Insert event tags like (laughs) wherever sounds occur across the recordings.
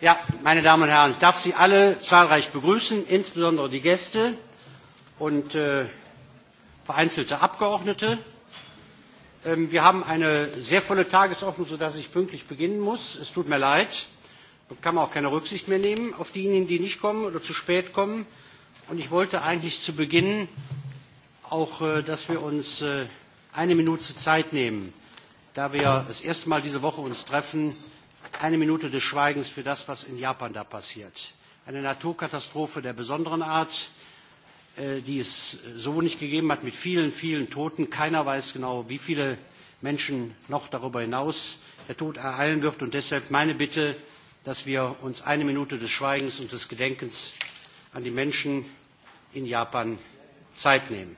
Ja, meine Damen und Herren, darf Sie alle zahlreich begrüßen, insbesondere die Gäste und äh, vereinzelte Abgeordnete. Ähm, wir haben eine sehr volle Tagesordnung, sodass ich pünktlich beginnen muss. Es tut mir leid und kann man auch keine Rücksicht mehr nehmen auf diejenigen, die nicht kommen oder zu spät kommen. Und ich wollte eigentlich zu Beginn auch, äh, dass wir uns äh, eine Minute Zeit nehmen, da wir das erste Mal diese Woche uns treffen eine Minute des Schweigens für das, was in Japan da passiert. Eine Naturkatastrophe der besonderen Art, äh, die es so nicht gegeben hat, mit vielen, vielen Toten. Keiner weiß genau, wie viele Menschen noch darüber hinaus der Tod ereilen wird. Und deshalb meine Bitte, dass wir uns eine Minute des Schweigens und des Gedenkens an die Menschen in Japan Zeit nehmen.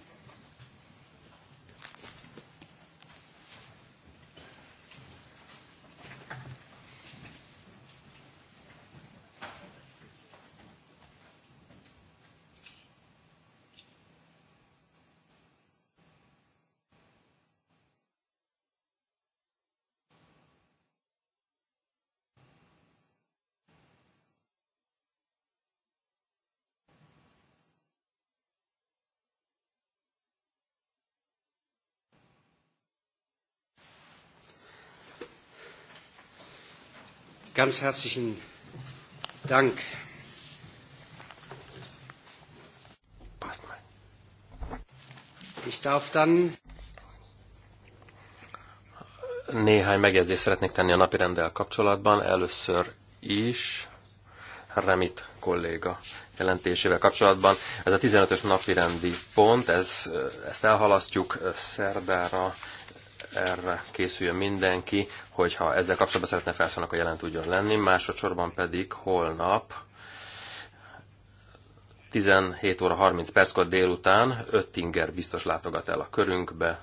Ganz herzlichen Dank. Passt mal. Ich darf dann néhány megjegyzést szeretnék tenni a napi rendel kapcsolatban. Először is Remit kolléga jelentésével kapcsolatban. Ez a 15-ös napi rendi pont, ez, ezt elhalasztjuk szerdára erre készüljön mindenki, hogyha ezzel kapcsolatban szeretne felszólnak, a jelen tudjon lenni. Másodszorban pedig holnap 17 óra 30 perckor délután Öttinger biztos látogat el a körünkbe.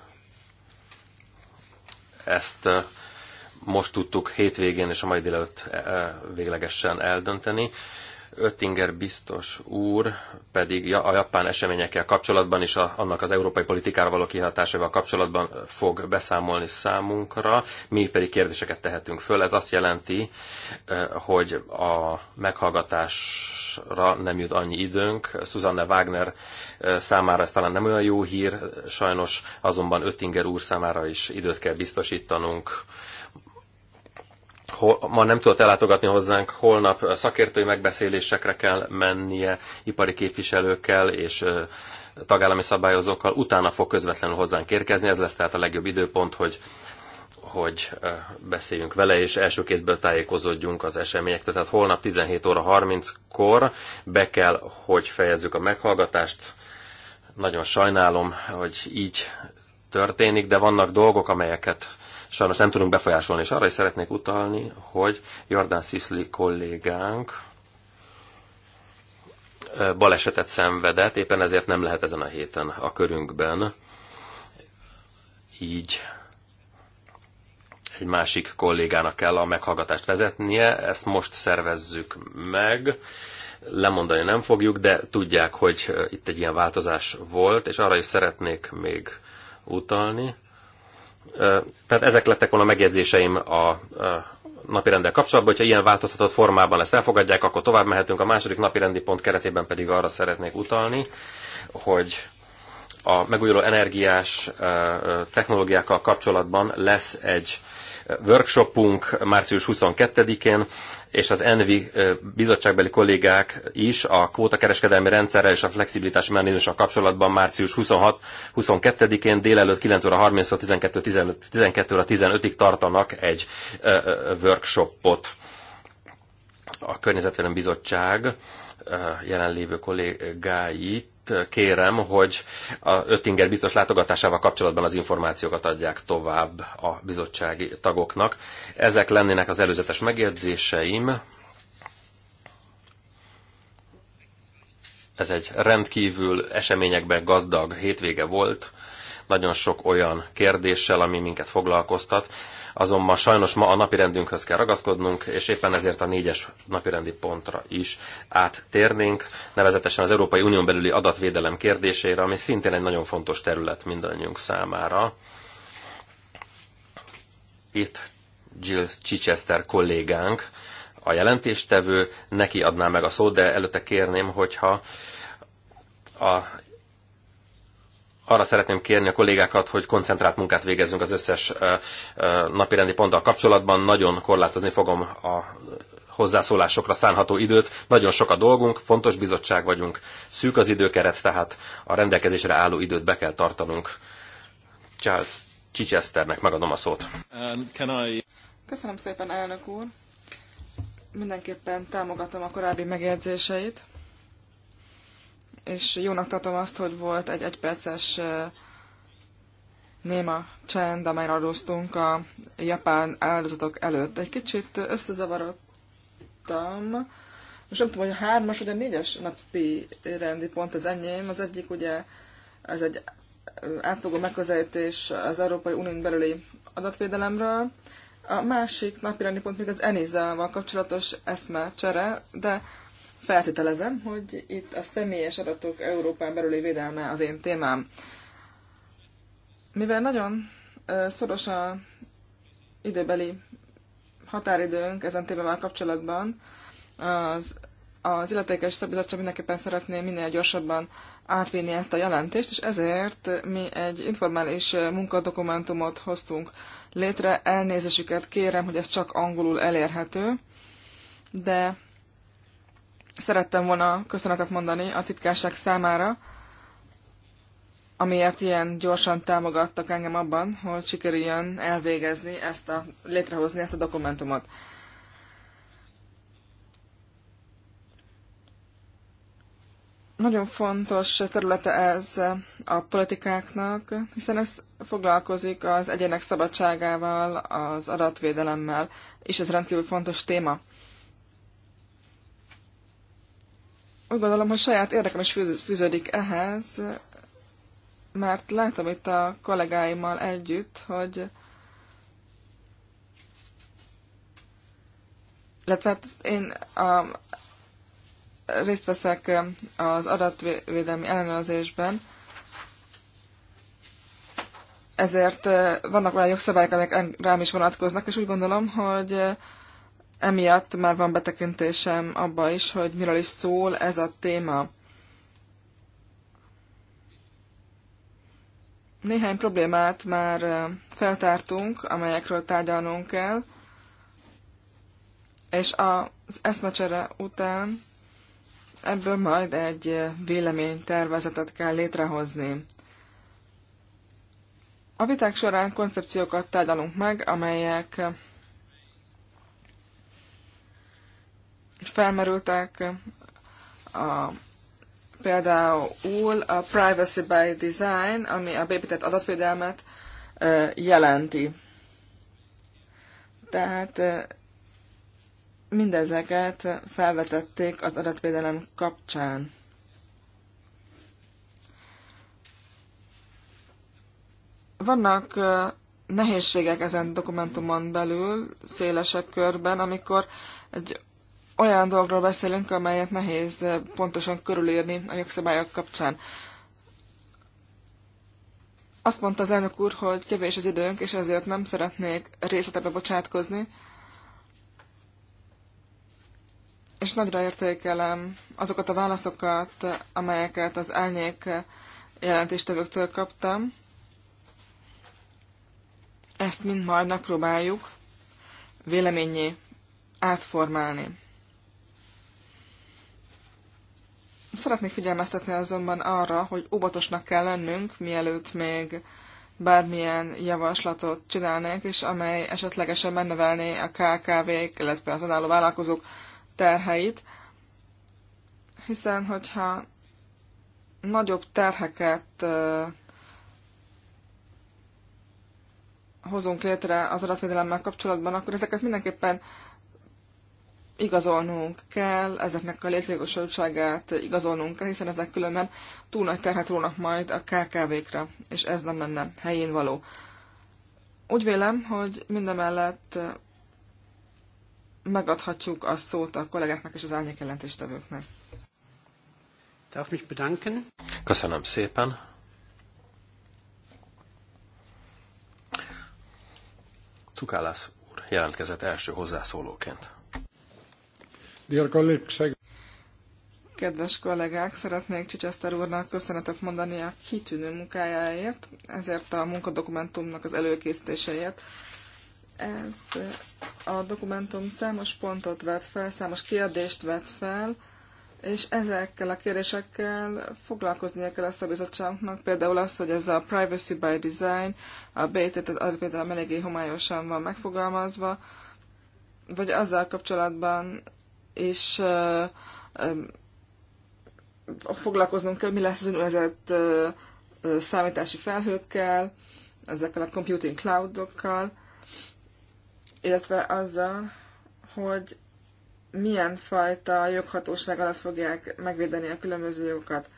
Ezt most tudtuk hétvégén és a mai délelőtt véglegesen eldönteni. Öttinger biztos úr pedig a japán eseményekkel kapcsolatban és a, annak az európai politikára való kihatásával kapcsolatban fog beszámolni számunkra, mi pedig kérdéseket tehetünk föl. Ez azt jelenti, hogy a meghallgatásra nem jut annyi időnk. Susanne Wagner számára ez talán nem olyan jó hír, sajnos azonban Öttinger úr számára is időt kell biztosítanunk ma nem tudott ellátogatni hozzánk, holnap szakértői megbeszélésekre kell mennie ipari képviselőkkel és tagállami szabályozókkal, utána fog közvetlenül hozzánk érkezni, ez lesz tehát a legjobb időpont, hogy hogy beszéljünk vele, és első kézből tájékozódjunk az eseményektől. Tehát holnap 17 óra 30-kor be kell, hogy fejezzük a meghallgatást. Nagyon sajnálom, hogy így történik, de vannak dolgok, amelyeket sajnos nem tudunk befolyásolni. És arra is szeretnék utalni, hogy Jordán Sisley kollégánk balesetet szenvedett, éppen ezért nem lehet ezen a héten a körünkben. Így egy másik kollégának kell a meghallgatást vezetnie, ezt most szervezzük meg, lemondani nem fogjuk, de tudják, hogy itt egy ilyen változás volt, és arra is szeretnék még utalni, tehát ezek lettek volna megjegyzéseim a napirendel kapcsolatban, hogyha ilyen változtatott formában ezt elfogadják, akkor tovább mehetünk. A második napirendi pont keretében pedig arra szeretnék utalni, hogy a megújuló energiás technológiákkal kapcsolatban lesz egy workshopunk március 22-én, és az ENVI bizottságbeli kollégák is a kvótakereskedelmi rendszerrel és a flexibilitási mechanizmussal kapcsolatban március 26-22-én délelőtt 9 óra 30-tól 12, 12 óra 15-ig tartanak egy workshopot. A Környezetvédelmi Bizottság jelenlévő kollégáit kérem, hogy a Öttinger biztos látogatásával kapcsolatban az információkat adják tovább a bizottsági tagoknak. Ezek lennének az előzetes megjegyzéseim. Ez egy rendkívül eseményekben gazdag hétvége volt nagyon sok olyan kérdéssel, ami minket foglalkoztat. Azonban sajnos ma a napirendünkhöz kell ragaszkodnunk, és éppen ezért a négyes napirendi pontra is áttérnénk, nevezetesen az Európai Unión belüli adatvédelem kérdésére, ami szintén egy nagyon fontos terület mindannyiunk számára. Itt Jill Chichester kollégánk, a jelentéstevő, neki adná meg a szót, de előtte kérném, hogyha a arra szeretném kérni a kollégákat, hogy koncentrált munkát végezzünk az összes napirendi ponttal kapcsolatban. Nagyon korlátozni fogom a hozzászólásokra szánható időt. Nagyon sok a dolgunk, fontos bizottság vagyunk, szűk az időkeret, tehát a rendelkezésre álló időt be kell tartanunk. Charles Chichesternek megadom a szót. I... Köszönöm szépen, elnök úr. Mindenképpen támogatom a korábbi megjegyzéseit és jónak tartom azt, hogy volt egy egyperces néma csend, amely adóztunk a japán áldozatok előtt. Egy kicsit összezavarodtam, most nem tudom, hogy a hármas, vagy a négyes napi rendi pont az enyém. Az egyik ugye, ez egy átfogó megközelítés az Európai Unión belüli adatvédelemről. A másik napi rendi pont még az Enizával kapcsolatos eszmecsere, de feltételezem, hogy itt a személyes adatok Európán belüli védelme az én témám. Mivel nagyon szoros a időbeli határidőnk ezen témával kapcsolatban, az, az illetékes szabizottság mindenképpen szeretné minél gyorsabban átvinni ezt a jelentést, és ezért mi egy informális munkadokumentumot hoztunk létre. Elnézésüket kérem, hogy ez csak angolul elérhető, de Szerettem volna köszönetet mondani a titkárság számára, amiért ilyen gyorsan támogattak engem abban, hogy sikerüljön elvégezni ezt a, létrehozni ezt a dokumentumot. Nagyon fontos területe ez a politikáknak, hiszen ez foglalkozik az egyének szabadságával, az adatvédelemmel, és ez rendkívül fontos téma. Úgy gondolom, hogy saját érdekem is fűződik ehhez, mert látom itt a kollégáimmal együtt, hogy illetve hát én a, részt veszek az adatvédelmi ellenőrzésben, ezért eh, vannak olyan jogszabályok, amelyek rám is vonatkoznak, és úgy gondolom, hogy eh, emiatt már van betekintésem abba is, hogy miről is szól ez a téma. Néhány problémát már feltártunk, amelyekről tárgyalnunk kell, és az eszmecsere után ebből majd egy véleménytervezetet kell létrehozni. A viták során koncepciókat tárgyalunk meg, amelyek felmerültek a, például a Privacy by Design, ami a bépített adatvédelmet jelenti. Tehát mindezeket felvetették az adatvédelem kapcsán. Vannak nehézségek ezen dokumentumon belül, szélesebb körben, amikor egy olyan dolgról beszélünk, amelyet nehéz eh, pontosan körülírni a jogszabályok kapcsán. Azt mondta az elnök úr, hogy kevés az időnk, és ezért nem szeretnék részletekbe bocsátkozni. És nagyra értékelem azokat a válaszokat, amelyeket az elnyék jelentéstevőktől kaptam. Ezt mind majd megpróbáljuk véleményé átformálni. Szeretnék figyelmeztetni azonban arra, hogy óvatosnak kell lennünk, mielőtt még bármilyen javaslatot csinálnánk, és amely esetlegesen megnövelné a KKV-k, illetve az önálló vállalkozók terheit, hiszen hogyha nagyobb terheket hozunk létre az adatvédelemmel kapcsolatban, akkor ezeket mindenképpen igazolnunk kell, ezeknek a létjogosultságát igazolnunk kell, hiszen ezek különben túl nagy terhet rónak majd a KKV-kra, és ez nem lenne helyén való. Úgy vélem, hogy mindemellett megadhatjuk a szót a kollégáknak és az árnyék jelentéstevőknek. Darf mich bedanken. Köszönöm szépen. Cukálász úr jelentkezett első hozzászólóként. Dear colleagues, I... Kedves kollégák, szeretnék Csicseszter úrnak köszönetet mondani a kitűnő munkájáért, ezért a munkadokumentumnak az előkészítéséért. Ez a dokumentum számos pontot vett fel, számos kérdést vett fel, és ezekkel a kérdésekkel foglalkoznia kell ezt a bizottságnak, például az, hogy ez a privacy by design, a BT, tehát például eléggé homályosan van megfogalmazva, vagy azzal kapcsolatban és foglalkoznunk kell, mi lesz az úgynevezett számítási felhőkkel, ezekkel a computing cloudokkal, illetve azzal, hogy milyen fajta joghatóság alatt fogják megvédeni a különböző jogokat.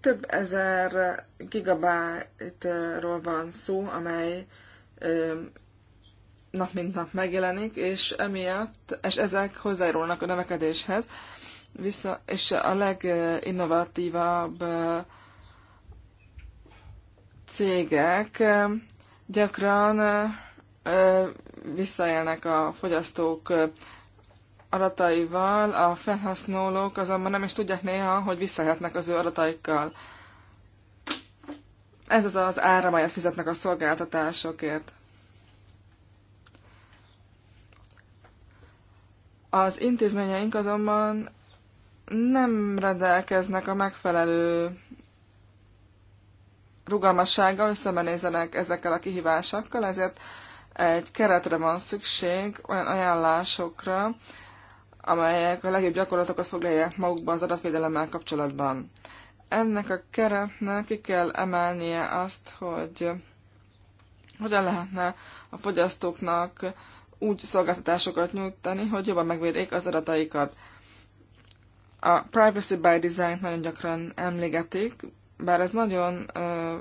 több ezer gigabájtról van szó, amely nap mint nap megjelenik, és emiatt, és ezek hozzájárulnak a növekedéshez, vissza, és a leginnovatívabb cégek gyakran visszaélnek a fogyasztók adataival, a felhasználók azonban nem is tudják néha, hogy visszahetnek az ő adataikkal. Ez az az ára, fizetnek a szolgáltatásokért. Az intézményeink azonban nem rendelkeznek a megfelelő rugalmassággal, hogy szembenézzenek ezekkel a kihívásokkal, ezért egy keretre van szükség, olyan ajánlásokra, amelyek a legjobb gyakorlatokat foglalják magukba az adatvédelemmel kapcsolatban. Ennek a keretnek ki kell emelnie azt, hogy hogyan lehetne a fogyasztóknak úgy szolgáltatásokat nyújtani, hogy jobban megvédék az adataikat. A privacy by design nagyon gyakran emlégetik, bár ez nagyon ö,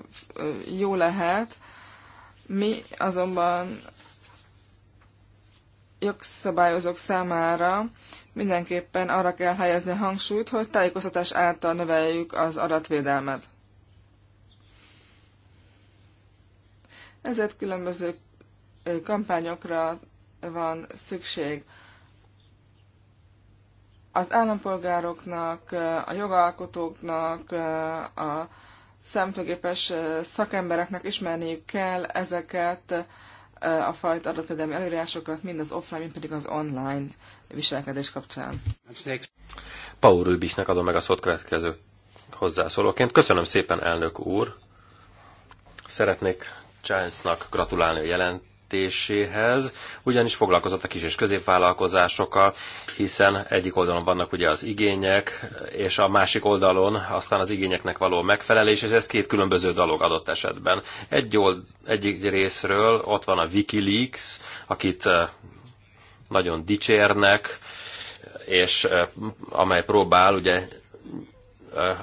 jó lehet, mi azonban jogszabályozók számára mindenképpen arra kell helyezni a hangsúlyt, hogy tájékoztatás által növeljük az adatvédelmet. Ezért különböző kampányokra, van szükség. Az állampolgároknak, a jogalkotóknak, a szemtőgépes szakembereknek ismerniük kell ezeket a fajta adatvédelmi előírásokat, mind az offline, mind pedig az online viselkedés kapcsán. Paul Rübisnek adom meg a szót következő hozzászólóként. Köszönöm szépen, elnök úr! Szeretnék Charlesnak gratulálni a jelent megteremtéséhez, ugyanis foglalkozott a kis és középvállalkozásokkal, hiszen egyik oldalon vannak ugye az igények, és a másik oldalon aztán az igényeknek való megfelelés, és ez két különböző dolog adott esetben. Egy old, egyik részről ott van a Wikileaks, akit nagyon dicsérnek, és amely próbál ugye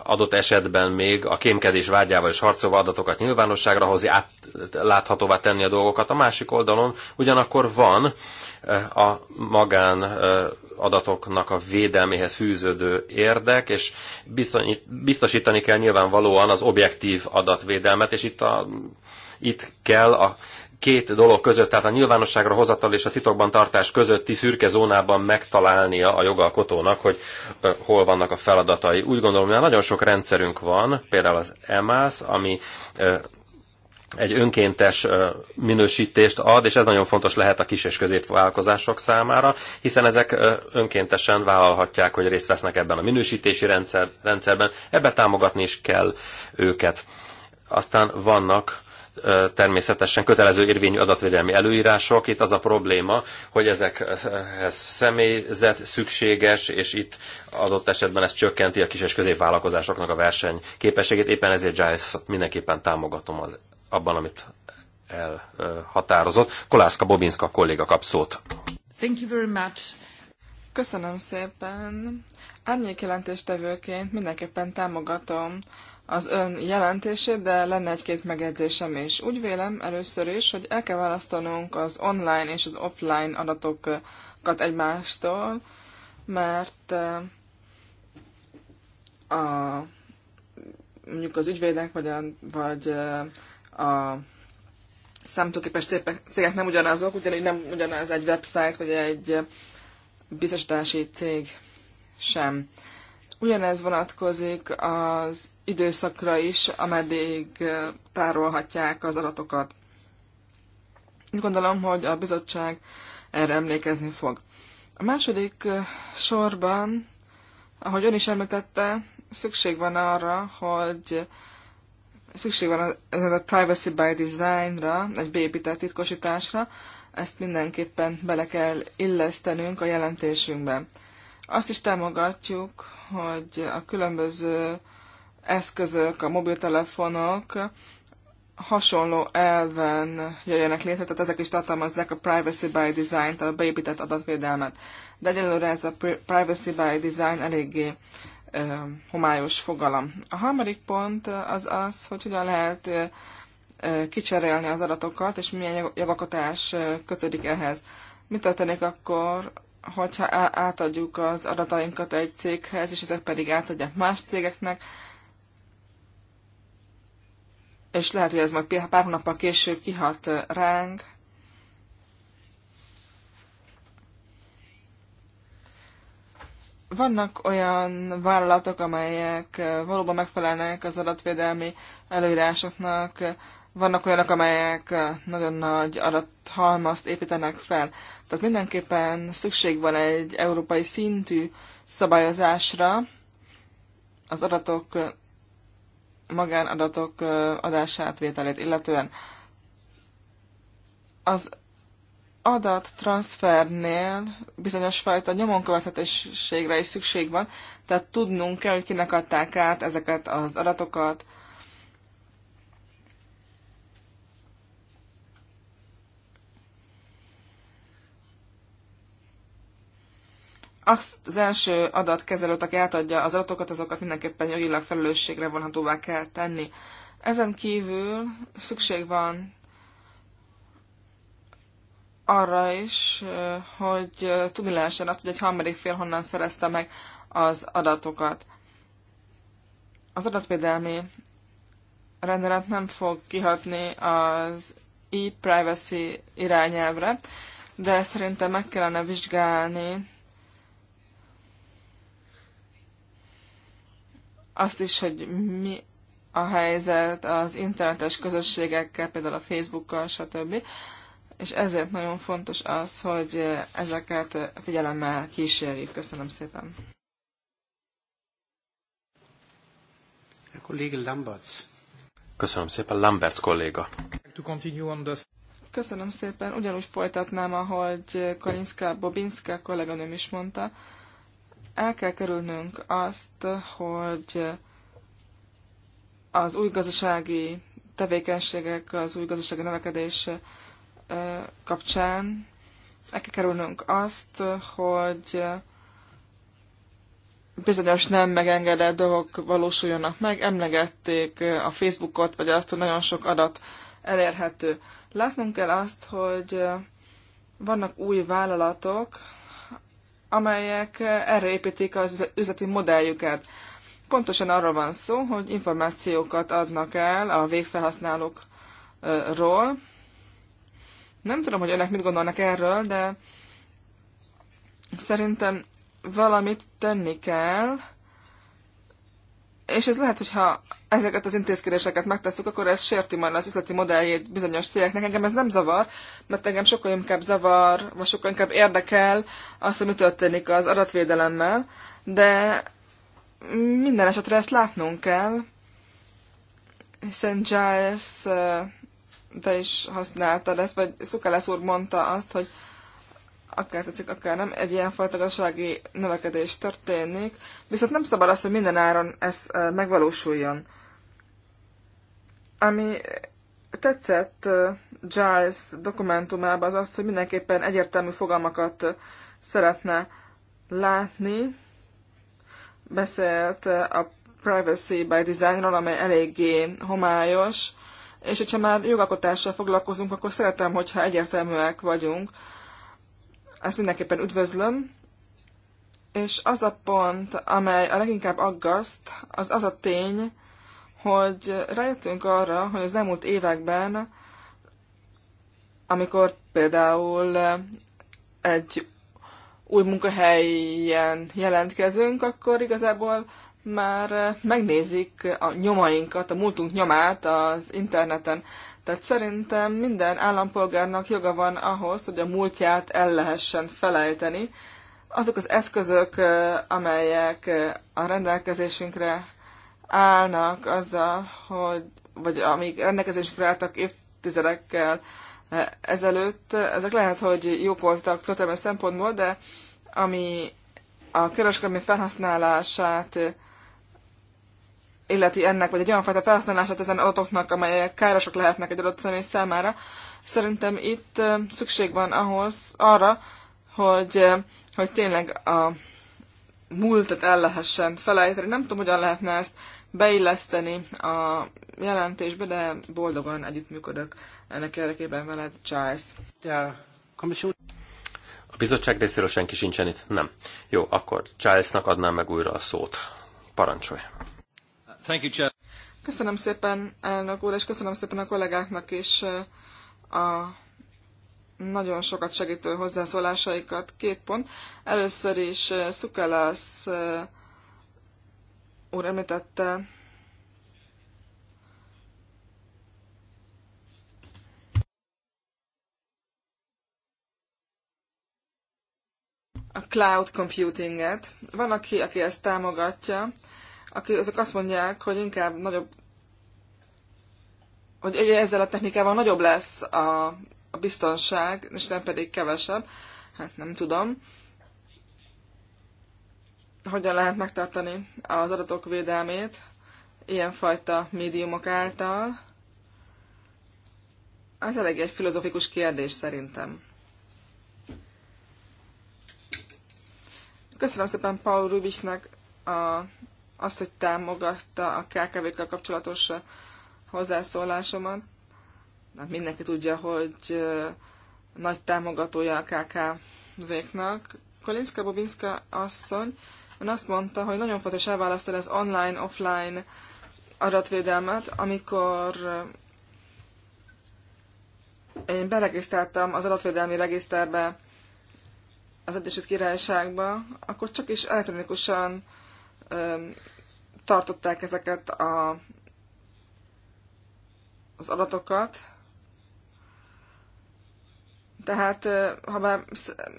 adott esetben még a kémkedés vágyával és harcolva adatokat nyilvánosságra hozni, átláthatóvá tenni a dolgokat. A másik oldalon ugyanakkor van a magán adatoknak a védelméhez fűződő érdek, és biztosítani kell nyilvánvalóan az objektív adatvédelmet, és itt, a, itt kell a két dolog között, tehát a nyilvánosságra hozatal és a titokban tartás közötti szürke zónában megtalálnia a jogalkotónak, hogy hol vannak a feladatai. Úgy gondolom, hogy nagyon sok rendszerünk van, például az EMAS, ami egy önkéntes minősítést ad, és ez nagyon fontos lehet a kis és középvállalkozások számára, hiszen ezek önkéntesen vállalhatják, hogy részt vesznek ebben a minősítési rendszer, rendszerben, ebbe támogatni is kell őket. Aztán vannak természetesen kötelező érvényű adatvédelmi előírások. Itt az a probléma, hogy ezekhez személyzet szükséges, és itt adott esetben ez csökkenti a kis és középvállalkozásoknak a verseny képességét. Éppen ezért giles mindenképpen támogatom az, abban, amit elhatározott. Kolárszka Bobinska kolléga kap szót. Thank you very much. Köszönöm szépen. Árnyék jelentéstevőként mindenképpen támogatom az ön jelentését, de lenne egy-két megjegyzésem is. Úgy vélem először is, hogy el kell választanunk az online és az offline adatokat egymástól, mert eh, a, mondjuk az ügyvédek vagy a, vagy eh, a számítógépes cégek nem ugyanazok, ugyanúgy nem ugyanaz egy website vagy egy biztosítási cég sem. Ugyanez vonatkozik az időszakra is, ameddig tárolhatják az adatokat. Gondolom, hogy a bizottság erre emlékezni fog. A második sorban, ahogy ön is említette, szükség van arra, hogy szükség van a, a privacy by design-ra, egy beépített titkosításra, ezt mindenképpen bele kell illesztenünk a jelentésünkbe. Azt is támogatjuk, hogy a különböző eszközök, a mobiltelefonok hasonló elven jöjjenek létre, tehát ezek is tartalmazzák a privacy by design, tehát a beépített adatvédelmet. De egyelőre ez a privacy by design eléggé ö, homályos fogalom. A harmadik pont az az, hogy hogyan lehet ö, kicserélni az adatokat, és milyen jogakotás kötődik ehhez. Mi történik akkor, hogyha átadjuk az adatainkat egy céghez, és ezek pedig átadják más cégeknek, és lehet, hogy ez majd pár hónappal később kihat ránk. Vannak olyan vállalatok, amelyek valóban megfelelnek az adatvédelmi előírásoknak, vannak olyanok, amelyek nagyon nagy adathalmazt építenek fel. Tehát mindenképpen szükség van egy európai szintű szabályozásra az adatok, magánadatok adását, vételét illetően. Az adat transfernél bizonyos fajta nyomonkövethetőségre is szükség van, tehát tudnunk kell, hogy kinek adták át ezeket az adatokat, azt az első adatkezelőt, aki átadja az adatokat, azokat mindenképpen jogilag felelősségre vonhatóvá kell tenni. Ezen kívül szükség van arra is, hogy tudni lehessen azt, hogy egy harmadik fél honnan szerezte meg az adatokat. Az adatvédelmi rendelet nem fog kihatni az e-privacy irányelvre, de szerintem meg kellene vizsgálni azt is, hogy mi a helyzet az internetes közösségekkel, például a Facebookkal, stb. És ezért nagyon fontos az, hogy ezeket figyelemmel kísérjük. Köszönöm szépen. A kolléga Lamberts. Köszönöm szépen, Lamberts kolléga. Köszönöm szépen. Ugyanúgy folytatnám, ahogy Kolinska Bobinska kolléganőm is mondta el kell kerülnünk azt, hogy az új gazdasági tevékenységek, az új gazdasági növekedés kapcsán el kell kerülnünk azt, hogy bizonyos nem megengedett dolgok valósuljanak meg. Emlegették a Facebookot, vagy azt, hogy nagyon sok adat elérhető. Látnunk kell azt, hogy vannak új vállalatok, amelyek eh, erre építik az üzleti modelljüket. Pontosan arról van szó, hogy információkat adnak el a végfelhasználókról. Nem tudom, hogy önök mit gondolnak erről, de szerintem valamit tenni kell, és ez lehet, hogyha ezeket az intézkedéseket megtesszük, akkor ez sérti majd az üzleti modelljét bizonyos cégeknek. Engem ez nem zavar, mert engem sokkal inkább zavar, vagy sokkal inkább érdekel az, hogy mi történik az adatvédelemmel, de minden esetre ezt látnunk kell, hiszen Giles te is használtad ezt, vagy Szukeles úr mondta azt, hogy akár tetszik, akár nem, egy ilyen fajta gazdasági növekedés történik, viszont nem szabad az, hogy minden áron ez megvalósuljon. Ami tetszett Giles dokumentumában az az, hogy mindenképpen egyértelmű fogalmakat szeretne látni. Beszélt a Privacy by Designról, amely eléggé homályos, és hogyha már jogalkotással foglalkozunk, akkor szeretem, hogyha egyértelműek vagyunk ezt mindenképpen üdvözlöm. És az a pont, amely a leginkább aggaszt, az az a tény, hogy rájöttünk arra, hogy az elmúlt években, amikor például egy új munkahelyen jelentkezünk, akkor igazából már eh, megnézik a nyomainkat, a múltunk nyomát az interneten. Tehát szerintem minden állampolgárnak joga van ahhoz, hogy a múltját el lehessen felejteni. Azok az eszközök, eh, amelyek eh, a rendelkezésünkre állnak azzal, hogy, vagy amik rendelkezésünkre álltak évtizedekkel ezelőtt, ezek lehet, hogy jók voltak történelmi szempontból, de ami a kereskedelmi felhasználását illeti ennek, vagy egy olyan fajta felhasználását ezen adatoknak, amelyek károsak lehetnek egy adott személy számára. Szerintem itt szükség van ahhoz, arra, hogy, hogy tényleg a múltat el lehessen felejteni. Nem tudom, hogyan lehetne ezt beilleszteni a jelentésbe, de boldogan együttműködök ennek érdekében veled, Charles. A bizottság részéről senki sincsen itt? Nem. Jó, akkor Charlesnak adnám meg újra a szót. Parancsolj! Thank you, Chair. Köszönöm szépen, elnök úr, és köszönöm szépen a kollégáknak is eh, a nagyon sokat segítő hozzászólásaikat. Két pont. Először is eh, Szukelász eh, úr említette a cloud computinget. Van, aki, aki ezt támogatja, aki, azok azt mondják, hogy inkább nagyobb, hogy ugye ezzel a technikával nagyobb lesz a, a biztonság, és nem pedig kevesebb. Hát nem tudom. Hogyan lehet megtartani az adatok védelmét ilyenfajta médiumok által? Ez elég egy filozofikus kérdés szerintem. Köszönöm szépen Paul Rubisnek a azt, hogy támogatta a KKV-kkal kapcsolatos hozzászólásomat. Hát mindenki tudja, hogy nagy támogatója a KKV-knak. Kolinska Bobinska asszony ön azt mondta, hogy nagyon fontos elválasztani az online-offline adatvédelmet, amikor én beregisztráltam az adatvédelmi regiszterbe az Egyesült Királyságba, akkor csak is elektronikusan tartották ezeket a, az adatokat. Tehát, ha bár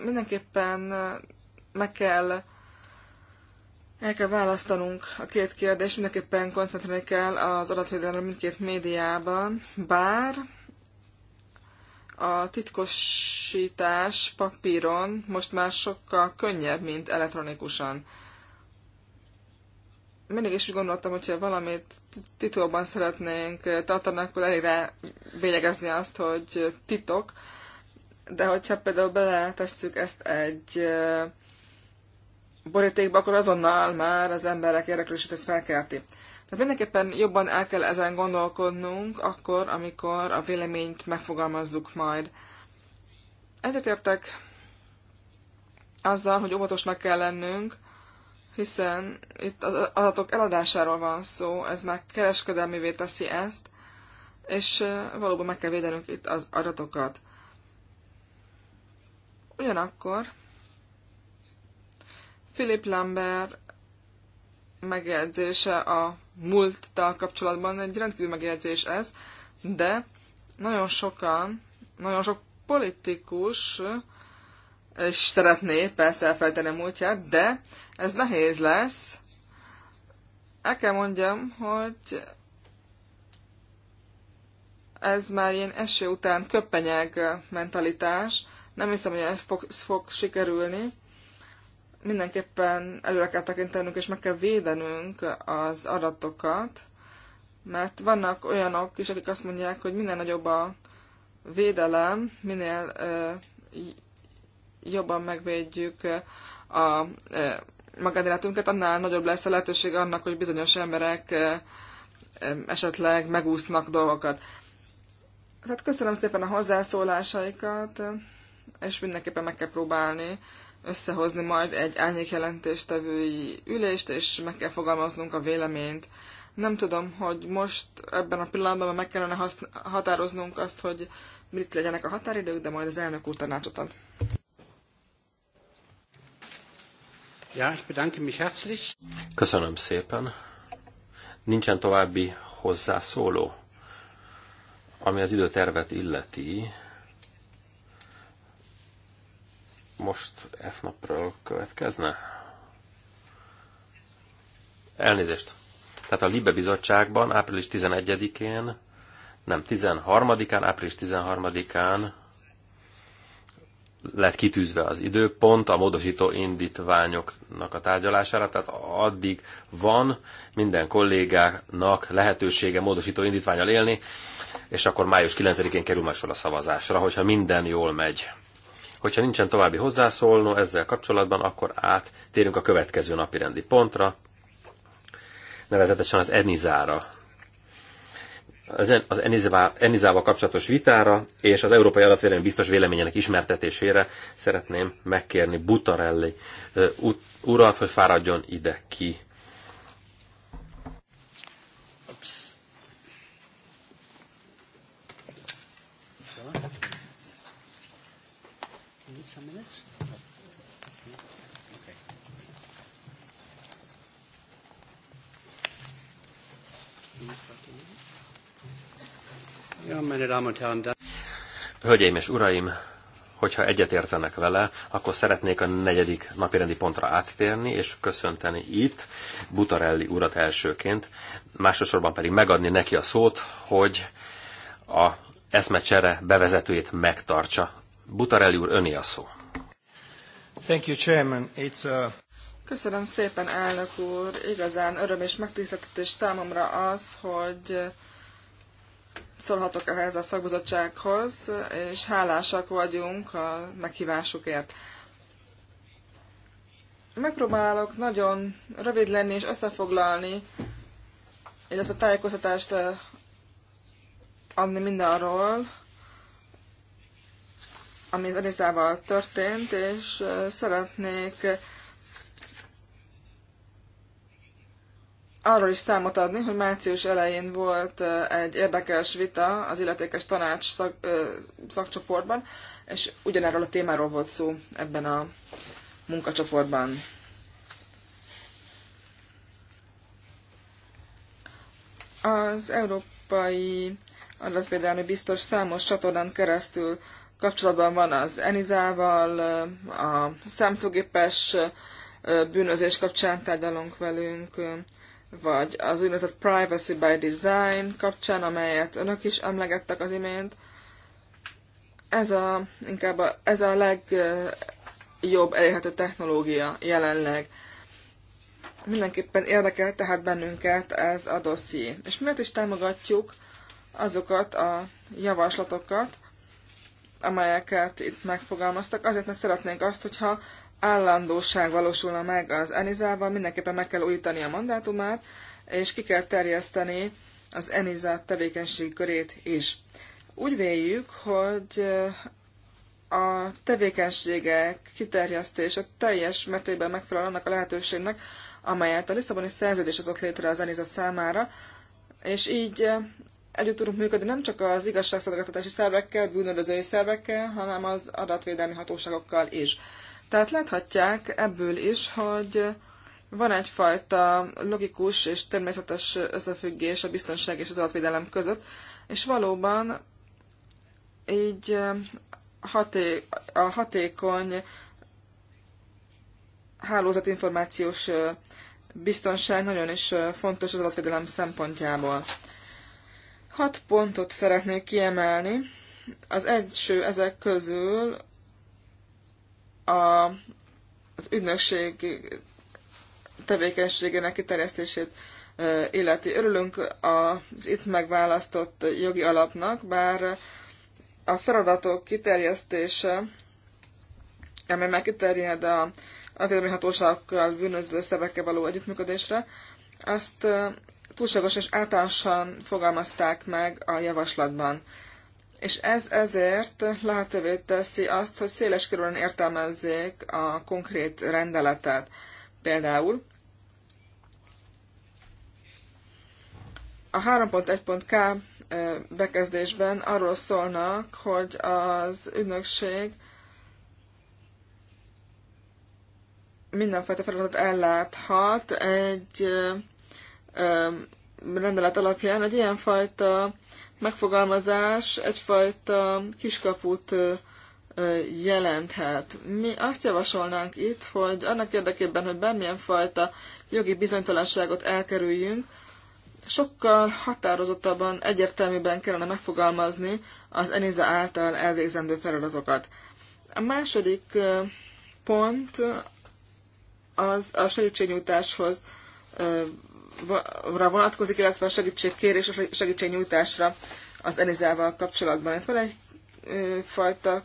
mindenképpen meg kell el kell választanunk a két kérdést, mindenképpen koncentrálni kell az adatvédelemre mindkét médiában, bár a titkosítás papíron most már sokkal könnyebb, mint elektronikusan mindig is úgy gondoltam, hogyha valamit titokban szeretnénk tartani, akkor elég bélyegezni azt, hogy titok. De hogyha például beletesszük ezt egy borítékba, akkor azonnal már az emberek érdeklődését ezt felkelti. Tehát mindenképpen jobban el kell ezen gondolkodnunk, akkor, amikor a véleményt megfogalmazzuk majd. Egyetértek azzal, hogy óvatosnak kell lennünk, hiszen itt az adatok eladásáról van szó, ez már kereskedelmivé teszi ezt, és valóban meg kell védenünk itt az adatokat. Ugyanakkor Philip Lambert megjegyzése a múlttal kapcsolatban egy rendkívül megjegyzés ez, de nagyon sokan, nagyon sok politikus és szeretné persze elfelejteni a múltját, de ez nehéz lesz. El kell mondjam, hogy ez már ilyen eső után köppenyeg mentalitás. Nem hiszem, hogy ez fog, fog sikerülni. Mindenképpen előre kell tekintenünk, és meg kell védenünk az adatokat, mert vannak olyanok is, akik azt mondják, hogy minél nagyobb a védelem, minél ö, jobban megvédjük a magánéletünket, annál nagyobb lesz a lehetőség annak, hogy bizonyos emberek esetleg megúsznak dolgokat. Tehát köszönöm szépen a hozzászólásaikat, és mindenképpen meg kell próbálni összehozni majd egy árnyék ülést, és meg kell fogalmaznunk a véleményt. Nem tudom, hogy most ebben a pillanatban meg kellene határoznunk azt, hogy mit legyenek a határidők, de majd az elnök úr tanácsot ad. Ja, ich bedanke mich herzlich. Köszönöm szépen. Nincsen további hozzászóló. Ami az időtervet illeti, most F napról következne? Elnézést. Tehát a Libe Bizottságban április 11-én, nem 13-án, április 13-án lett kitűzve az időpont a módosító indítványoknak a tárgyalására, tehát addig van minden kollégának lehetősége módosító indítványal élni, és akkor május 9-én kerül már sor a szavazásra, hogyha minden jól megy. Hogyha nincsen további hozzászólnó ezzel kapcsolatban, akkor áttérünk a következő napi rendi pontra, nevezetesen az Enizára az, Enizával, Enizával kapcsolatos vitára és az Európai Adatvédelmi Biztos véleményének ismertetésére szeretném megkérni Butarelli urat, hogy fáradjon ide ki. Hölgyeim és uraim, hogyha egyetértenek vele, akkor szeretnék a negyedik napirendi pontra áttérni, és köszönteni itt Butarelli urat elsőként, másosorban pedig megadni neki a szót, hogy a eszmecsere bevezetőjét megtartsa. Butarelli úr, öné a szó. Thank you, Chairman. It's a... Uh, Köszönöm szépen, elnök úr. Igazán öröm és megtiszteltetés számomra az, hogy szólhatok ehhez a szakbizottsághoz, és hálásak vagyunk a meghívásukért. Megpróbálok nagyon rövid lenni és összefoglalni, illetve tájékoztatást adni mindarról, ami az Elizával történt, és szeretnék arról is számot adni, hogy március elején volt egy érdekes vita az illetékes tanács szak, ö, szakcsoportban, és ugyanerről a témáról volt szó ebben a munkacsoportban. Az Európai Adatvédelmi Biztos számos csatornán keresztül kapcsolatban van az Enizával, a számítógépes bűnözés kapcsán tárgyalunk velünk, vagy az úgynevezett Privacy by Design kapcsán, amelyet önök is emlegettek az imént. Ez a, inkább a, ez a legjobb elérhető technológia jelenleg. Mindenképpen érdekel tehát bennünket ez a dosszié. És miért is támogatjuk azokat a javaslatokat, amelyeket itt megfogalmaztak, azért mert szeretnénk azt, hogyha állandóság valósulna meg az Enizában, mindenképpen meg kell újítani a mandátumát, és ki kell terjeszteni az Eniza tevékenység körét is. Úgy véljük, hogy eh, a tevékenységek kiterjesztése teljes mértékben megfelel annak a lehetőségnek, amelyet a Lisszaboni szerződés azok létre az Eniza számára, és így eh, együtt tudunk működni nem csak az igazságszolgáltatási szervekkel, bűnöldözői szervekkel, hanem az adatvédelmi hatóságokkal is. Tehát láthatják ebből is, hogy van egyfajta logikus és természetes összefüggés a biztonság és az adatvédelem között, és valóban így haté a hatékony hálózatinformációs biztonság nagyon is fontos az adatvédelem szempontjából. Hat pontot szeretnék kiemelni. Az első ezek közül a, az ügynökség tevékenységének kiterjesztését illeti. Örülünk az itt megválasztott jogi alapnak, bár a feladatok kiterjesztése, amely már kiterjed a antidomi hatóságokkal bűnöző szervekkel való együttműködésre, azt túlságosan és általánosan fogalmazták meg a javaslatban és ez ezért lehetővé teszi azt, hogy széles körülön értelmezzék a konkrét rendeletet. Például a 3.1.k bekezdésben arról szólnak, hogy az ügynökség mindenfajta feladatot elláthat egy rendelet alapján egy ilyenfajta megfogalmazás egyfajta kiskaput jelenthet. Mi azt javasolnánk itt, hogy annak érdekében, hogy bármilyen fajta jogi bizonytalanságot elkerüljünk, sokkal határozottabban, egyértelműben kellene megfogalmazni az Eniza által elvégzendő feladatokat. A második pont az a segítségnyújtáshoz vonatkozik, illetve a segítségkérés, a segítségnyújtásra az Enizával kapcsolatban. Itt van fajta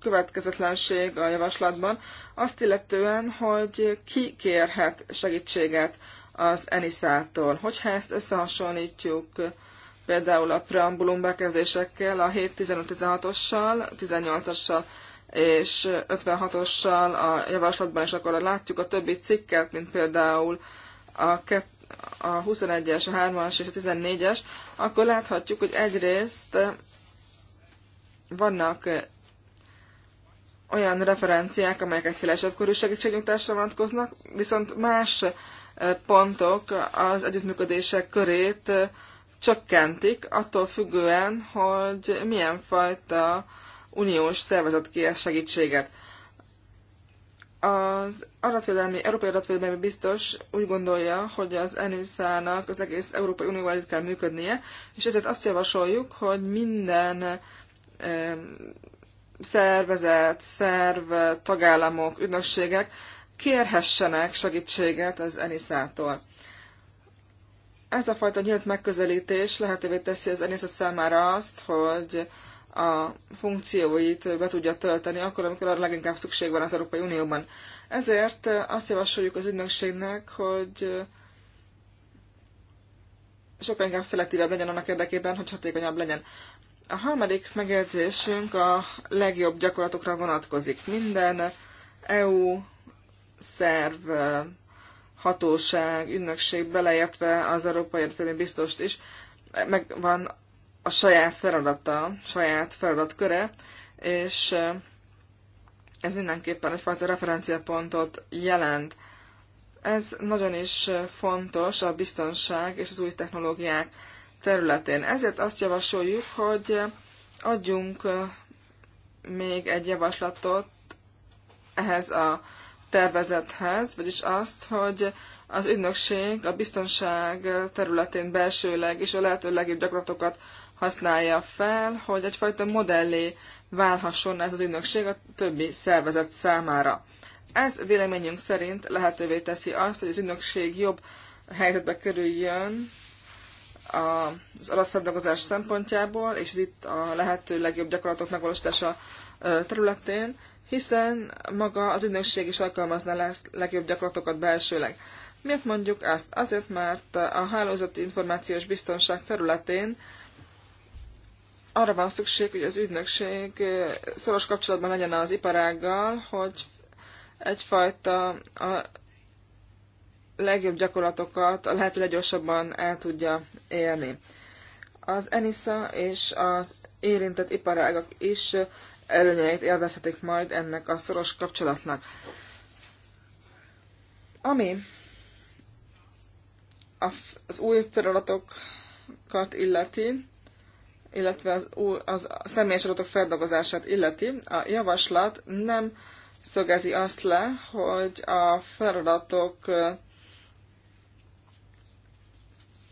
következetlenség a javaslatban, azt illetően, hogy ki kérhet segítséget az Eniszától. Hogyha ezt összehasonlítjuk például a preambulum bekezdésekkel, a 7-15-16-ossal, 18-assal és 56-ossal a javaslatban, és akkor látjuk a többi cikket, mint például a a 21-es, a 3-as és a 14-es, akkor láthatjuk, hogy egyrészt vannak olyan referenciák, amelyek egy szélesebb korú segítségnyújtásra vonatkoznak, viszont más pontok az együttműködések körét csökkentik, attól függően, hogy milyen fajta uniós szervezet kér segítséget. Az adatvédelmi, Európai Adatvédelmi Biztos úgy gondolja, hogy az ENISZ-nak az egész Európai Unióval együtt kell működnie, és ezért azt javasoljuk, hogy minden szervezet, szerv, tagállamok, ügynökségek kérhessenek segítséget az ENISZ-tól. Ez a fajta nyílt megközelítés lehetővé teszi az ENISZ számára azt, hogy a funkcióit be tudja tölteni, akkor, amikor arra leginkább szükség van az Európai Unióban. Ezért azt javasoljuk az ügynökségnek, hogy sokkal inkább szelektívebb legyen annak érdekében, hogy hatékonyabb legyen. A harmadik megjegyzésünk a legjobb gyakorlatokra vonatkozik. Minden EU szerv, hatóság, ünnökség, beleértve az Európai Egyetemi Biztost is, Meg van a saját feladata, saját feladatköre, és ez mindenképpen egyfajta referenciapontot jelent. Ez nagyon is fontos a biztonság és az új technológiák területén. Ezért azt javasoljuk, hogy adjunk még egy javaslatot ehhez a tervezethez, vagyis azt, hogy az ügynökség a biztonság területén belsőleg és a lehető legjobb gyakorlatokat használja fel, hogy egyfajta modellé válhasson ez az ügynökség a többi szervezet számára. Ez véleményünk szerint lehetővé teszi azt, hogy az ügynökség jobb helyzetbe kerüljön az adatfeldolgozás szempontjából, és ez itt a lehető legjobb gyakorlatok megvalósítása területén, hiszen maga az ügynökség is alkalmazná le legjobb gyakorlatokat belsőleg. Miért mondjuk ezt? Azért, mert a hálózati információs biztonság területén arra van szükség, hogy az ügynökség szoros kapcsolatban legyen az iparággal, hogy egyfajta a legjobb gyakorlatokat a lehető leggyorsabban el tudja élni. Az ENISA és az érintett iparágak is előnyeit élvezhetik majd ennek a szoros kapcsolatnak. Ami az új feladatokat illeti, illetve az, az a személyes adatok feldolgozását illeti, a javaslat nem szögezi azt le, hogy a feladatok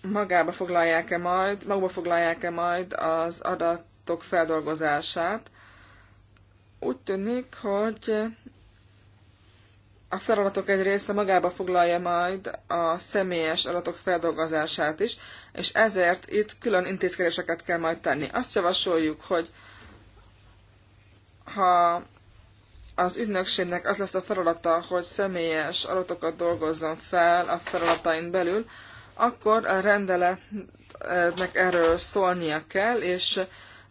magába foglalják-e majd, magba foglalják-e majd az adatok feldolgozását. Úgy tűnik, hogy a feladatok egy része magába foglalja majd a személyes adatok feldolgozását is, és ezért itt külön intézkedéseket kell majd tenni. Azt javasoljuk, hogy ha az ügynökségnek az lesz a feladata, hogy személyes adatokat dolgozzon fel a feladatain belül, akkor a rendeletnek erről szólnia kell, és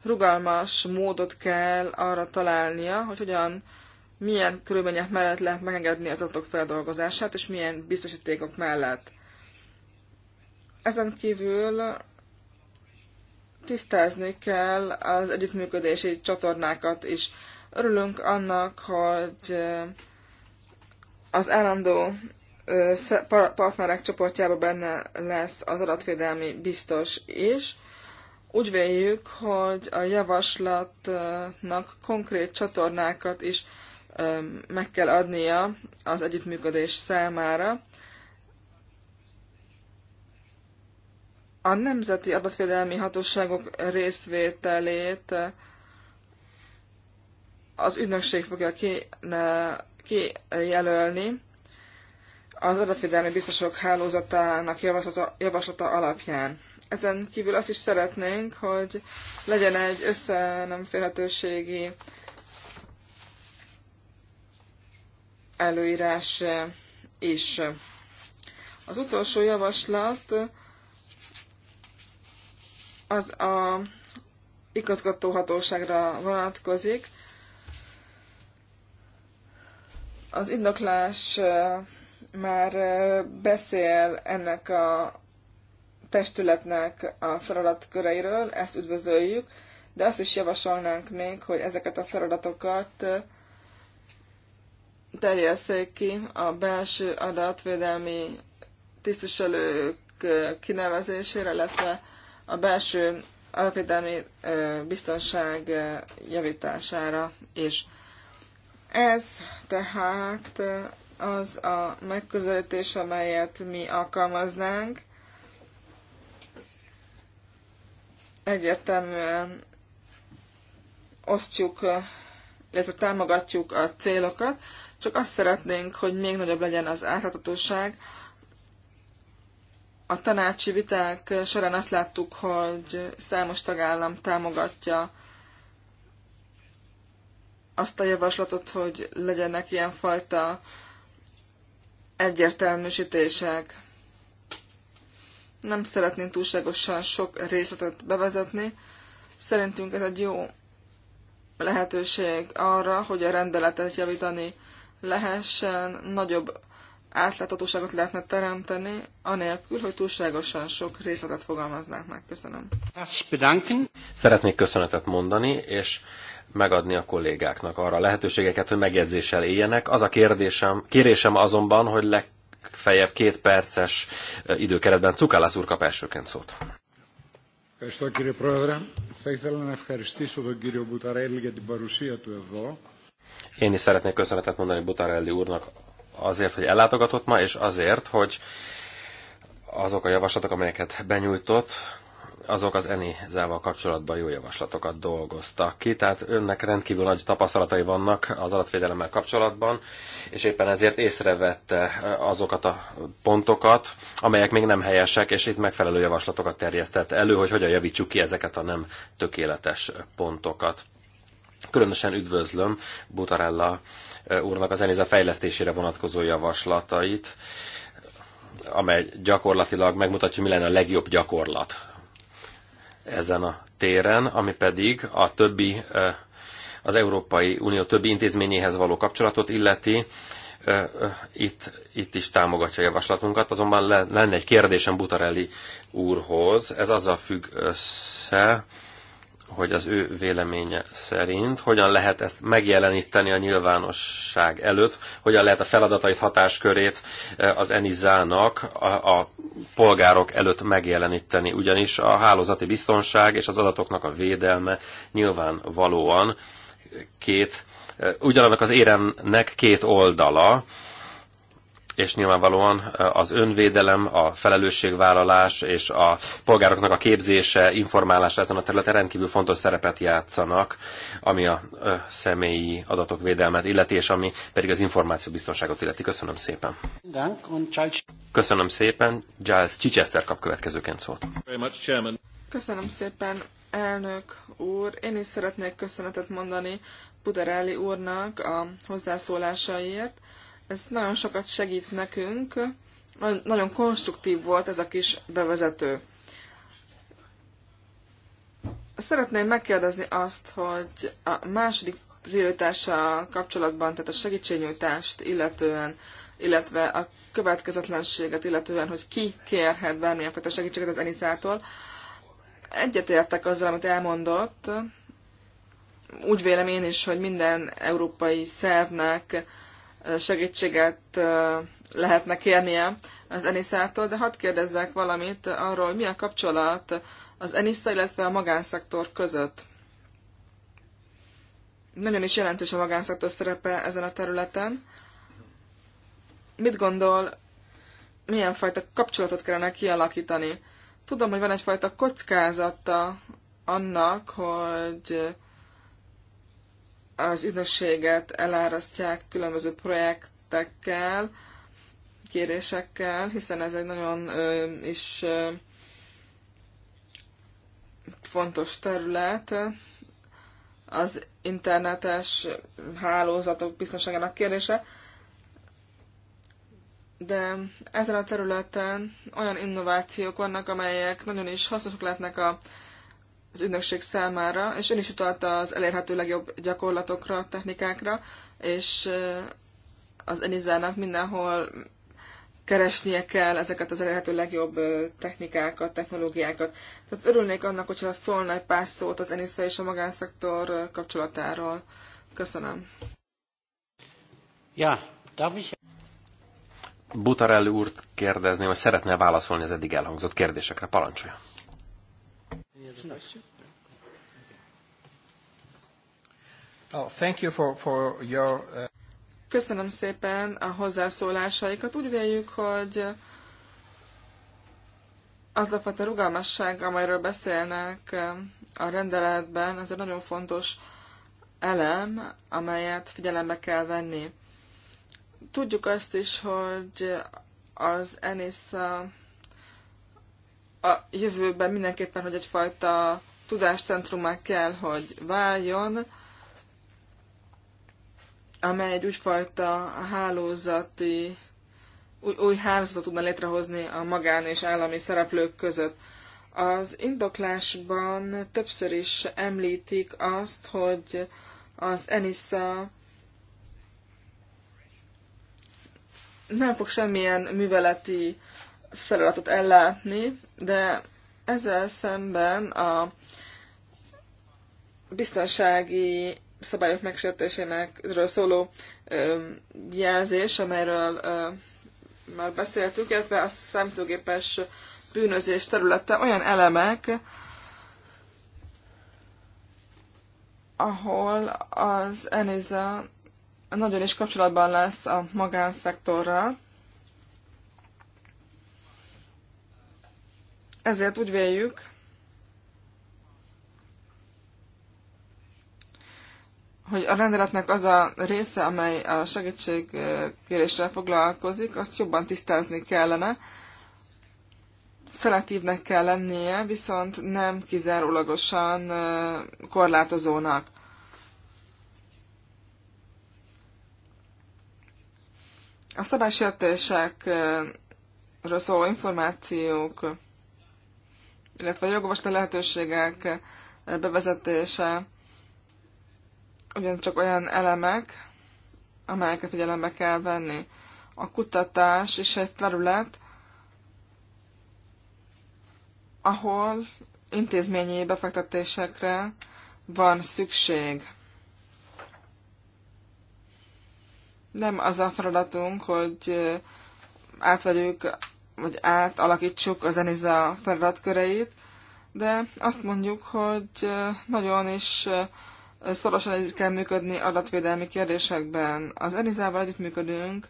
rugalmas módot kell arra találnia, hogy hogyan milyen körülmények mellett lehet megengedni az adatok feldolgozását, és milyen biztosítékok mellett. Ezen kívül tisztázni kell az együttműködési csatornákat is. Örülünk annak, hogy az állandó partnerek csoportjában benne lesz az adatvédelmi biztos is. Úgy véljük, hogy a javaslatnak konkrét csatornákat is meg kell adnia az együttműködés számára. A nemzeti adatvédelmi hatóságok részvételét az ügynökség fogja kijelölni az adatvédelmi biztosok hálózatának javaslata, alapján. Ezen kívül azt is szeretnénk, hogy legyen egy össze nem férhetőségi előírás is. Eh, eh, az utolsó javaslat az a igazgatóhatóságra vonatkozik. Az indoklás eh, már beszél ennek a testületnek a feladatköreiről, ezt üdvözöljük, de azt is javasolnánk még, hogy ezeket a feladatokat terjesszék ki a belső adatvédelmi tisztviselők kinevezésére, illetve a belső adatvédelmi biztonság javítására is. Ez tehát az a megközelítés, amelyet mi alkalmaznánk. Egyértelműen osztjuk, illetve támogatjuk a célokat, csak azt szeretnénk, hogy még nagyobb legyen az átláthatóság. A tanácsi viták során azt láttuk, hogy számos tagállam támogatja azt a javaslatot, hogy legyenek ilyenfajta egyértelműsítések. Nem szeretnénk túlságosan sok részletet bevezetni. Szerintünk ez egy jó lehetőség arra, hogy a rendeletet javítani lehessen, nagyobb átláthatóságot lehetne teremteni, anélkül, hogy túlságosan sok részletet fogalmaznák meg. Köszönöm. Szeretnék köszönetet mondani, és megadni a kollégáknak arra a lehetőségeket, hogy megjegyzéssel éljenek. Az a kérdésem, kérésem azonban, hogy legfeljebb két perces időkeretben Cukálász úr kap elsőként szót. Köszönöm, κύριε Πρόεδρε. Θα ήθελα να ευχαριστήσω τον κύριο Μπουταρέλη για την παρουσία του εδώ. Én is szeretnék köszönetet mondani Butarelli úrnak azért, hogy ellátogatott ma, és azért, hogy azok a javaslatok, amelyeket benyújtott, azok az eni zával kapcsolatban jó javaslatokat dolgoztak ki, tehát önnek rendkívül nagy tapasztalatai vannak az adatvédelemmel kapcsolatban, és éppen ezért észrevette azokat a pontokat, amelyek még nem helyesek, és itt megfelelő javaslatokat terjesztett elő, hogy hogyan javítsuk ki ezeket a nem tökéletes pontokat. Különösen üdvözlöm Butarella úrnak a zenéze fejlesztésére vonatkozó javaslatait, amely gyakorlatilag megmutatja, mi lenne a legjobb gyakorlat ezen a téren, ami pedig a többi, az Európai Unió többi intézményéhez való kapcsolatot illeti. Itt, itt is támogatja a javaslatunkat, azonban lenne egy kérdésem Butarelli úrhoz. Ez azzal függ össze, hogy az ő véleménye szerint hogyan lehet ezt megjeleníteni a nyilvánosság előtt, hogyan lehet a feladatait, hatáskörét e, az Enizának a, a polgárok előtt megjeleníteni. Ugyanis a hálózati biztonság és az adatoknak a védelme nyilvánvalóan két, e, ugyanannak az éremnek két oldala, és nyilvánvalóan az önvédelem, a felelősségvállalás és a polgároknak a képzése, informálása ezen a területen rendkívül fontos szerepet játszanak, ami a személyi adatok védelmet illeti, és ami pedig az információbiztonságot illeti. Köszönöm szépen. Köszönöm szépen. Giles Chichester kap következőként szót. Köszönöm szépen, elnök úr. Én is szeretnék köszönetet mondani Puderelli úrnak a hozzászólásaiért. Ez nagyon sokat segít nekünk. Nagyon konstruktív volt ez a kis bevezető. Szeretném megkérdezni azt, hogy a második prioritással kapcsolatban, tehát a segítségnyújtást illetően, illetve a következetlenséget illetően, hogy ki kérhet bármilyen fajta segítséget az Enisától. Egyetértek azzal, amit elmondott. Úgy vélem én is, hogy minden európai szervnek segítséget lehetne kérnie az Eniszától, de hadd kérdezzek valamit arról, mi a kapcsolat az Enisza, illetve a magánszektor között. Nagyon is jelentős a magánszektor szerepe ezen a területen. Mit gondol, milyen fajta kapcsolatot kellene kialakítani? Tudom, hogy van egyfajta kockázata annak, hogy az ügynökséget elárasztják különböző projektekkel, kérésekkel, hiszen ez egy nagyon ö, is ö, fontos terület. Az internetes hálózatok biztonságának kérdése, de ezen a területen olyan innovációk vannak, amelyek nagyon is hasznosak lehetnek a az ügynökség számára, és ön is utalta az elérhető legjobb gyakorlatokra, technikákra, és az Enizának mindenhol keresnie kell ezeket az elérhető legjobb technikákat, technológiákat. Tehát örülnék annak, hogyha szólna egy pár szót az Enisza és a magánszektor kapcsolatáról. Köszönöm. Ja, darf Butarelli úrt kérdezni, hogy szeretne válaszolni az eddig elhangzott kérdésekre. Parancsolja. Oh, uh, Köszönöm szépen a hozzászólásaikat. Úgy véljük, hogy az a fajta rugalmasság, amelyről beszélnek a rendeletben, az egy nagyon fontos elem, amelyet figyelembe kell venni. Tudjuk azt is, hogy az ENISZA a jövőben mindenképpen, hogy egyfajta tudáscentrumá kell, hogy váljon, amely egy úgyfajta hálózati, új, új hálózatot tudna létrehozni a magán és állami szereplők között. Az indoklásban többször is említik azt, hogy az Enisa nem fog semmilyen műveleti feladatot ellátni, de ezzel szemben a biztonsági szabályok megsértésének szóló jelzés, amelyről már beszéltük, illetve a számítógépes bűnözés területe olyan elemek, ahol az ENISA nagyon is kapcsolatban lesz a magánszektorral, Ezért úgy véljük, hogy a rendeletnek az a része, amely a segítségkéréssel foglalkozik, azt jobban tisztázni kellene, szelektívnek kell lennie, viszont nem kizárólagosan korlátozónak. A szabálysértésekről szóló információk illetve a jogorvoslati lehetőségek bevezetése ugyancsak olyan elemek, amelyeket figyelembe kell venni. A kutatás is egy terület, ahol intézményi befektetésekre van szükség. Nem az a feladatunk, hogy átvegyük hogy átalakítsuk a zeniza feladatköreit, de azt mondjuk, hogy nagyon is szorosan együtt kell működni adatvédelmi kérdésekben. Az Enizával együttműködünk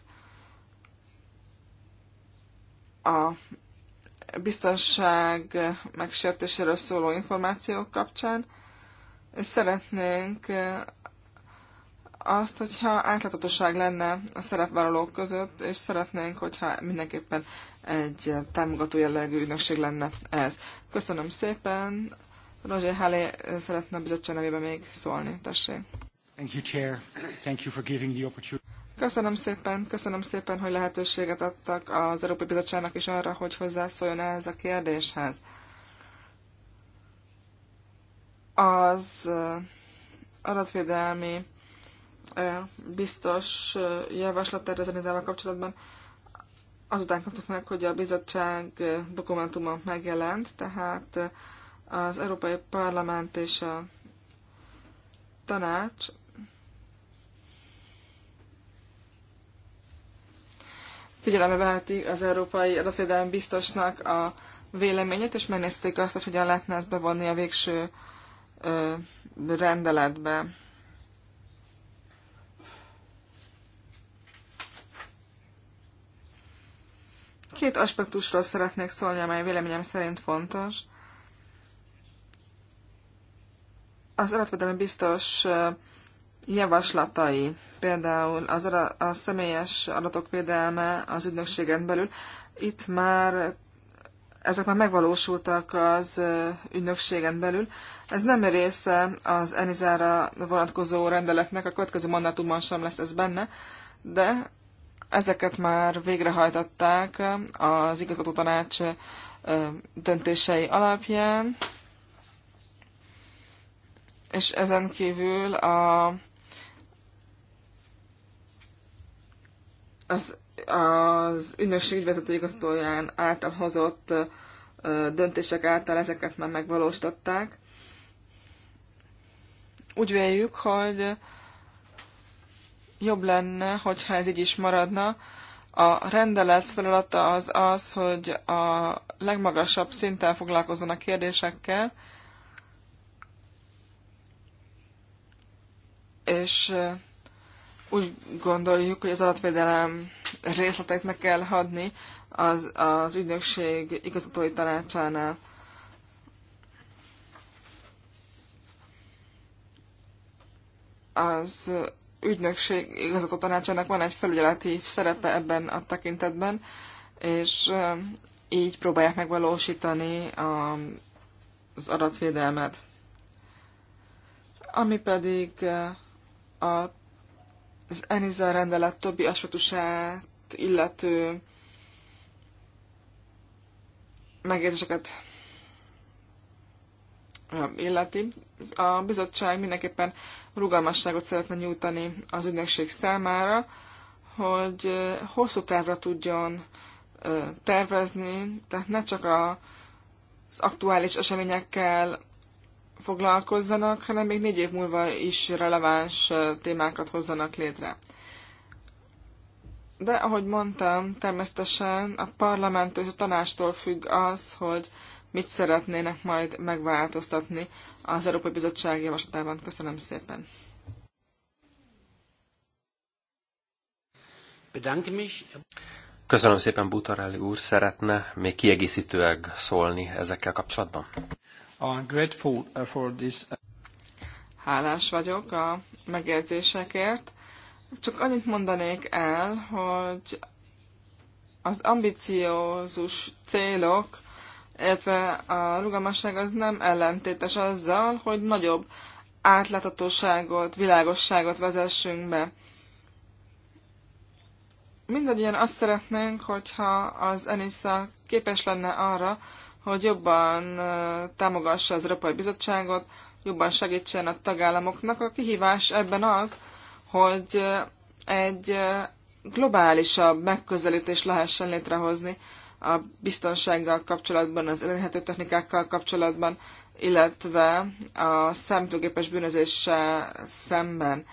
a biztonság megsértéséről szóló információk kapcsán, és szeretnénk azt, hogyha átláthatóság lenne a szerepvállalók között, és szeretnénk, hogyha mindenképpen egy támogató jellegű ügynökség lenne ez. Köszönöm szépen. Roger Hallé szeretne a bizottság nevében még szólni. Tessék. Thank you, Chair. Thank you for giving the opportunity. Köszönöm szépen, köszönöm szépen, hogy lehetőséget adtak az Európai Bizottságnak is arra, hogy hozzászóljon ehhez a kérdéshez. Az eh, adatvédelmi eh, biztos eh, javaslat tervezetével kapcsolatban azután kaptuk meg, hogy a bizottság dokumentuma megjelent, tehát az Európai Parlament és a tanács figyelembe veheti az Európai Adatvédelmi Biztosnak a véleményét, és megnézték azt, hogy hogyan lehetne ezt bevonni a végső ö, rendeletbe. Két aspektusról szeretnék szólni, amely véleményem szerint fontos. Az adatvédelmi biztos javaslatai, például az a személyes adatok védelme az ügynökségen belül, itt már ezek már megvalósultak az ügynökségen belül. Ez nem része az Enizára vonatkozó rendeletnek, a következő mandátumban sem lesz ez benne, de Ezeket már végrehajtották az igazgató tanács döntései alapján, és ezen kívül a, az, az ügynökség ügyvezető igazgatóján által hozott döntések által ezeket már megvalósították. Úgy véljük, hogy jobb lenne, hogyha ez így is maradna. A rendelet feladata az az, hogy a legmagasabb szinten foglalkozzon a kérdésekkel, és uh, úgy gondoljuk, hogy az adatvédelem részleteit meg kell hadni az, az ügynökség igazgatói tanácsánál. Az ügynökség igazgató tanácsának van egy felügyeleti szerepe ebben a tekintetben, és így próbálják megvalósítani a, az adatvédelmet. Ami pedig a, az ENISA rendelet többi aspektusát illető megérzéseket illeti. A bizottság mindenképpen rugalmasságot szeretne nyújtani az ügynökség számára, hogy hosszú távra tudjon tervezni, tehát ne csak az aktuális eseményekkel foglalkozzanak, hanem még négy év múlva is releváns témákat hozzanak létre. De ahogy mondtam, természetesen a parlamenttől és a tanástól függ az, hogy mit szeretnének majd megváltoztatni az Európai Bizottság javaslatában. Köszönöm szépen. Köszönöm szépen, Butarelli úr. Szeretne még kiegészítőleg szólni ezekkel kapcsolatban? Uh, uh, Hálás vagyok a megjegyzésekért. Csak annyit mondanék el, hogy az ambiciózus célok illetve a rugalmasság az nem ellentétes azzal, hogy nagyobb átláthatóságot, világosságot vezessünk be. Mindegyen azt szeretnénk, hogyha az Enisza képes lenne arra, hogy jobban támogassa az Európai Bizottságot, jobban segítsen a tagállamoknak. A kihívás ebben az, hogy egy globálisabb megközelítést lehessen létrehozni a biztonsággal kapcsolatban, az elérhető technikákkal kapcsolatban, illetve a számítógépes bűnözéssel szemben.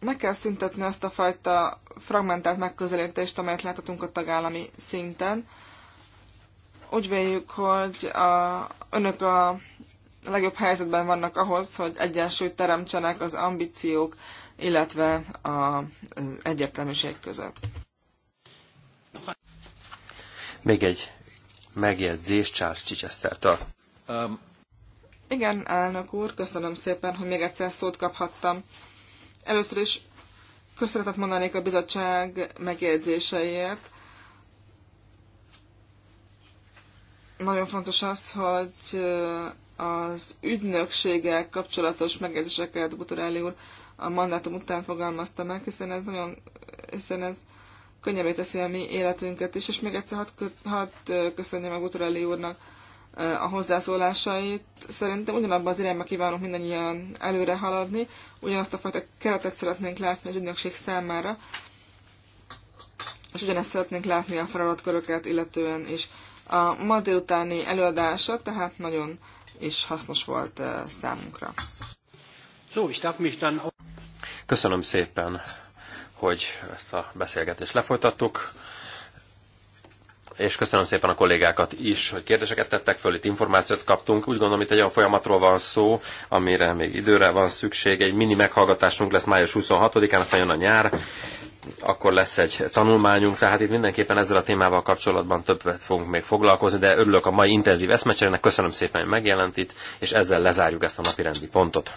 Meg kell szüntetni azt a fajta fragmentált megközelítést, amelyet láthatunk a tagállami szinten. Úgy véljük, hogy a, önök a legjobb helyzetben vannak ahhoz, hogy egyensúlyt teremtsenek az ambíciók, illetve az egyértelműség között. Még egy megjegyzés Charles Chichester-től. Um. Igen, elnök úr, köszönöm szépen, hogy még egyszer szót kaphattam. Először is köszönetet mondanék a bizottság megjegyzéseiért. Nagyon fontos az, hogy az ügynökséggel kapcsolatos megjegyzéseket Butorelli úr a mandátum után fogalmazta meg, hiszen ez nagyon, hiszen ez könnyebbé teszi a mi életünket is. És még egyszer hadd had köszönjem meg Utorelli úrnak a hozzászólásait. Szerintem ugyanabban az irányba kívánunk mindannyian előre haladni, ugyanazt a fajta keretet szeretnénk látni az ügynökség számára, és ugyanezt szeretnénk látni a feladatköröket illetően is. A ma délutáni előadása tehát nagyon is hasznos volt számunkra. Köszönöm szépen hogy ezt a beszélgetést lefolytattuk, és köszönöm szépen a kollégákat is, hogy kérdéseket tettek föl, itt információt kaptunk. Úgy gondolom, itt egy olyan folyamatról van szó, amire még időre van szükség. Egy mini meghallgatásunk lesz május 26-án, aztán jön a nyár, akkor lesz egy tanulmányunk, tehát itt mindenképpen ezzel a témával kapcsolatban többet fogunk még foglalkozni, de örülök a mai intenzív eszmecserének, köszönöm szépen, hogy megjelent itt, és ezzel lezárjuk ezt a napi rendi pontot.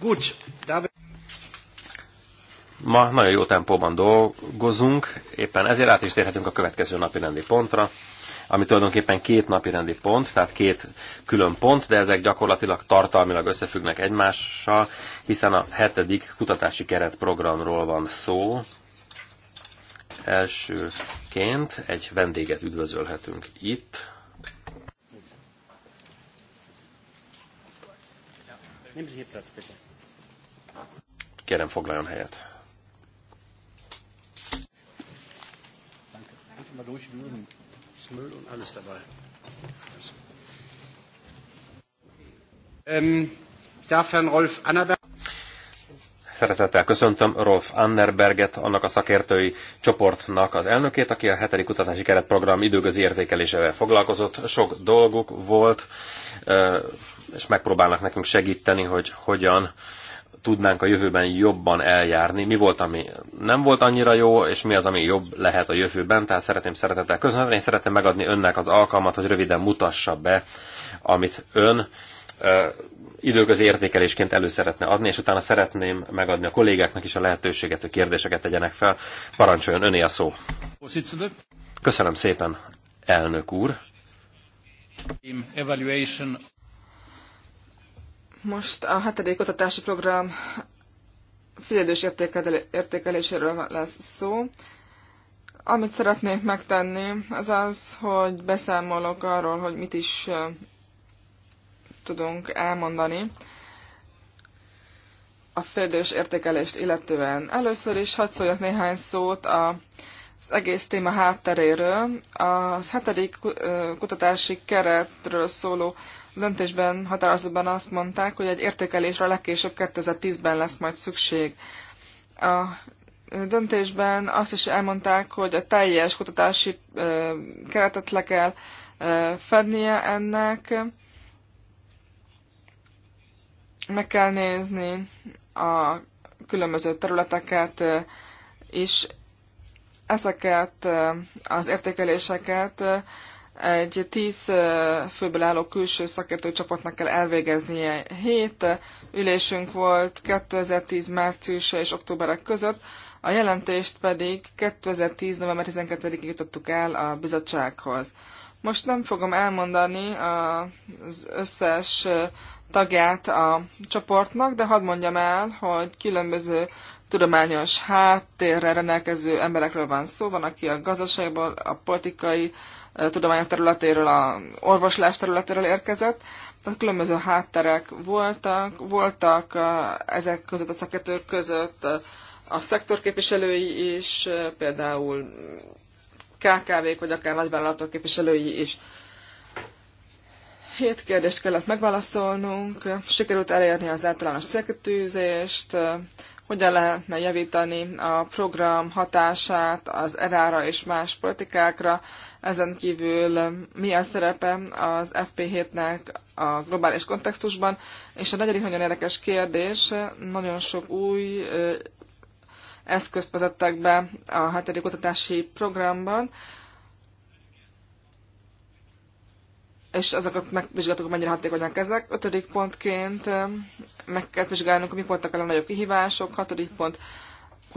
Gut, David. Ma nagyon jó tempóban dolgozunk, éppen ezért át is térhetünk a következő napi rendi pontra, ami tulajdonképpen két napi rendi pont, tehát két külön pont, de ezek gyakorlatilag tartalmilag összefüggnek egymással, hiszen a hetedik kutatási keretprogramról van szó. Elsőként egy vendéget üdvözölhetünk itt. Nem is hier Kérem, foglaljon helyet. Ähm, Szeretettel köszöntöm Rolf Annerberget, annak a szakértői csoportnak az elnökét, aki a hetedik kutatási keretprogram időközi értékelésével foglalkozott. Sok dolguk volt, és megpróbálnak nekünk segíteni, hogy hogyan tudnánk a jövőben jobban eljárni, mi volt, ami nem volt annyira jó, és mi az, ami jobb lehet a jövőben. Tehát szeretném szeretettel köszönni, én szeretném megadni önnek az alkalmat, hogy röviden mutassa be, amit ön ö, időközi értékelésként elő szeretne adni, és utána szeretném megadni a kollégáknak is a lehetőséget, hogy kérdéseket tegyenek fel. Parancsoljon, öné a szó. Köszönöm szépen, elnök úr. Most a hetedik kutatási program figyelős értékeléséről lesz szó. Amit szeretnék megtenni, az az, hogy beszámolok arról, hogy mit is tudunk elmondani a félidős értékelést illetően. Először is hadd szóljak néhány szót a, az egész téma hátteréről. a hetedik kutatási keretről szóló döntésben, határozatban azt mondták, hogy egy értékelésre legkésőbb 2010-ben lesz majd szükség. A döntésben azt is elmondták, hogy a teljes kutatási keretet le kell fednie ennek, meg kell nézni a különböző területeket is, ezeket az értékeléseket egy tíz főből álló külső szakértő csapatnak kell elvégeznie. Hét ülésünk volt 2010 márciusa és októberek között, a jelentést pedig 2010. november 12-ig jutottuk el a bizottsághoz. Most nem fogom elmondani az összes tagját a csoportnak, de hadd mondjam el, hogy különböző tudományos háttérre rendelkező emberekről van szó. Van, aki a gazdaságból, a politikai Eh, tudományok területéről, a orvoslás területéről érkezett. Tehát különböző hátterek voltak, voltak eh, ezek között, a szakértők között eh, a szektorképviselői is, például KKV-k vagy akár nagyvállalatok képviselői is. Hét kérdést kellett megválaszolnunk, sikerült elérni az általános célkötűzést, hogyan lehetne javítani a program hatását az erára és más politikákra, ezen kívül um, mi a szerepe az FP7-nek a globális kontextusban, és a negyedik nagyon érdekes kérdés, nagyon sok új eszközt vezettek be a hetedik kutatási programban, és azokat megvizsgáltuk, mennyire hatékonyak ezek. Ötödik pontként meg kell vizsgálnunk, mik voltak a legnagyobb kihívások. Hatodik pont,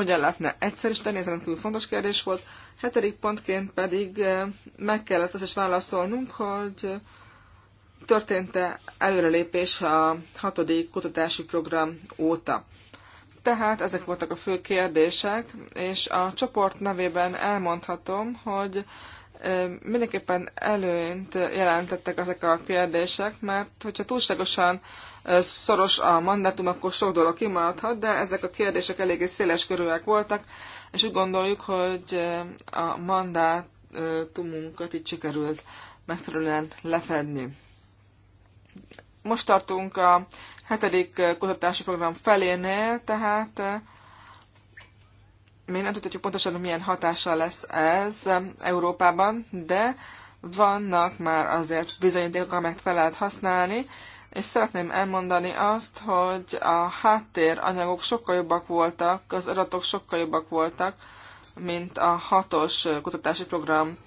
hogyan lehetne egyszerűsíteni, ez rendkívül fontos kérdés volt. Hetedik pontként pedig eh, meg kellett az is válaszolnunk, hogy történt-e előrelépés a hatodik kutatási program óta. Tehát ezek voltak a fő kérdések, és a csoport nevében elmondhatom, hogy eh, mindenképpen előnyt jelentettek ezek a kérdések, mert hogyha túlságosan szoros a mandátum, akkor sok dolog kimaradhat, de ezek a kérdések eléggé széles körűek voltak, és úgy gondoljuk, hogy a mandátumunkat itt sikerült megfelelően lefedni. Most tartunk a hetedik kutatási program felénél, tehát még nem tudjuk pontosan, hogy milyen hatással lesz ez Európában, de vannak már azért bizonyítékok, amelyet fel lehet használni, és szeretném elmondani azt, hogy a háttéranyagok sokkal jobbak voltak, az adatok sokkal jobbak voltak, mint a hatos kutatási program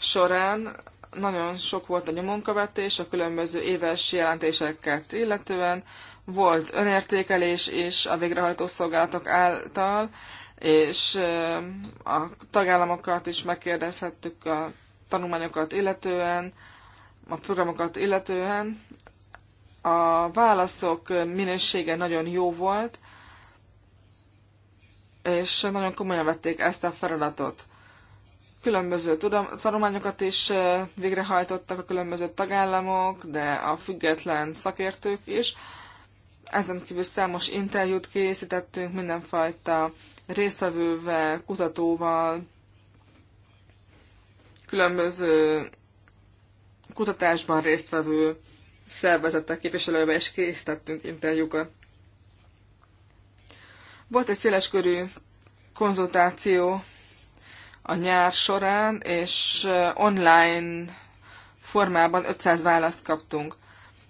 során. Nagyon sok volt a nyomonkövetés a különböző éves jelentéseket illetően, volt önértékelés is a végrehajtó szolgálatok által, és a tagállamokat is megkérdezhettük a tanulmányokat illetően, a programokat illetően, a válaszok minősége nagyon jó volt, és nagyon komolyan vették ezt a feladatot. Különböző tanulmányokat is végrehajtottak a különböző tagállamok, de a független szakértők is. Ezen kívül számos interjút készítettünk mindenfajta résztvevővel, kutatóval, különböző kutatásban résztvevő szervezetek képviselőbe is készítettünk interjúkat. Volt egy széleskörű konzultáció a nyár során, és online formában 500 választ kaptunk.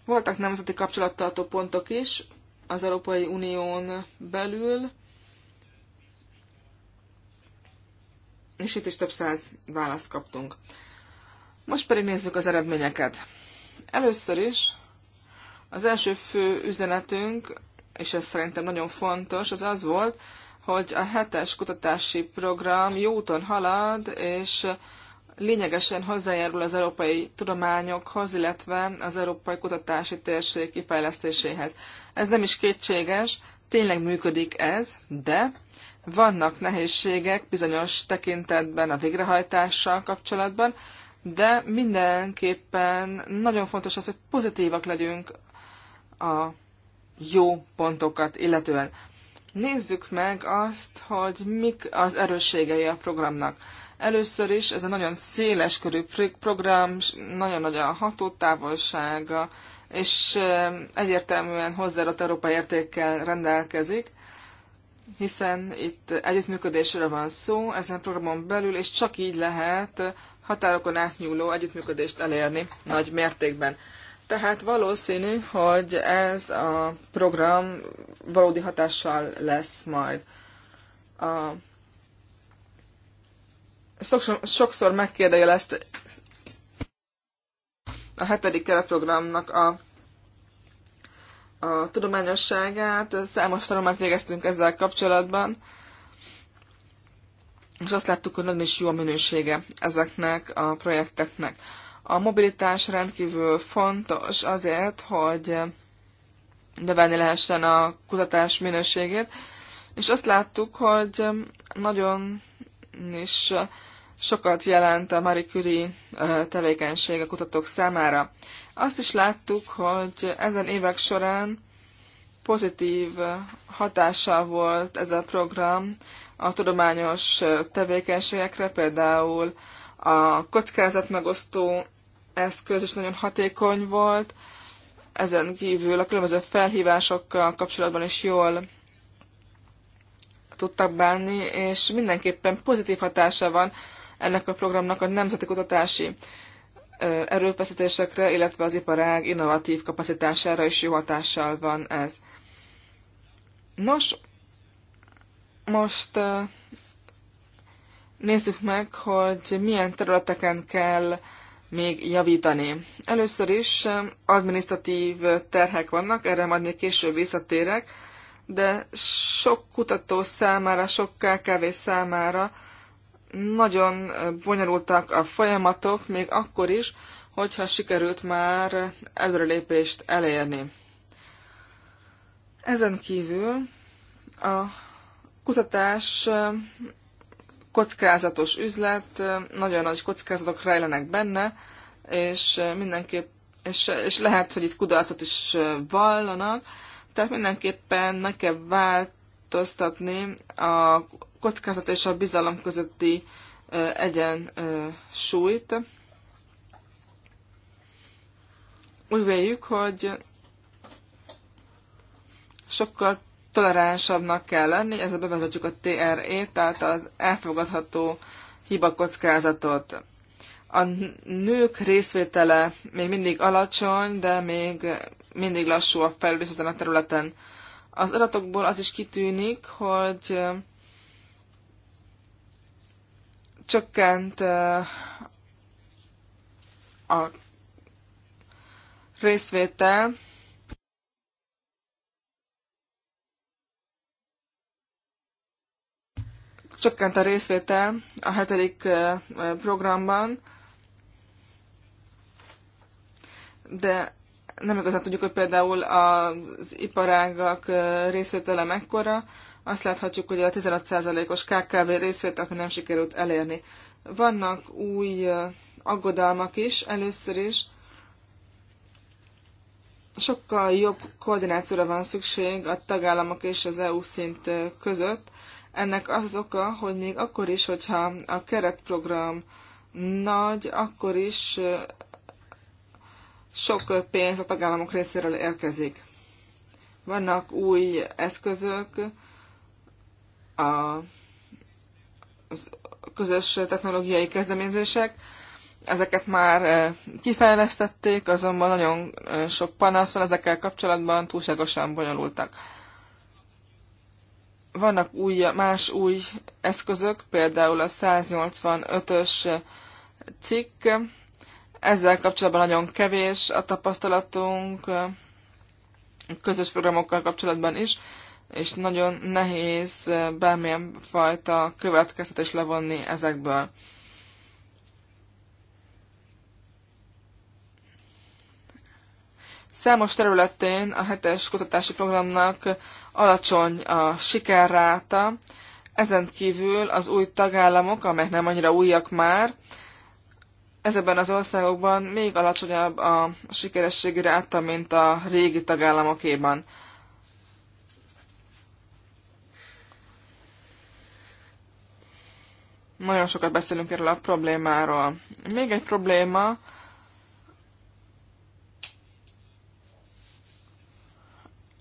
Voltak nemzeti kapcsolattartó pontok is az Európai Unión belül, és itt is több száz választ kaptunk. Most pedig nézzük az eredményeket. Először is az első fő üzenetünk, és ez szerintem nagyon fontos, az az volt, hogy a hetes kutatási program jó úton halad, és lényegesen hozzájárul az európai tudományokhoz, illetve az európai kutatási térség kifejlesztéséhez. Ez nem is kétséges, tényleg működik ez, de vannak nehézségek bizonyos tekintetben a végrehajtással kapcsolatban, de mindenképpen nagyon fontos az, hogy pozitívak legyünk a jó pontokat illetően. Nézzük meg azt, hogy mik az erősségei a programnak. Először is ez egy nagyon széles körű program, nagyon nagy a hatótávolsága, és eh, egyértelműen hozzáadott Európa értékkel rendelkezik, hiszen itt együttműködésről van szó ezen programon belül, és csak így lehet határokon átnyúló együttműködést elérni nagy mértékben. Tehát valószínű, hogy ez a program valódi hatással lesz majd. A... Sokszor, sokszor ezt a hetedik keretprogramnak a, a tudományosságát, számos tanulmányt végeztünk ezzel kapcsolatban, és azt láttuk, hogy nagyon is jó a minősége ezeknek a projekteknek. A mobilitás rendkívül fontos azért, hogy növelni lehessen a kutatás minőségét, és azt láttuk, hogy nagyon is sokat jelent a Marie Curie tevékenység a kutatók számára. Azt is láttuk, hogy ezen évek során pozitív hatással volt ez a program a tudományos tevékenységekre, például a kockázatmegosztó eszköz is nagyon hatékony volt, ezen kívül a különböző felhívásokkal kapcsolatban is jól tudtak bánni, és mindenképpen pozitív hatása van ennek a programnak a nemzeti kutatási erőfeszítésekre, illetve az iparág innovatív kapacitására is jó hatással van ez. Nos, most nézzük meg, hogy milyen területeken kell még javítani. Először is administratív terhek vannak, erre majd még később visszatérek, de sok kutató számára, sok KKV számára nagyon bonyolultak a folyamatok, még akkor is, hogyha sikerült már előrelépést elérni. Ezen kívül a Kutatás kockázatos üzlet, nagyon nagy kockázatok rejlenek benne, és mindenképp, és, és lehet, hogy itt kudarcot is vallanak, tehát mindenképpen meg kell változtatni a kockázat és a bizalom közötti egyen Úgy véljük, hogy sokkal toleránsabbnak kell lenni, ezzel bevezetjük a TRE, tehát az elfogadható hibakockázatot. A nők részvétele még mindig alacsony, de még mindig lassú a fejlődés ezen a területen. Az adatokból az is kitűnik, hogy csökkent a részvétel, Csökkent a részvétel a hetedik programban, de nem igazán tudjuk, hogy például az iparágak részvétele mekkora. Azt láthatjuk, hogy a 15%-os KKV részvételt nem sikerült elérni. Vannak új aggodalmak is, először is sokkal jobb koordinációra van szükség a tagállamok és az EU szint között. Ennek az, az oka, hogy még akkor is, hogyha a keretprogram nagy, akkor is sok pénz a tagállamok részéről érkezik. Vannak új eszközök, a, közös technológiai kezdeményezések, Ezeket már kifejlesztették, azonban nagyon sok panasz van ezekkel kapcsolatban, túlságosan bonyolultak. Vannak új, más új eszközök, például a 185-ös cikk. Ezzel kapcsolatban nagyon kevés a tapasztalatunk, közös programokkal kapcsolatban is, és nagyon nehéz bármilyen fajta következtetés levonni ezekből. Számos területén a hetes kutatási programnak alacsony a sikerráta, ezen kívül az új tagállamok, amelyek nem annyira újak már, ezekben az országokban még alacsonyabb a sikerességi ráta, mint a régi tagállamokéban. Nagyon sokat beszélünk erről a problémáról. Még egy probléma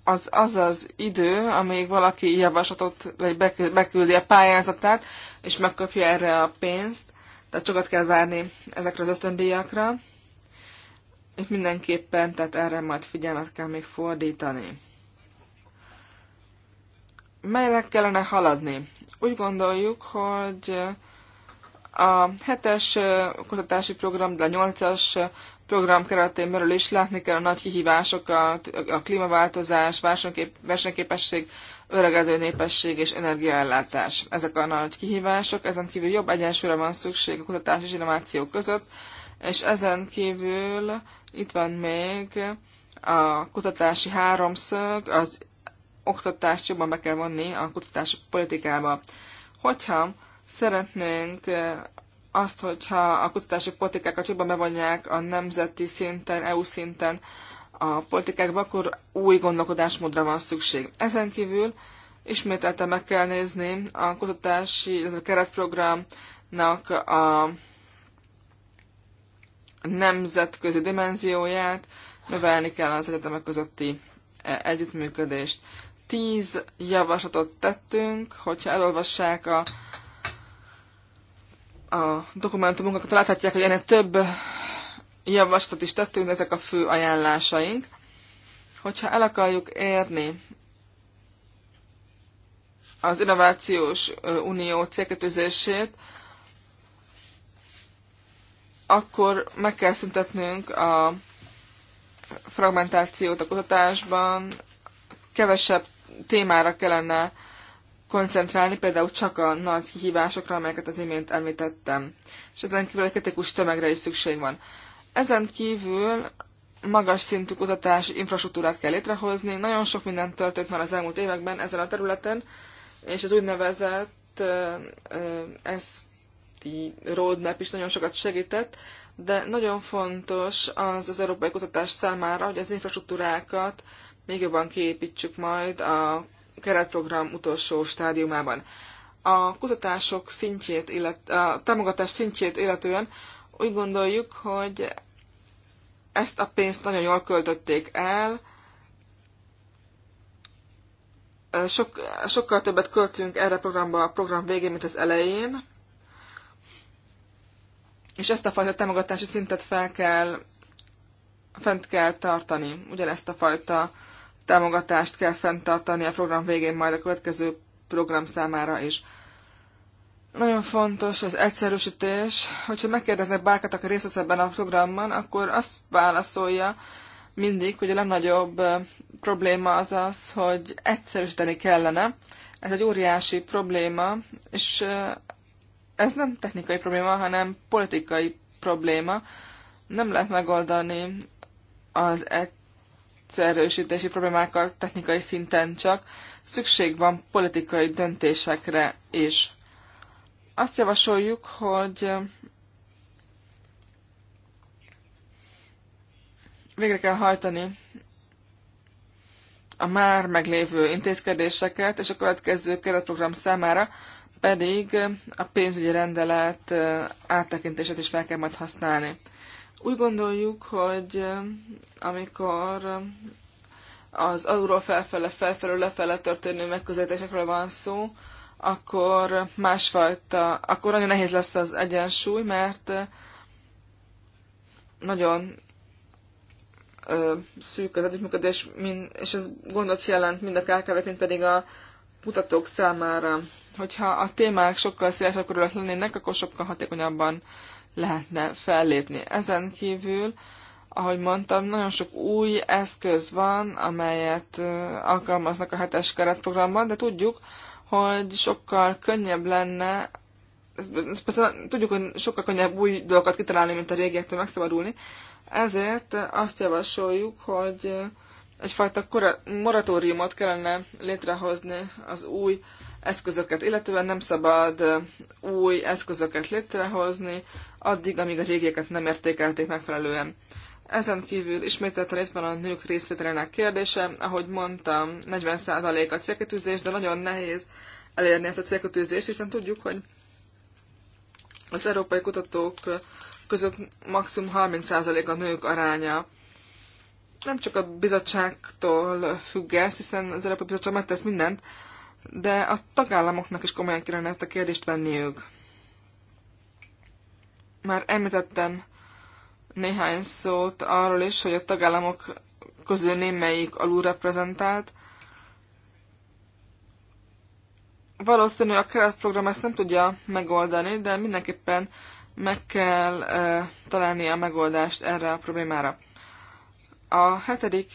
az az az idő, amíg valaki javaslatot, vagy beküldi a pályázatát, és megkapja erre a pénzt, tehát sokat kell várni ezekre az ösztöndíjakra, és mindenképpen, tehát erre majd figyelmet kell még fordítani. Melyre kellene haladni? Úgy gondoljuk, hogy a hetes kutatási program, de a nyolcas program keretén belül is látni kell a nagy kihívásokat, a klímaváltozás, versenyképesség, öregedő népesség és energiaellátás. Ezek a nagy kihívások, ezen kívül jobb egyensúlyra van szükség a kutatás és innováció között, és ezen kívül itt van még a kutatási háromszög, az oktatást jobban be kell vonni a kutatási politikába. Hogyha szeretnénk azt, hogyha a kutatási politikákat jobban bevonják a nemzeti szinten, EU szinten a politikákba, akkor új gondolkodásmódra van szükség. Ezen kívül ismételten meg kell nézni a kutatási, illetve a keretprogramnak a nemzetközi dimenzióját, növelni kell az egyetemek közötti e, együttműködést. Tíz javaslatot tettünk, hogyha elolvassák a a dokumentumunkat láthatják, hogy ennek több javaslatot is tettünk, ezek a fő ajánlásaink. Hogyha el akarjuk érni az Innovációs Unió célkötőzését, akkor meg kell szüntetnünk a fragmentációt a kutatásban, kevesebb témára kellene koncentrálni, például csak a nagy kihívásokra, amelyeket az imént említettem. És ezen kívül egy kritikus tömegre is szükség van. Ezen kívül magas szintű kutatási infrastruktúrát kell létrehozni. Nagyon sok minden történt már az elmúlt években ezen a területen, és az úgynevezett SD roadmap is nagyon sokat segített, de nagyon fontos az az európai kutatás számára, hogy az infrastruktúrákat még jobban kiépítsük majd a keretprogram utolsó stádiumában. A kutatások szintjét, illet, a támogatás szintjét illetően úgy gondoljuk, hogy ezt a pénzt nagyon jól költötték el, sok, sokkal többet költünk erre a programba a program végén, mint az elején, és ezt a fajta támogatási szintet fel kell, fent kell tartani, ugyanezt a fajta uh, támogatást kell fenntartani a program végén, majd a következő program számára is. Nagyon fontos az egyszerűsítés. Hogyha megkérdeznek bárkat, aki részt vesz ebben a programban, akkor azt válaszolja mindig, hogy a legnagyobb probléma az az, hogy egyszerűsíteni kellene. Ez egy óriási probléma, és ez nem technikai probléma, hanem politikai probléma. Nem lehet megoldani az egy egyszerűsítési problémákkal technikai szinten csak, szükség van politikai döntésekre is. Azt javasoljuk, hogy végre kell hajtani a már meglévő intézkedéseket, és a következő keretprogram számára pedig a pénzügyi rendelet áttekintését is fel kell majd használni. Úgy gondoljuk, hogy amikor az alulról felfele, felfelől lefele történő megközelítésekről van szó, akkor másfajta, akkor nagyon nehéz lesz az egyensúly, mert nagyon ö, szűk az együttműködés, és ez gondot jelent mind a kkv mint pedig a mutatók számára. Hogyha a témák sokkal szélesebb körülök lennének, akkor sokkal hatékonyabban lehetne fellépni. Ezen kívül, ahogy mondtam, nagyon sok új eszköz van, amelyet alkalmaznak a hetes keretprogramban, de tudjuk, hogy sokkal könnyebb lenne, persze tudjuk, hogy sokkal könnyebb új dolgokat kitalálni, mint a régiektől megszabadulni, ezért azt javasoljuk, hogy egyfajta moratóriumot kellene létrehozni az új uh, eszközöket, illetően nem szabad új eszközöket létrehozni, addig, amíg a régieket nem értékelték megfelelően. Ezen kívül ismételten itt van a nők részvételének kérdése. Ahogy mondtam, 40% a célkötőzés, de nagyon nehéz elérni ezt a célkötőzést, hiszen tudjuk, hogy az európai kutatók között maximum 30% a nők aránya. Nem csak a bizottságtól függ ez, hiszen az Európai Bizottság megtesz mindent de a tagállamoknak is komolyan kellene ezt a kérdést venniük. Már említettem néhány szót arról is, hogy a tagállamok közül némelyik alulreprezentált. Valószínű a keretprogram ezt nem tudja megoldani, de mindenképpen meg kell e, találni a megoldást erre a problémára. A hetedik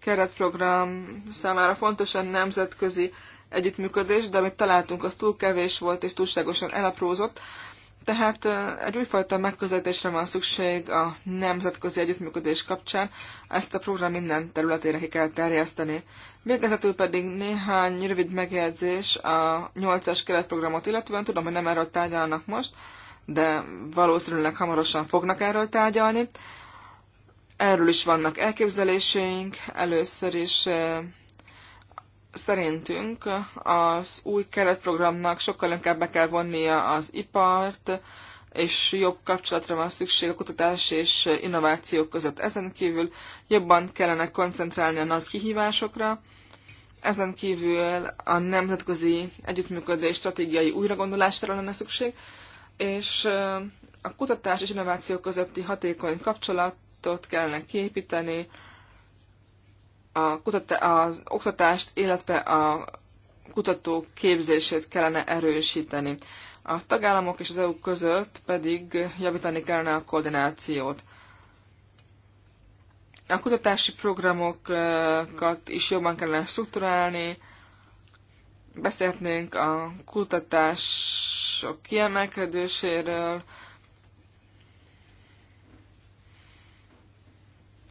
keretprogram számára fontos a nemzetközi együttműködés, de amit találtunk, az túl kevés volt és túlságosan elaprózott. Tehát egy újfajta megközelítésre van szükség a nemzetközi együttműködés kapcsán, ezt a program minden területére ki kell terjeszteni. Végezetül pedig néhány rövid megjegyzés a 8-as keretprogramot illetően, tudom, hogy nem erről tárgyalnak most, de valószínűleg hamarosan fognak erről tárgyalni. Erről is vannak elképzeléseink, először is szerintünk az új keretprogramnak sokkal inkább be kell vonnia az ipart, és jobb kapcsolatra van szükség a kutatás és innovációk között. Ezen kívül jobban kellene koncentrálni a nagy kihívásokra, ezen kívül a nemzetközi együttműködés stratégiai újragondolásra lenne szükség, és a kutatás és innováció közötti hatékony kapcsolatot kellene kiépíteni, a kutata, az oktatást, illetve a kutató képzését kellene erősíteni. A tagállamok és az EU között pedig javítani kellene a koordinációt. A kutatási programokat is jobban kellene strukturálni, beszélhetnénk a kutatások kiemelkedéséről,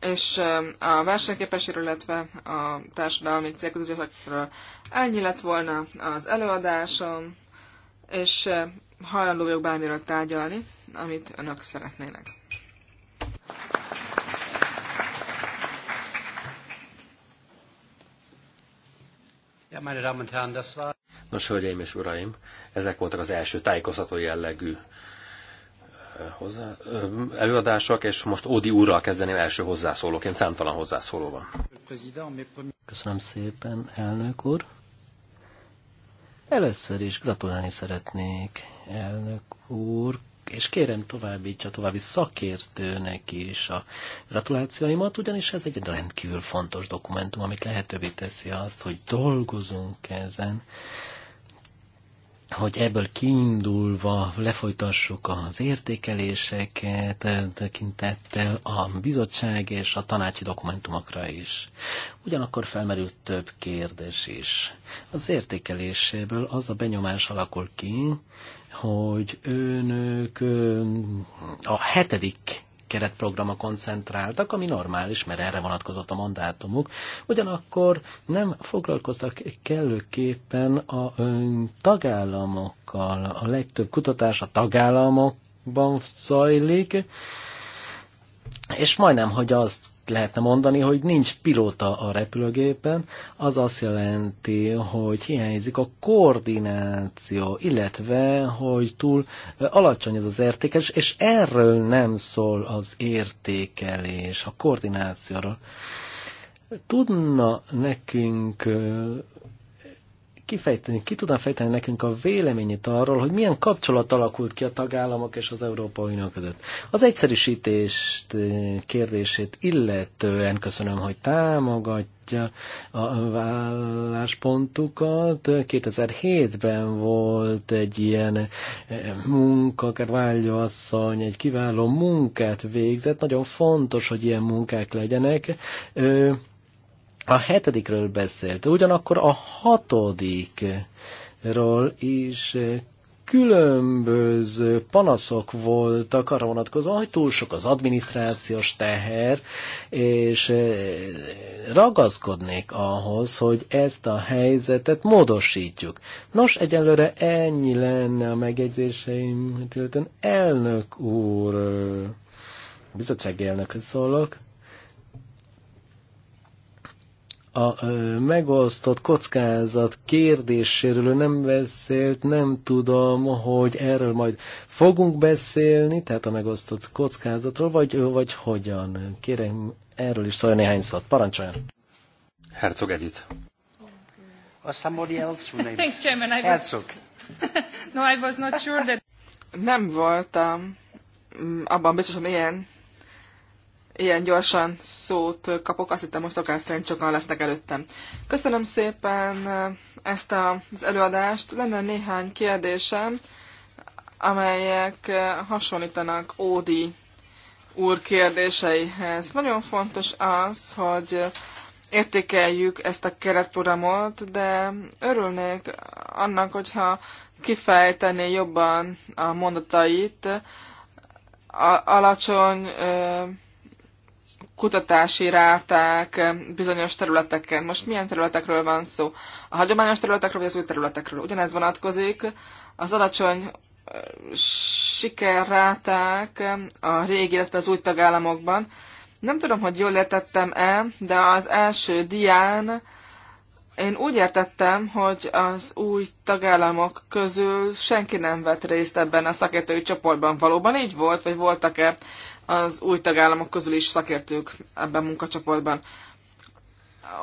és a versenyképességről, illetve a társadalmi célközösségről Ennyi lett volna az előadásom, és hajlandó vagyok bármiről tárgyalni, amit önök szeretnének. Nos, hölgyeim és uraim, ezek voltak az első tájékoztató jellegű hozzá, előadások, és most Ódi úrral kezdeném első hozzászólóként, számtalan hozzászólóval. Köszönöm szépen, elnök úr. Először is gratulálni szeretnék, elnök úr, és kérem továbbítsa további szakértőnek is a gratulációimat, ugyanis ez egy rendkívül fontos dokumentum, amit lehetővé teszi azt, hogy dolgozunk ezen, hogy ebből kiindulva lefolytassuk az értékeléseket e, tekintettel a bizottság és a tanácsi dokumentumokra is. Ugyanakkor felmerült több kérdés is. Az értékeléséből az a benyomás alakul ki, hogy önök a hetedik keretprogramra koncentráltak, ami normális, mert erre vonatkozott a mandátumuk. Ugyanakkor nem foglalkoztak kellőképpen a tagállamokkal. A legtöbb kutatás a tagállamokban zajlik, és majdnem, hogy azt lehetne mondani, hogy nincs pilóta a repülőgépen, az azt jelenti, hogy hiányzik a koordináció, illetve, hogy túl alacsony ez az értékes, és erről nem szól az értékelés, a koordinációról. Tudna nekünk kifejteni, ki tudná fejteni nekünk a véleményét arról, hogy milyen kapcsolat alakult ki a tagállamok és az Európai Unió között. Az egyszerűsítést eh, kérdését illetően köszönöm, hogy támogatja a válláspontukat. 2007-ben volt egy ilyen eh, munka, Kerváljó asszony egy kiváló munkát végzett. Nagyon fontos, hogy ilyen munkák legyenek. A hetedikről beszélt, ugyanakkor a hatodikról is különböző panaszok voltak arra vonatkozóan, hogy túl sok az adminisztrációs teher, és eh, ragaszkodnék ahhoz, hogy ezt a helyzetet módosítjuk. Nos, egyelőre ennyi lenne a megjegyzéseim, illetve elnök úr, eh, bizottsági elnökhöz szólok a megosztott kockázat kérdéséről nem beszélt, nem tudom, hogy erről majd fogunk beszélni, tehát a megosztott kockázatról, vagy, vagy hogyan. Kérem, erről is szóljon néhány szót. Parancsoljon! Herzog Edith. Or somebody else who Thanks, Chairman. I Herzog. (laughs) no, I was not sure that... Nem voltam abban biztos, hogy ilyen ilyen gyorsan szót kapok, azt hittem, hogy szokás szerint sokan lesznek előttem. Köszönöm szépen eh, ezt az előadást. Lenne néhány kérdésem, amelyek eh, hasonlítanak Ódi úr kérdéseihez. Nagyon fontos az, hogy értékeljük ezt a keretprogramot, de örülnék annak, hogyha kifejtené jobban a mondatait, a alacsony eh, kutatási ráták bizonyos területeken. Most milyen területekről van szó? A hagyományos területekről, vagy az új területekről? Ugyanez vonatkozik. Az alacsony sikerráták a régi, illetve az új tagállamokban. Nem tudom, hogy jól értettem-e, de az első dián én úgy értettem, hogy az új tagállamok közül senki nem vett részt ebben a szakértői csoportban. Valóban így volt, vagy voltak-e az új tagállamok közül is szakértők ebben a munkacsoportban.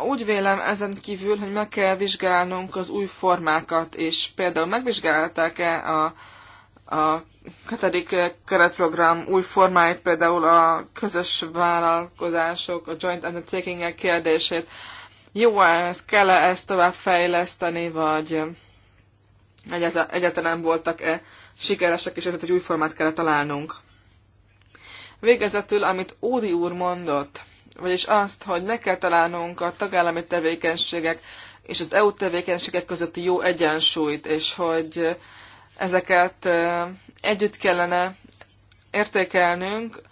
Úgy vélem ezen kívül, hogy meg kell vizsgálnunk az új formákat, és például megvizsgálták-e a, a hetedik keretprogram új formáit, például a közös vállalkozások, a joint undertaking -e kérdését. Jó ez, kell -e ezt tovább fejleszteni, vagy egyáltalán voltak-e sikeresek, és ezért egy új formát kell találnunk. Végezetül, amit Ódi úr mondott, vagyis azt, hogy meg kell találnunk a tagállami tevékenységek és az EU tevékenységek közötti jó egyensúlyt, és hogy ezeket együtt kellene értékelnünk,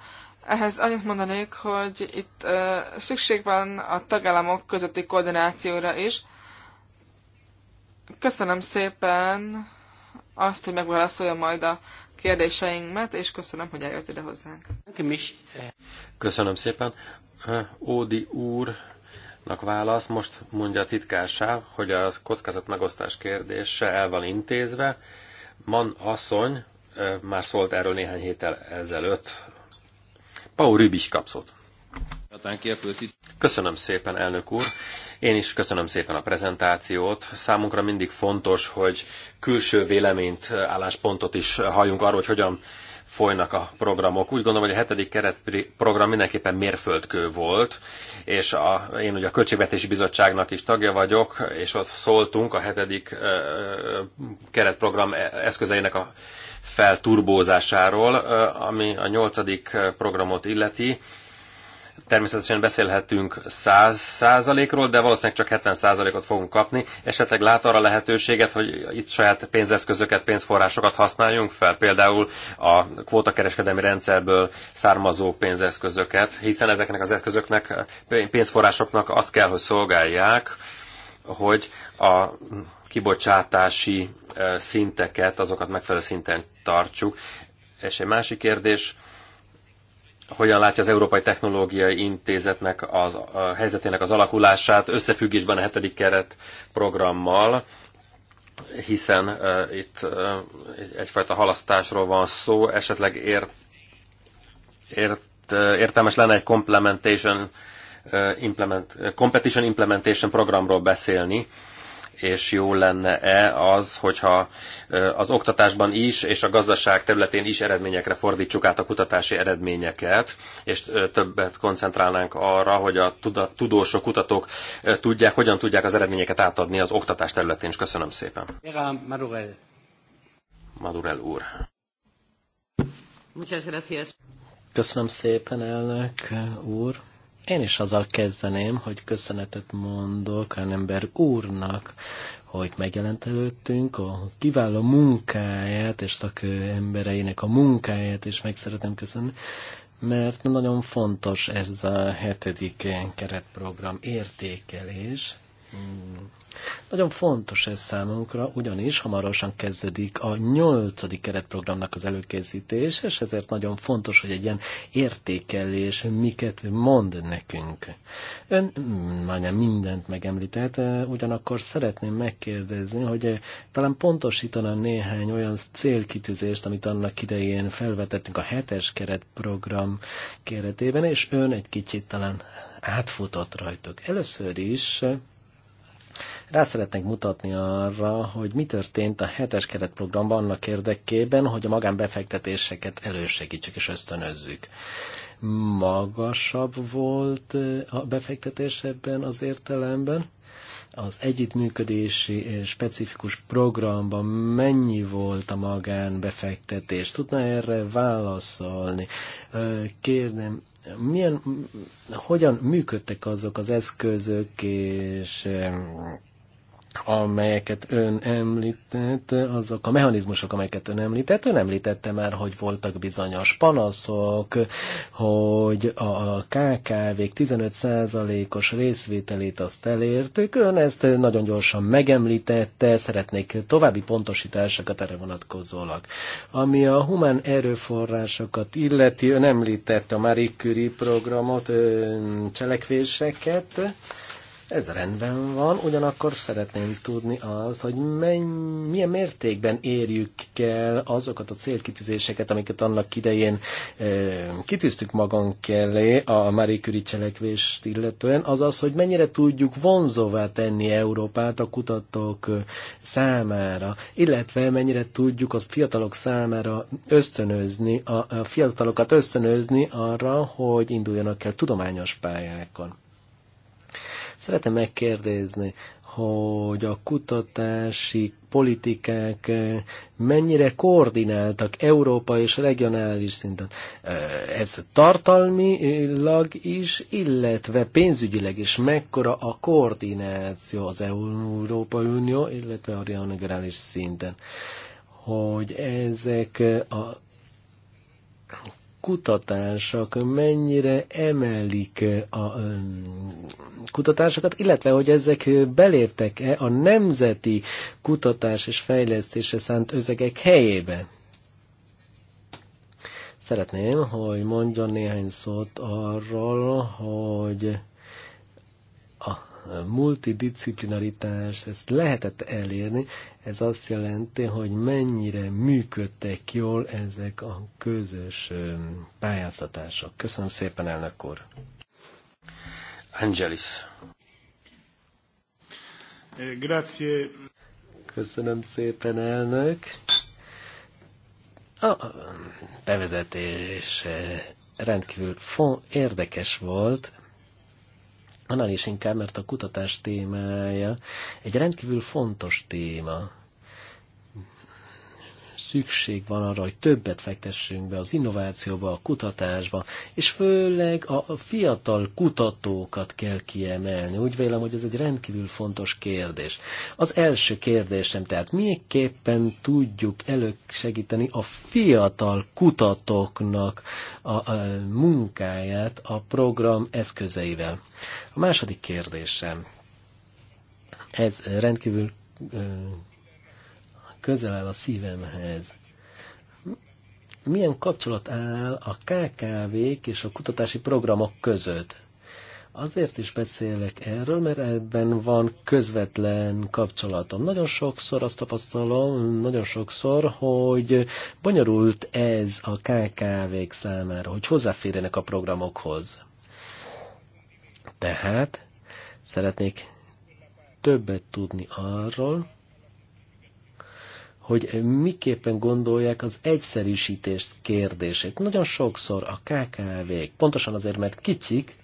ehhez annyit mondanék, hogy itt szükség van a tagállamok közötti koordinációra is. Köszönöm szépen azt, hogy megválaszolja majd a kérdéseinket, és köszönöm, hogy eljött ide hozzánk. Köszönöm szépen. Ódi úrnak válasz. Most mondja a titkársá, hogy a kockázat megosztás kérdése el van intézve. Man asszony már szólt erről néhány héttel ezelőtt. Pau Rübis kapszott. Köszönöm szépen, elnök úr. Én is köszönöm szépen a prezentációt. Számunkra mindig fontos, hogy külső véleményt, álláspontot is halljunk arról, hogy hogyan folynak a programok. Úgy gondolom, hogy a hetedik keretprogram mindenképpen mérföldkő volt, és a, én ugye a Költségvetési Bizottságnak is tagja vagyok, és ott szóltunk a hetedik keretprogram eszközeinek a felturbózásáról, ami a nyolcadik programot illeti Természetesen beszélhetünk 100%-ról, de valószínűleg csak 70%-ot fogunk kapni. Esetleg lát arra lehetőséget, hogy itt saját pénzeszközöket, pénzforrásokat használjunk fel, például a kvótakereskedelmi rendszerből származó pénzeszközöket, hiszen ezeknek az eszközöknek, pénzforrásoknak azt kell, hogy szolgálják, hogy a kibocsátási szinteket, azokat megfelelő szinten tartsuk. És egy másik kérdés, hogyan látja az Európai Technológiai Intézetnek az, a helyzetének az alakulását összefüggésben a hetedik keret programmal, hiszen uh, itt uh, egyfajta halasztásról van szó, esetleg ért, ért, uh, értelmes lenne egy complementation, uh, implement, uh, competition implementation programról beszélni, és jó lenne-e az, hogyha az oktatásban is és a gazdaság területén is eredményekre fordítsuk át a kutatási eredményeket, és többet koncentrálnánk arra, hogy a tudósok, kutatók tudják, hogyan tudják az eredményeket átadni az oktatás területén is. Köszönöm szépen. Madurell. Madurell úr. Köszönöm szépen, elnök úr. Én is azzal kezdeném, hogy köszönetet mondok a ember úrnak, hogy megjelent előttünk, a kiváló munkáját és embereinek a munkáját, és meg szeretem köszönni, mert nagyon fontos ez a hetedik keretprogram értékelés. Nagyon fontos ez számunkra, ugyanis hamarosan kezdődik a nyolcadik keretprogramnak az előkészítés, és ezért nagyon fontos, hogy egy ilyen értékelés miket mond nekünk. Ön már mindent megemlített, eh, ugyanakkor szeretném megkérdezni, hogy eh, talán pontosítana néhány olyan célkitűzést, amit annak idején felvetettünk a hetes keretprogram keretében, és ön egy kicsit talán átfutott rajtuk. Először is eh, rá szeretnék mutatni arra, hogy mi történt a hetes keretprogramban annak érdekében, hogy a magánbefektetéseket elősegítsük és ösztönözzük. Magasabb volt a befektetés ebben az értelemben, az együttműködési specifikus programban mennyi volt a magánbefektetés? Tudna erre válaszolni? Kérném, milyen, hogyan működtek azok az eszközök és amelyeket ön említett, azok a mechanizmusok, amelyeket ön említett, ön említette már, hogy voltak bizonyos panaszok, hogy a KKV-k 15%-os részvételét azt elértük, ön ezt nagyon gyorsan megemlítette, szeretnék további pontosításokat erre vonatkozólag. Ami a humán erőforrásokat illeti, ön említette a Marie Curie programot, cselekvéseket, ez rendben van, ugyanakkor szeretném tudni azt, hogy menny, milyen mértékben érjük el azokat a célkitűzéseket, amiket annak idején e, kitűztük magunk elé a Marie Curie cselekvést illetően, azaz, hogy mennyire tudjuk vonzóvá tenni Európát a kutatók eh, számára, illetve mennyire tudjuk a fiatalok számára ösztönözni, a, a fiatalokat ösztönözni arra, hogy induljanak el tudományos pályákon. Szeretem megkérdezni, hogy a kutatási politikák eh, mennyire koordináltak Európa és regionális szinten. Eh, ez tartalmilag is, illetve pénzügyileg is mekkora a koordináció az Európai Unió, illetve a regionális szinten hogy ezek eh, a kutatások mennyire emelik eh, a kutatásokat, illetve hogy ezek beléptek-e a nemzeti kutatás és fejlesztésre szánt özegek helyébe. Szeretném, hogy mondjon néhány szót arról, hogy multidisciplinaritás, ezt lehetett elérni, ez azt jelenti, hogy mennyire működtek jól ezek a közös pályáztatások. Köszönöm szépen, elnök úr! Angelis. Eh, grazie. Köszönöm szépen, elnök. A bevezetés eh, rendkívül font, érdekes volt, Annál is inkább, mert a kutatás témája egy rendkívül fontos téma szükség van arra, hogy többet fektessünk be az innovációba, a kutatásba, és főleg a fiatal kutatókat kell kiemelni. Úgy vélem, hogy ez egy rendkívül fontos kérdés. Az első kérdésem, tehát miképpen tudjuk elősegíteni a fiatal kutatóknak a, a munkáját a program eszközeivel? A második kérdésem, ez rendkívül közel áll a szívemhez. Milyen kapcsolat áll a KKV-k és a kutatási programok között? Azért is beszélek erről, mert ebben van közvetlen kapcsolatom. Nagyon sokszor azt tapasztalom, nagyon sokszor, hogy bonyolult ez a KKV-k számára, hogy hozzáférjenek a programokhoz. Tehát szeretnék többet tudni arról, hogy miképpen gondolják az egyszerűsítést kérdését. Nagyon sokszor a KKV-k, pontosan azért, mert kicsik,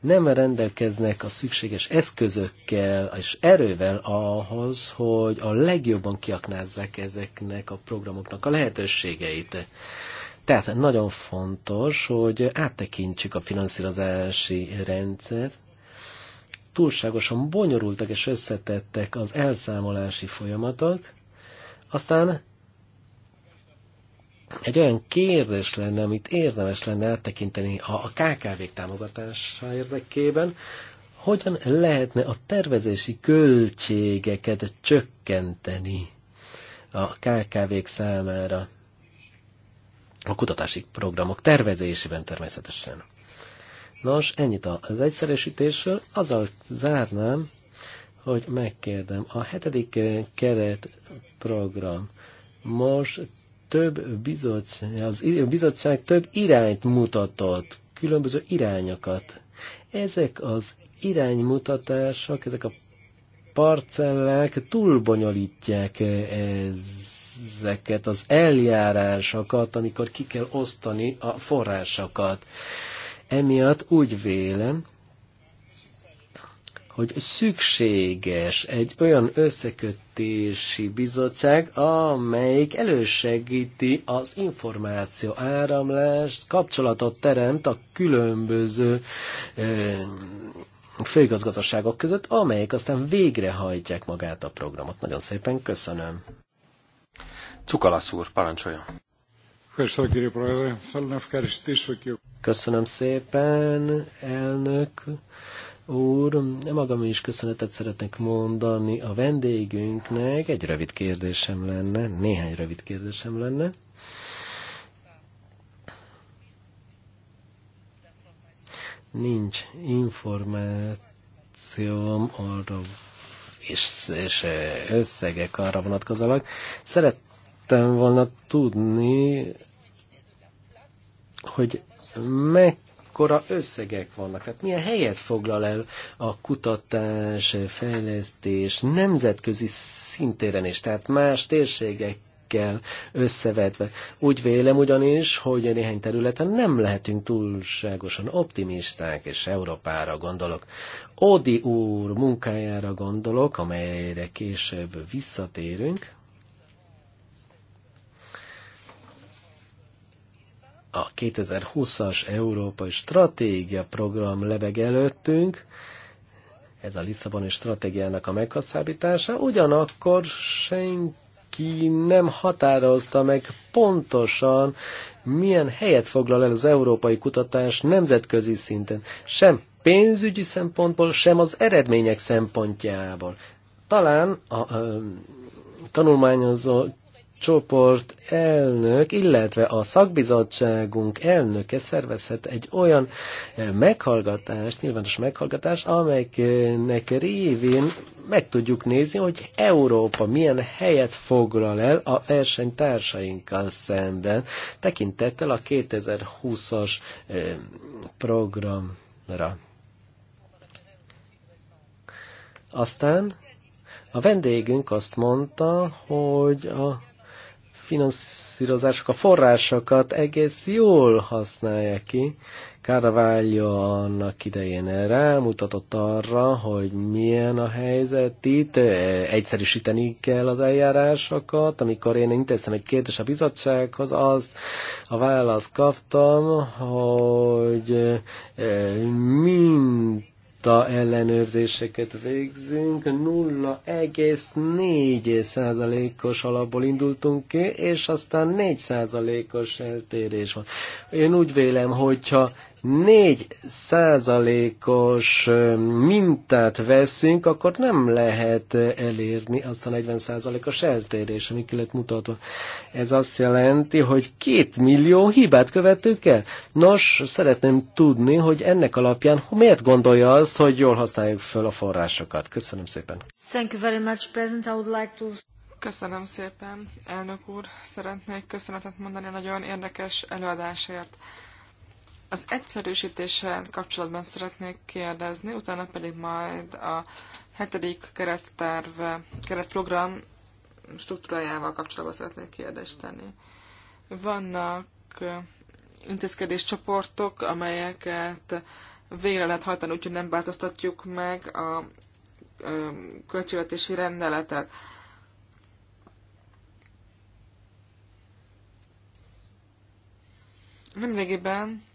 nem rendelkeznek a szükséges eszközökkel és erővel ahhoz, hogy a legjobban kiaknázzák ezeknek a programoknak a lehetőségeit. Tehát nagyon fontos, hogy áttekintsük a finanszírozási rendszert, túlságosan bonyolultak és összetettek az elszámolási folyamatok, aztán egy olyan kérdés lenne, amit érdemes lenne áttekinteni a KKV támogatása érdekében, hogyan lehetne a tervezési költségeket csökkenteni a KKV-k számára a kutatási programok tervezésében természetesen. Nos, ennyit az egyszerűsítésről. Azzal zárnám, hogy megkérdem, a hetedik eh, keretprogram most több bizottság, az bizottság több irányt mutatott, különböző irányokat. Ezek az iránymutatások, ezek a parcellák túlbonyolítják eh, ezeket az eljárásokat, amikor ki kell osztani a forrásokat. Emiatt úgy vélem, hogy szükséges egy olyan összekötési bizottság, amelyik elősegíti az információ áramlást, kapcsolatot teremt a különböző ö, főigazgatóságok között, amelyek aztán végrehajtják magát a programot. Nagyon szépen köszönöm. Cukalasz úr, parancsoljon. Köszönöm szépen, elnök úr, magam is köszönetet szeretnék mondani a vendégünknek. Egy rövid kérdésem lenne, néhány rövid kérdésem lenne. Nincs információm arra, és, és összegek arra vonatkozalak. Szerettem volna tudni, hogy meg mekkora összegek vannak, tehát milyen helyet foglal el a kutatás, fejlesztés nemzetközi szintéren is, tehát más térségek kell összevetve. Úgy vélem ugyanis, hogy néhány területen nem lehetünk túlságosan optimisták, és Európára gondolok. Odi úr munkájára gondolok, amelyre később visszatérünk. a 2020-as Európai Stratégia program lebeg előttünk, ez a Lisszaboni stratégiának a meghosszabbítása, ugyanakkor senki nem határozta meg pontosan, milyen helyet foglal el az európai kutatás nemzetközi szinten, sem pénzügyi szempontból, sem az eredmények szempontjából. Talán a, a tanulmányozó csoport elnök, illetve a szakbizottságunk elnöke szervezhet egy olyan eh, meghallgatást, nyilvános meghallgatást, amelynek révén meg tudjuk nézni, hogy Európa milyen helyet foglal el a versenytársainkkal szemben, tekintettel a 2020-as eh, programra. Aztán a vendégünk azt mondta, hogy a finanszírozások, a forrásokat egész jól használják ki. Caravaglio annak idején rámutatott arra, hogy milyen a helyzet itt, e, egyszerűsíteni kell az eljárásokat. Amikor én intéztem egy kérdést a bizottsághoz, azt a választ kaptam, hogy e, mind flotta ellenőrzéseket végzünk, 0,4 százalékos alapból indultunk ki, és aztán 4 százalékos eltérés van. Én úgy vélem, hogyha 4 százalékos mintát veszünk, akkor nem lehet elérni azt a 40 százalékos eltérés, ami kellett mutatva. Ez azt jelenti, hogy 2 millió hibát követtük el. Nos, szeretném tudni, hogy ennek alapján miért gondolja azt, hogy jól használjuk föl a forrásokat. Köszönöm szépen. Thank you very much, President. I would like to... Köszönöm szépen, elnök úr. Szeretnék köszönetet mondani a nagyon érdekes előadásért. Az egyszerűsítéssel kapcsolatban szeretnék kérdezni, utána pedig majd a hetedik keretterv, keretprogram struktúrájával kapcsolatban szeretnék kérdést tenni. Vannak intézkedéscsoportok, amelyeket végre lehet hajtani, úgyhogy nem változtatjuk meg a költségvetési rendeletet. Nemrégiben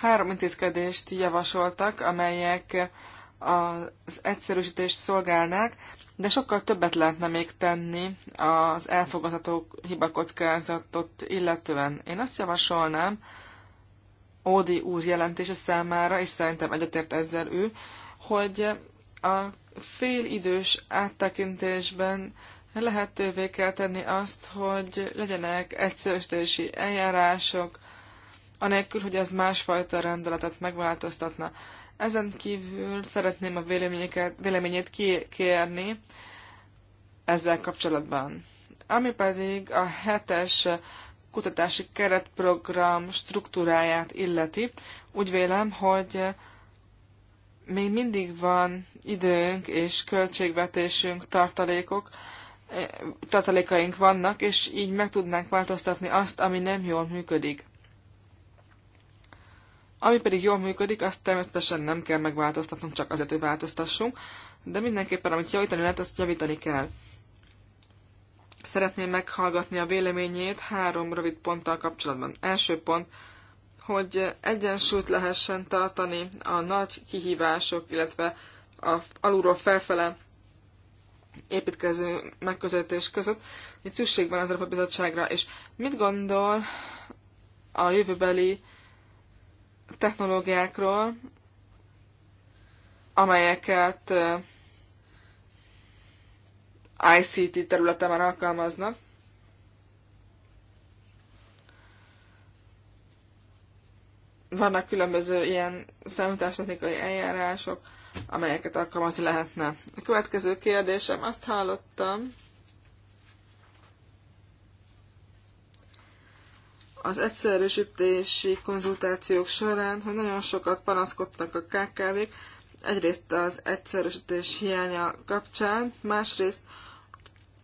Három intézkedést javasoltak, amelyek az egyszerűsítést szolgálnák, de sokkal többet lehetne még tenni az elfogadható hibakockázatot illetően. Én azt javasolnám, Ódi úr jelentése számára, és szerintem egyetért ezzel ő, hogy a félidős áttekintésben lehetővé kell tenni azt, hogy legyenek egyszerűsítési eljárások, anélkül, hogy ez másfajta rendeletet megváltoztatna. Ezen kívül szeretném a véleményét kérni ezzel kapcsolatban. Ami pedig a hetes kutatási keretprogram struktúráját illeti, úgy vélem, hogy még mindig van időnk és költségvetésünk, tartalékok, eh, tartalékaink vannak, és így meg tudnánk változtatni azt, ami nem jól működik. Ami pedig jól működik, azt természetesen nem kell megváltoztatnunk, csak azért, hogy változtassunk, de mindenképpen, amit javítani lehet, azt javítani kell. Szeretném meghallgatni a véleményét három rövid ponttal kapcsolatban. Első pont, hogy egyensúlyt lehessen tartani a nagy kihívások, illetve a alulról felfele építkező megközelítés között. Itt szükség van az Európa Bizottságra, és mit gondol a jövőbeli technológiákról, amelyeket ICT területen már alkalmaznak. Vannak különböző ilyen számítástechnikai eljárások, amelyeket alkalmazni lehetne. A következő kérdésem, azt hallottam, az egyszerűsítési konzultációk során, hogy nagyon sokat panaszkodtak a KKV-k, egyrészt az egyszerűsítés hiánya kapcsán, másrészt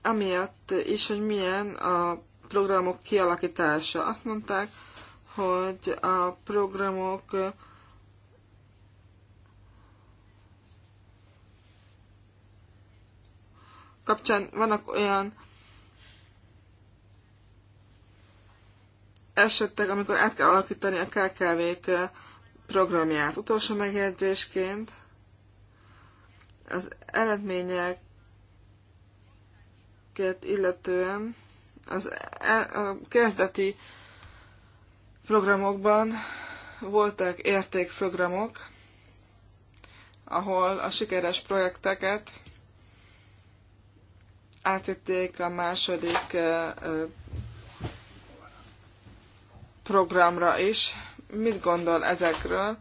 amiatt is, hogy milyen a programok kialakítása. Azt mondták, hogy a programok kapcsán vannak olyan esetleg, amikor át kell alakítani a KKV-k eh, programját. Utolsó megjegyzésként az eredményeket illetően az e- a kezdeti programokban voltak értékprogramok, ahol a sikeres projekteket átvitték a második eh, eh, programra is. Mit gondol ezekről?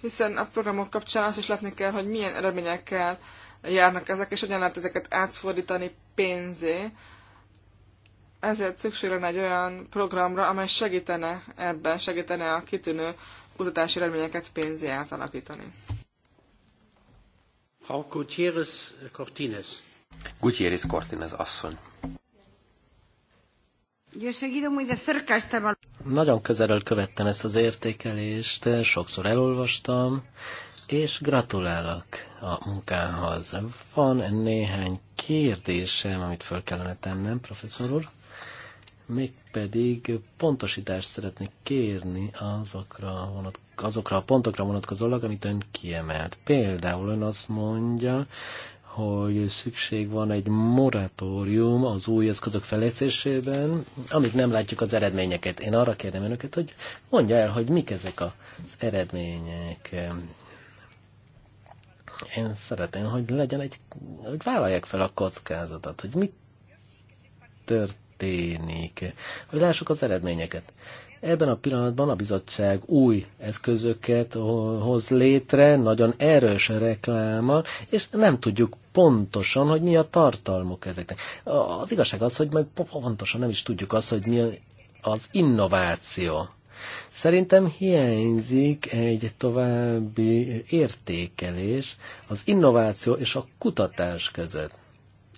Hiszen a programok kapcsán azt is látni kell, hogy milyen eredményekkel járnak ezek, és hogyan lehet ezeket átfordítani pénzé. Ezért szükség lenne egy olyan programra, amely segítene ebben, segítene a kitűnő kutatási eredményeket pénzé átalakítani. Frau Gutierrez Cortines. Gutierrez Cortines asszony. Nagyon közelről követtem ezt az értékelést, sokszor elolvastam, és gratulálok a munkához. Van néhány kérdésem, amit föl kellene tennem, professzor úr. Mégpedig pontosítást szeretnék kérni azokra vonat azokra a pontokra vonatkozólag, amit ön kiemelt. Például ön azt mondja, hogy szükség van egy moratórium az új eszközök fejlesztésében, amíg nem látjuk az eredményeket. Én arra kérdem önöket, hogy mondja el, hogy mik ezek az eredmények. Én szeretném, hogy legyen egy, hogy vállalják fel a kockázatot, hogy mit történik, hogy lássuk az eredményeket. Ebben a pillanatban a bizottság új eszközöket hoz létre, nagyon erős rekláma, és nem tudjuk pontosan, hogy mi a tartalmuk ezeknek. Az igazság az, hogy meg pontosan nem is tudjuk azt, hogy mi az innováció. Szerintem hiányzik egy további értékelés az innováció és a kutatás között.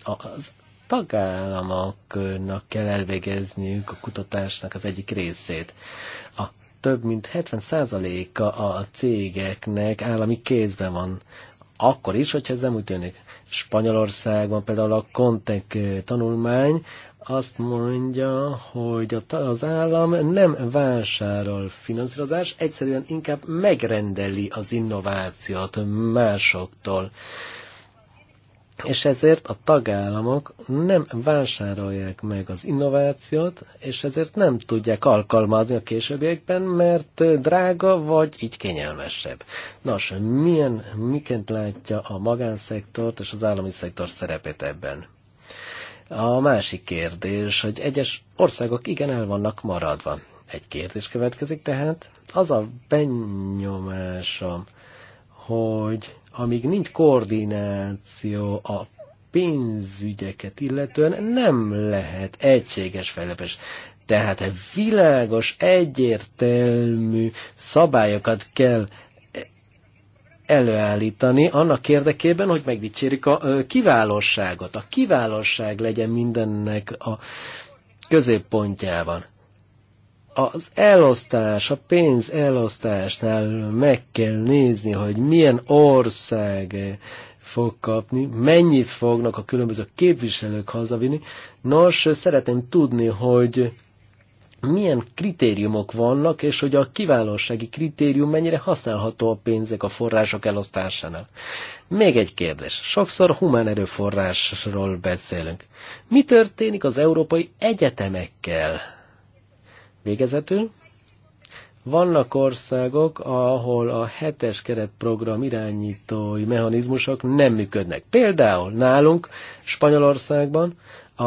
Az tagállamoknak kell elvégezniük a kutatásnak az egyik részét. A több mint 70%-a a cégeknek állami kézben van. Akkor is, hogyha ez nem úgy tűnik. Spanyolországban például a Contec tanulmány azt mondja, hogy az állam nem vásárol finanszírozás, egyszerűen inkább megrendeli az innovációt másoktól és ezért a tagállamok nem vásárolják meg az innovációt, és ezért nem tudják alkalmazni a későbbiekben, mert drága vagy így kényelmesebb. Nos, milyen, miként látja a magánszektort és az állami szektor szerepét ebben? A másik kérdés, hogy egyes országok igen el vannak maradva. Egy kérdés következik tehát. Az a benyomásom, hogy amíg nincs koordináció a pénzügyeket illetően, nem lehet egységes fejlepes. Tehát világos, egyértelmű szabályokat kell előállítani annak érdekében, hogy megdicsérjük a kiválóságot. A kiválóság legyen mindennek a középpontjában az elosztás, a pénz elosztásnál meg kell nézni, hogy milyen ország fog kapni, mennyit fognak a különböző képviselők hazavinni. Nos, szeretném tudni, hogy milyen kritériumok vannak, és hogy a kiválósági kritérium mennyire használható a pénzek a források elosztásánál. Még egy kérdés. Sokszor humán erőforrásról beszélünk. Mi történik az európai egyetemekkel? Végezetül, vannak országok, ahol a hetes keretprogram irányítói mechanizmusok nem működnek. Például nálunk, Spanyolországban a,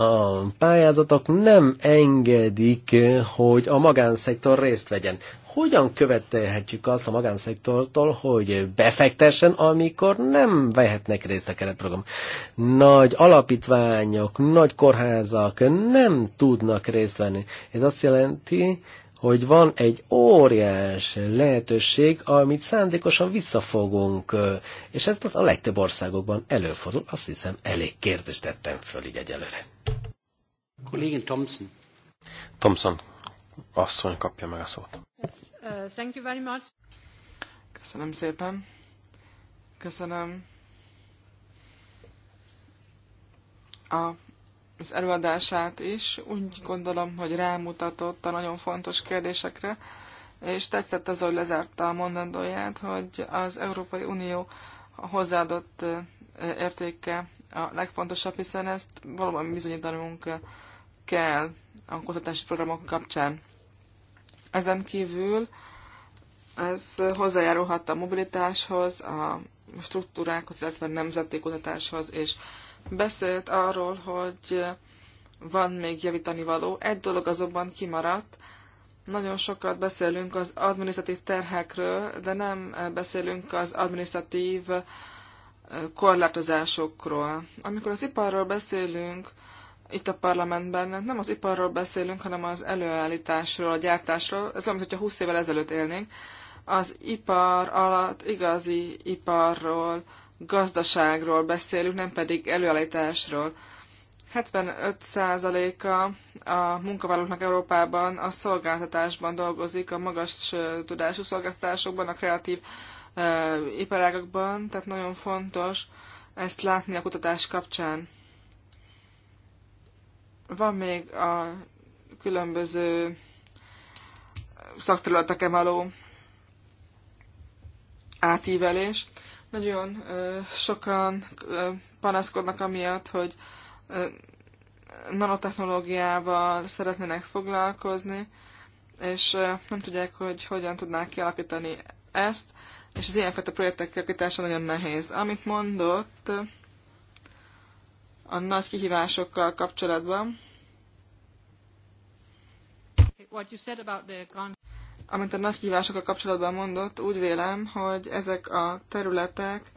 a pályázatok nem engedik, hogy a magánszektor részt vegyen hogyan követelhetjük azt a magánszektortól, hogy befektessen, amikor nem vehetnek részt a keretprogram. Nagy alapítványok, nagy kórházak nem tudnak részt venni. Ez azt jelenti, hogy van egy óriás lehetőség, amit szándékosan visszafogunk, és ez a legtöbb országokban előfordul. Azt hiszem, elég kérdést tettem föl így egyelőre. Kollégin Thompson. Thompson asszony kapja meg a szót. Yes, uh, thank you very much. Köszönöm szépen. Köszönöm. A, az előadását is úgy gondolom, hogy rámutatott a nagyon fontos kérdésekre, és tetszett az, hogy lezárta a mondandóját, hogy az Európai Unió hozzáadott uh, értéke a legfontosabb, hiszen ezt valóban bizonyítanunk kell a kutatási programok kapcsán. Ezen kívül ez hozzájárulhat a mobilitáshoz, a struktúrákhoz, illetve a nemzeti kutatáshoz, és beszélt arról, hogy van még javítani való. Egy dolog azonban kimaradt. Nagyon sokat beszélünk az administratív terhekről, de nem beszélünk az administratív korlátozásokról. Amikor az iparról beszélünk, itt a parlamentben nem az iparról beszélünk, hanem az előállításról, a gyártásról. Ez olyan, hogyha 20 évvel ezelőtt élnénk. Az ipar alatt igazi iparról, gazdaságról beszélünk, nem pedig előállításról. 75%-a a munkavállalóknak Európában a szolgáltatásban dolgozik, a magas tudású szolgáltatásokban, a kreatív uh, iparágakban, tehát nagyon fontos ezt látni a kutatás kapcsán. Van még a különböző szakterületeken való átívelés. Nagyon sokan panaszkodnak amiatt, hogy nanotechnológiával szeretnének foglalkozni, és nem tudják, hogy hogyan tudnák kialakítani ezt, és az ilyenfajta projektek kialakítása nagyon nehéz. Amit mondott, a nagy kihívásokkal kapcsolatban. Amit a nagy kihívásokkal kapcsolatban mondott, úgy vélem, hogy ezek a területek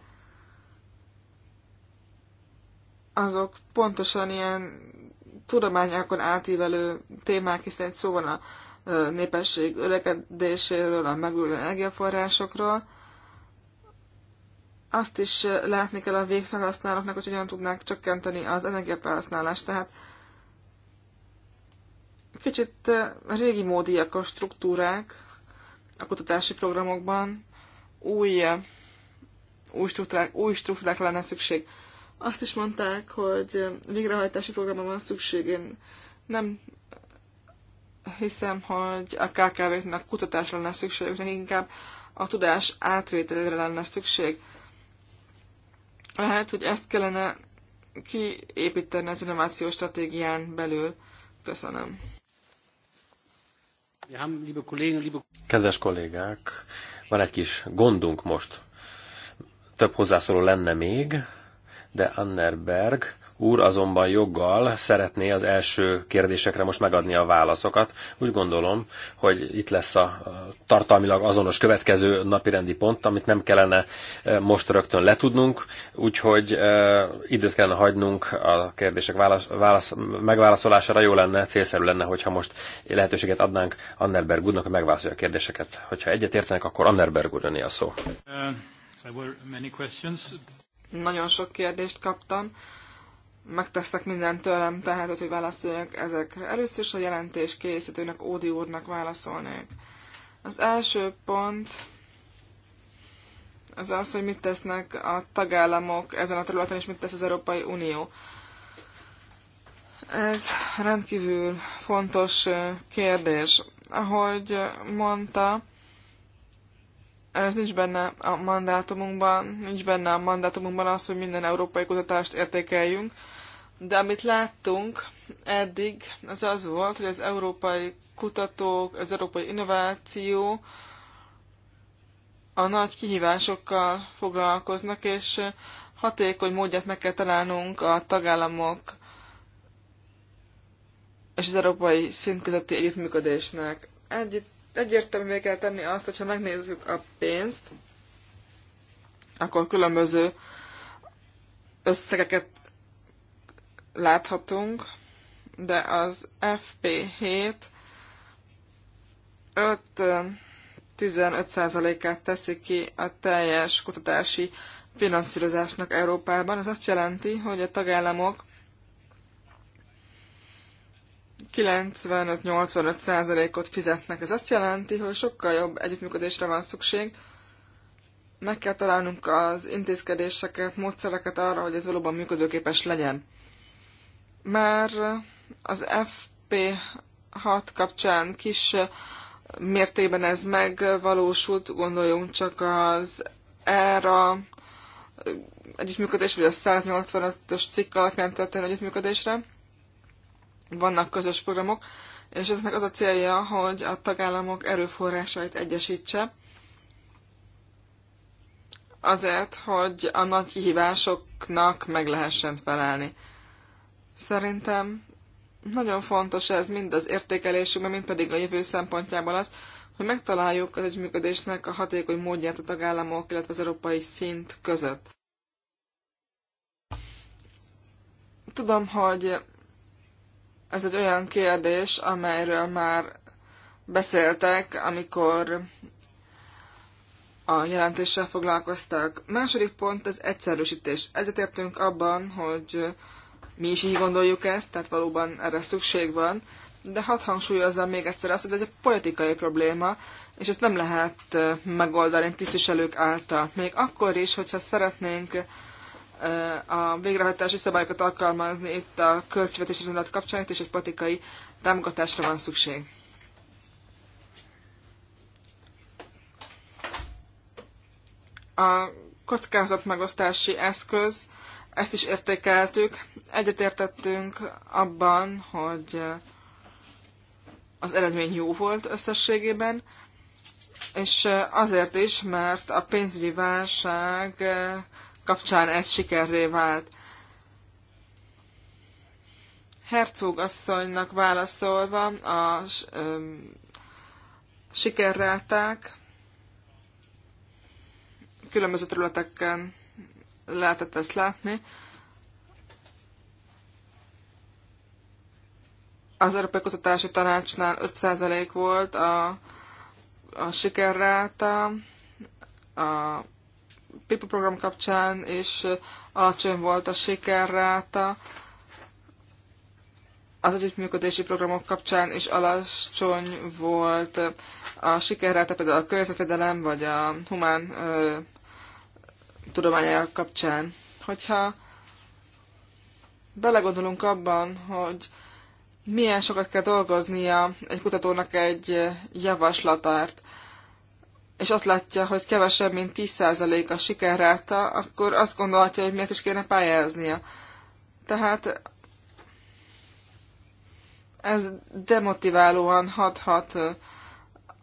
azok pontosan ilyen tudományákon átívelő témák, hiszen egy szó van a népesség öregedéséről, a megújuló energiaforrásokról, azt is látni kell a végfelhasználóknak, hogy hogyan tudnák csökkenteni az energiafelhasználást. Tehát kicsit régi módiak a struktúrák a kutatási programokban, új, új struktúrák, új struktúrák lenne szükség. Azt is mondták, hogy végrehajtási programban van szükség. Én nem hiszem, hogy a KKV-knak kutatásra lenne szükség, inkább a tudás átvételére lenne szükség. Lehet, hogy ezt kellene kiépíteni az innovációs stratégián belül. Köszönöm. Kedves kollégák, van egy kis gondunk most. Több hozzászóló lenne még, de Annerberg úr azonban joggal szeretné az első kérdésekre most megadni a válaszokat. Úgy gondolom, hogy itt lesz a tartalmilag azonos következő napirendi pont, amit nem kellene e, most rögtön letudnunk, úgyhogy e, időt kellene hagynunk a kérdések válasz, válasz, megválaszolására. Jó lenne, célszerű lenne, hogyha most lehetőséget adnánk Annerberg úrnak, hogy megválaszolja a kérdéseket. Hogyha egyet értenek, akkor Annerberg úr a szó. Uh, Nagyon sok kérdést kaptam megtesztek mindent tőlem, tehát hogy válaszoljak ezekre. Először is a jelentés készítőnek, Ódi úrnak válaszolnék. Az első pont az az, hogy mit tesznek a tagállamok ezen a területen, és mit tesz az Európai Unió. Ez rendkívül fontos eh, kérdés. Ahogy mondta, ez nincs benne a mandátumunkban, nincs benne a mandátumunkban az, hogy minden európai kutatást értékeljünk, de amit láttunk eddig, az az volt, hogy az európai kutatók, az európai innováció a nagy kihívásokkal foglalkoznak, és hatékony módját meg kell találnunk a tagállamok és az európai szint közötti együttműködésnek. Együtt egyértelművé kell tenni azt, hogyha megnézzük a pénzt, akkor különböző összegeket láthatunk, de az FP7 5-15%-át teszi ki a teljes kutatási finanszírozásnak Európában. Ez azt jelenti, hogy a tagállamok 95-85 százalékot fizetnek. Ez azt jelenti, hogy sokkal jobb együttműködésre van szükség. Meg kell találnunk az intézkedéseket, módszereket arra, hogy ez valóban működőképes legyen. Már az FP6 kapcsán kis mértékben ez megvalósult, gondoljunk csak az erre együttműködés, vagy a 185-ös cikk alapján történő együttműködésre vannak közös programok, és ezeknek az a célja, hogy a tagállamok erőforrásait egyesítse, azért, hogy a nagy kihívásoknak meg lehessen felelni. Szerintem nagyon fontos ez mind az értékelésünkben, mind pedig a jövő szempontjából az, hogy megtaláljuk az együttműködésnek a hatékony módját a tagállamok, illetve az európai szint között. Tudom, hogy ez egy olyan kérdés, amelyről már beszéltek, amikor a jelentéssel foglalkoztak. Második pont az egyszerűsítés. Egyetértünk abban, hogy mi is így gondoljuk ezt, tehát valóban erre szükség van, de hadd hangsúlyozzam még egyszer azt, hogy ez egy politikai probléma, és ezt nem lehet megoldani tisztviselők által. Még akkor is, hogyha szeretnénk a végrehajtási szabályokat alkalmazni itt a költségvetési rendelet kapcsán, és egy politikai támogatásra van szükség. A kockázat megosztási eszköz, ezt is értékeltük, egyetértettünk abban, hogy az eredmény jó volt összességében, és azért is, mert a pénzügyi válság kapcsán ez sikerré vált. Herzog asszonynak válaszolva a ö, sikerráták különböző területeken lehetett ezt látni. Az Európai Kutatási Tanácsnál 5% volt a, a sikerráta, a PIPA program kapcsán is alacsony volt a sikerráta, az együttműködési programok kapcsán is alacsony volt a sikerráta, például a környezetvédelem vagy a humán ö, kapcsán. Hogyha belegondolunk abban, hogy milyen sokat kell dolgoznia egy kutatónak egy javaslatát, és azt látja, hogy kevesebb, mint 10% a sikerráta, akkor azt gondolhatja, hogy miért is kéne pályáznia. Tehát ez demotiválóan hathat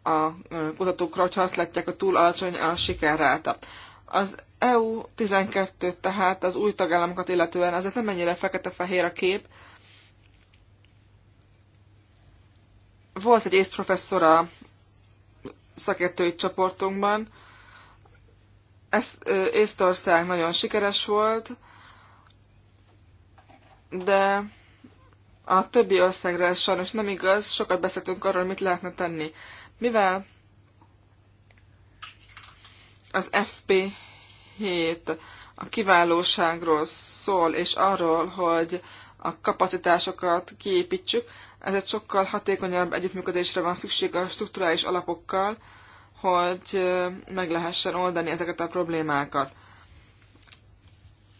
a kutatókra, hogyha azt látják, hogy túl alacsony a sikerráta. Az EU 12 tehát az új tagállamokat illetően azért nem ennyire fekete-fehér a kép. Volt egy észprofesszora szakértői csoportunkban. Ez, Észtország nagyon sikeres volt, de a többi országra ez sajnos nem igaz, sokat beszéltünk arról, mit lehetne tenni. Mivel az FP7 a kiválóságról szól, és arról, hogy a kapacitásokat kiépítsük. Ez egy sokkal hatékonyabb együttműködésre van szükség a strukturális alapokkal, hogy meg lehessen oldani ezeket a problémákat.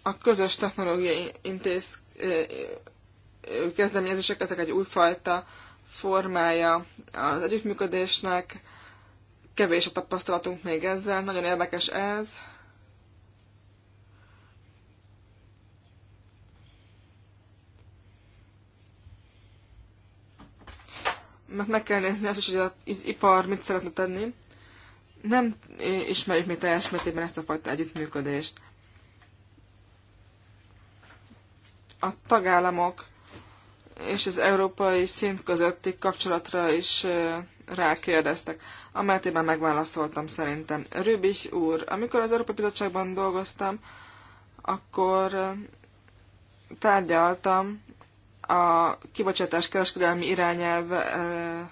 A közös technológiai intéz kezdeményezések, ezek egy újfajta formája az együttműködésnek, kevés a tapasztalatunk még ezzel, nagyon érdekes ez, mert meg kell nézni azt is, hogy az ipar mit szeretne tenni. Nem ismerjük még teljes mértékben ezt a fajta együttműködést. A tagállamok és az európai szint közötti kapcsolatra is rákérdeztek, amelyet én megválaszoltam szerintem. Rübis úr, amikor az Európai Bizottságban dolgoztam, akkor tárgyaltam a kibocsátás kereskedelmi irányelvről,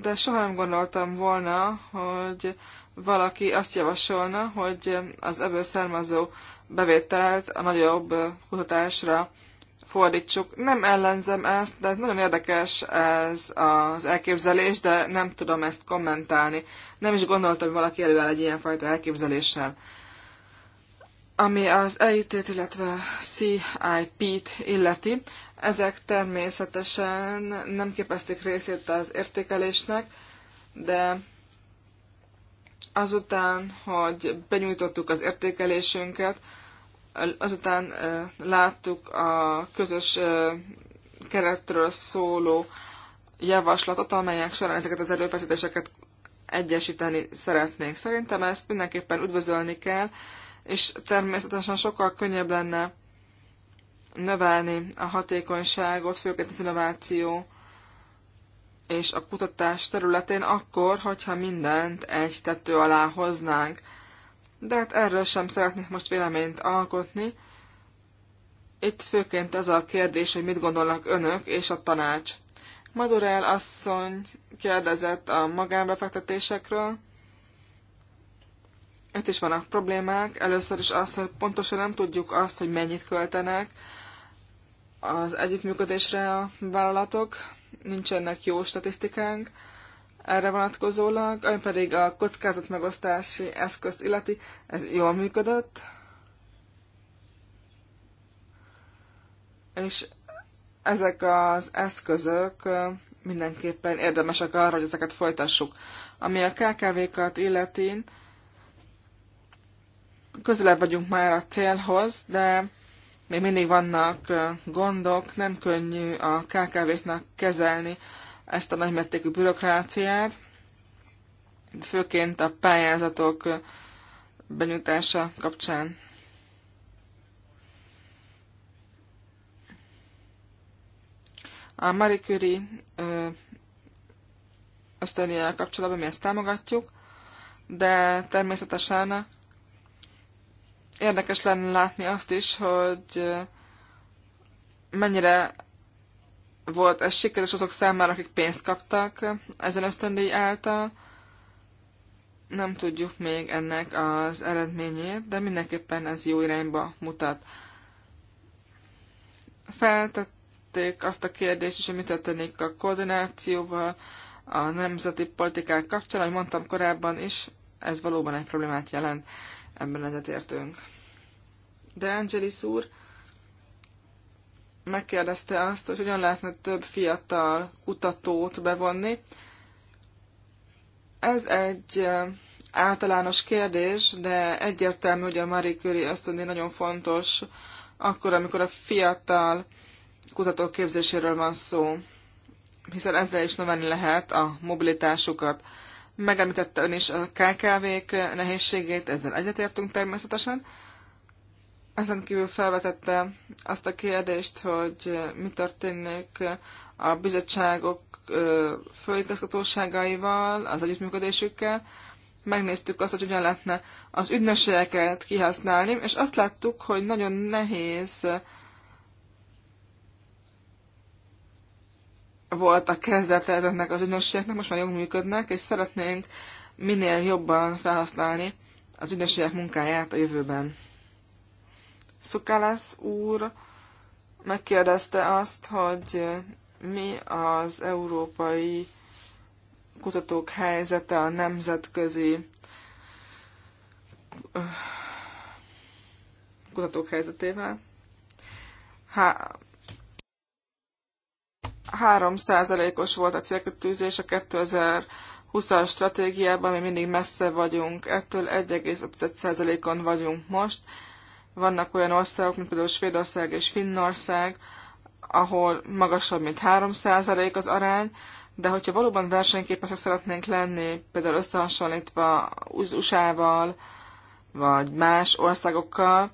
de soha nem gondoltam volna, hogy valaki azt javasolna, hogy az ebből származó bevételt a nagyobb kutatásra fordítsuk. Nem ellenzem ezt, de ez nagyon érdekes ez az elképzelés, de nem tudom ezt kommentálni. Nem is gondoltam, hogy valaki előáll egy ilyenfajta elképzeléssel. Ami az EIT-t, illetve CIP-t illeti, ezek természetesen nem képezték részét az értékelésnek, de azután, hogy benyújtottuk az értékelésünket, azután láttuk a közös keretről szóló javaslatot, amelyek során ezeket az erőfeszítéseket egyesíteni szeretnénk. Szerintem ezt mindenképpen üdvözölni kell, és természetesen sokkal könnyebb lenne növelni a hatékonyságot, főként az innováció és a kutatás területén akkor, hogyha mindent egy tető alá hoznánk. De hát erről sem szeretnék most véleményt alkotni. Itt főként az a kérdés, hogy mit gondolnak önök és a tanács. Madurell asszony kérdezett a magánbefektetésekről itt is vannak problémák. Először is azt, hogy pontosan nem tudjuk azt, hogy mennyit költenek az együttműködésre a vállalatok. Nincsenek jó statisztikánk erre vonatkozólag, ami pedig a kockázatmegosztási eszközt illeti, ez jól működött. És ezek az eszközök mindenképpen érdemesek arra, hogy ezeket folytassuk. Ami a KKV-kat illeti, Közelebb vagyunk már a célhoz, de még mindig vannak gondok, nem könnyű a KKV-knak kezelni ezt a nagymértékű bürokráciát, főként a pályázatok benyújtása kapcsán. A Marie Curie ösztönnyivel kapcsolatban mi ezt támogatjuk, de természetesen érdekes lenne látni azt is, hogy mennyire volt ez sikeres azok számára, akik pénzt kaptak ezen ösztöndíj által. Nem tudjuk még ennek az eredményét, de mindenképpen ez jó irányba mutat. Feltették azt a kérdést is, hogy mit tettenék a koordinációval, a nemzeti politikák kapcsán, ahogy mondtam korábban is, ez valóban egy problémát jelent ebben egyetértünk. De Angelis úr megkérdezte azt, hogy hogyan lehetne több fiatal kutatót bevonni. Ez egy általános kérdés, de egyértelmű, hogy a Marie Curie ösztöndi nagyon fontos akkor, amikor a fiatal kutatók képzéséről van szó, hiszen ezzel is növelni lehet a mobilitásukat. Megemlítette ön is a KKV-k nehézségét, ezzel egyetértünk természetesen. Ezen kívül felvetette azt a kérdést, hogy mi történik a bizottságok főigazgatóságaival, az együttműködésükkel. Megnéztük azt, hogy hogyan lehetne az ügynökségeket kihasználni, és azt láttuk, hogy nagyon nehéz volt a kezdete ezeknek az ügynökségeknek, most már jól működnek, és szeretnénk minél jobban felhasználni az ügynökségek munkáját a jövőben. Szukálász úr megkérdezte azt, hogy mi az európai kutatók helyzete a nemzetközi kutatók helyzetével. Há, 3%-os volt a célkötőzés a 2020-as stratégiában, mi mindig messze vagyunk, ettől 1,5%-on vagyunk most. Vannak olyan országok, mint például Svédország és Finnország, ahol magasabb, mint 3% az arány, de hogyha valóban versenyképesek szeretnénk lenni, például összehasonlítva USA-val, vagy más országokkal,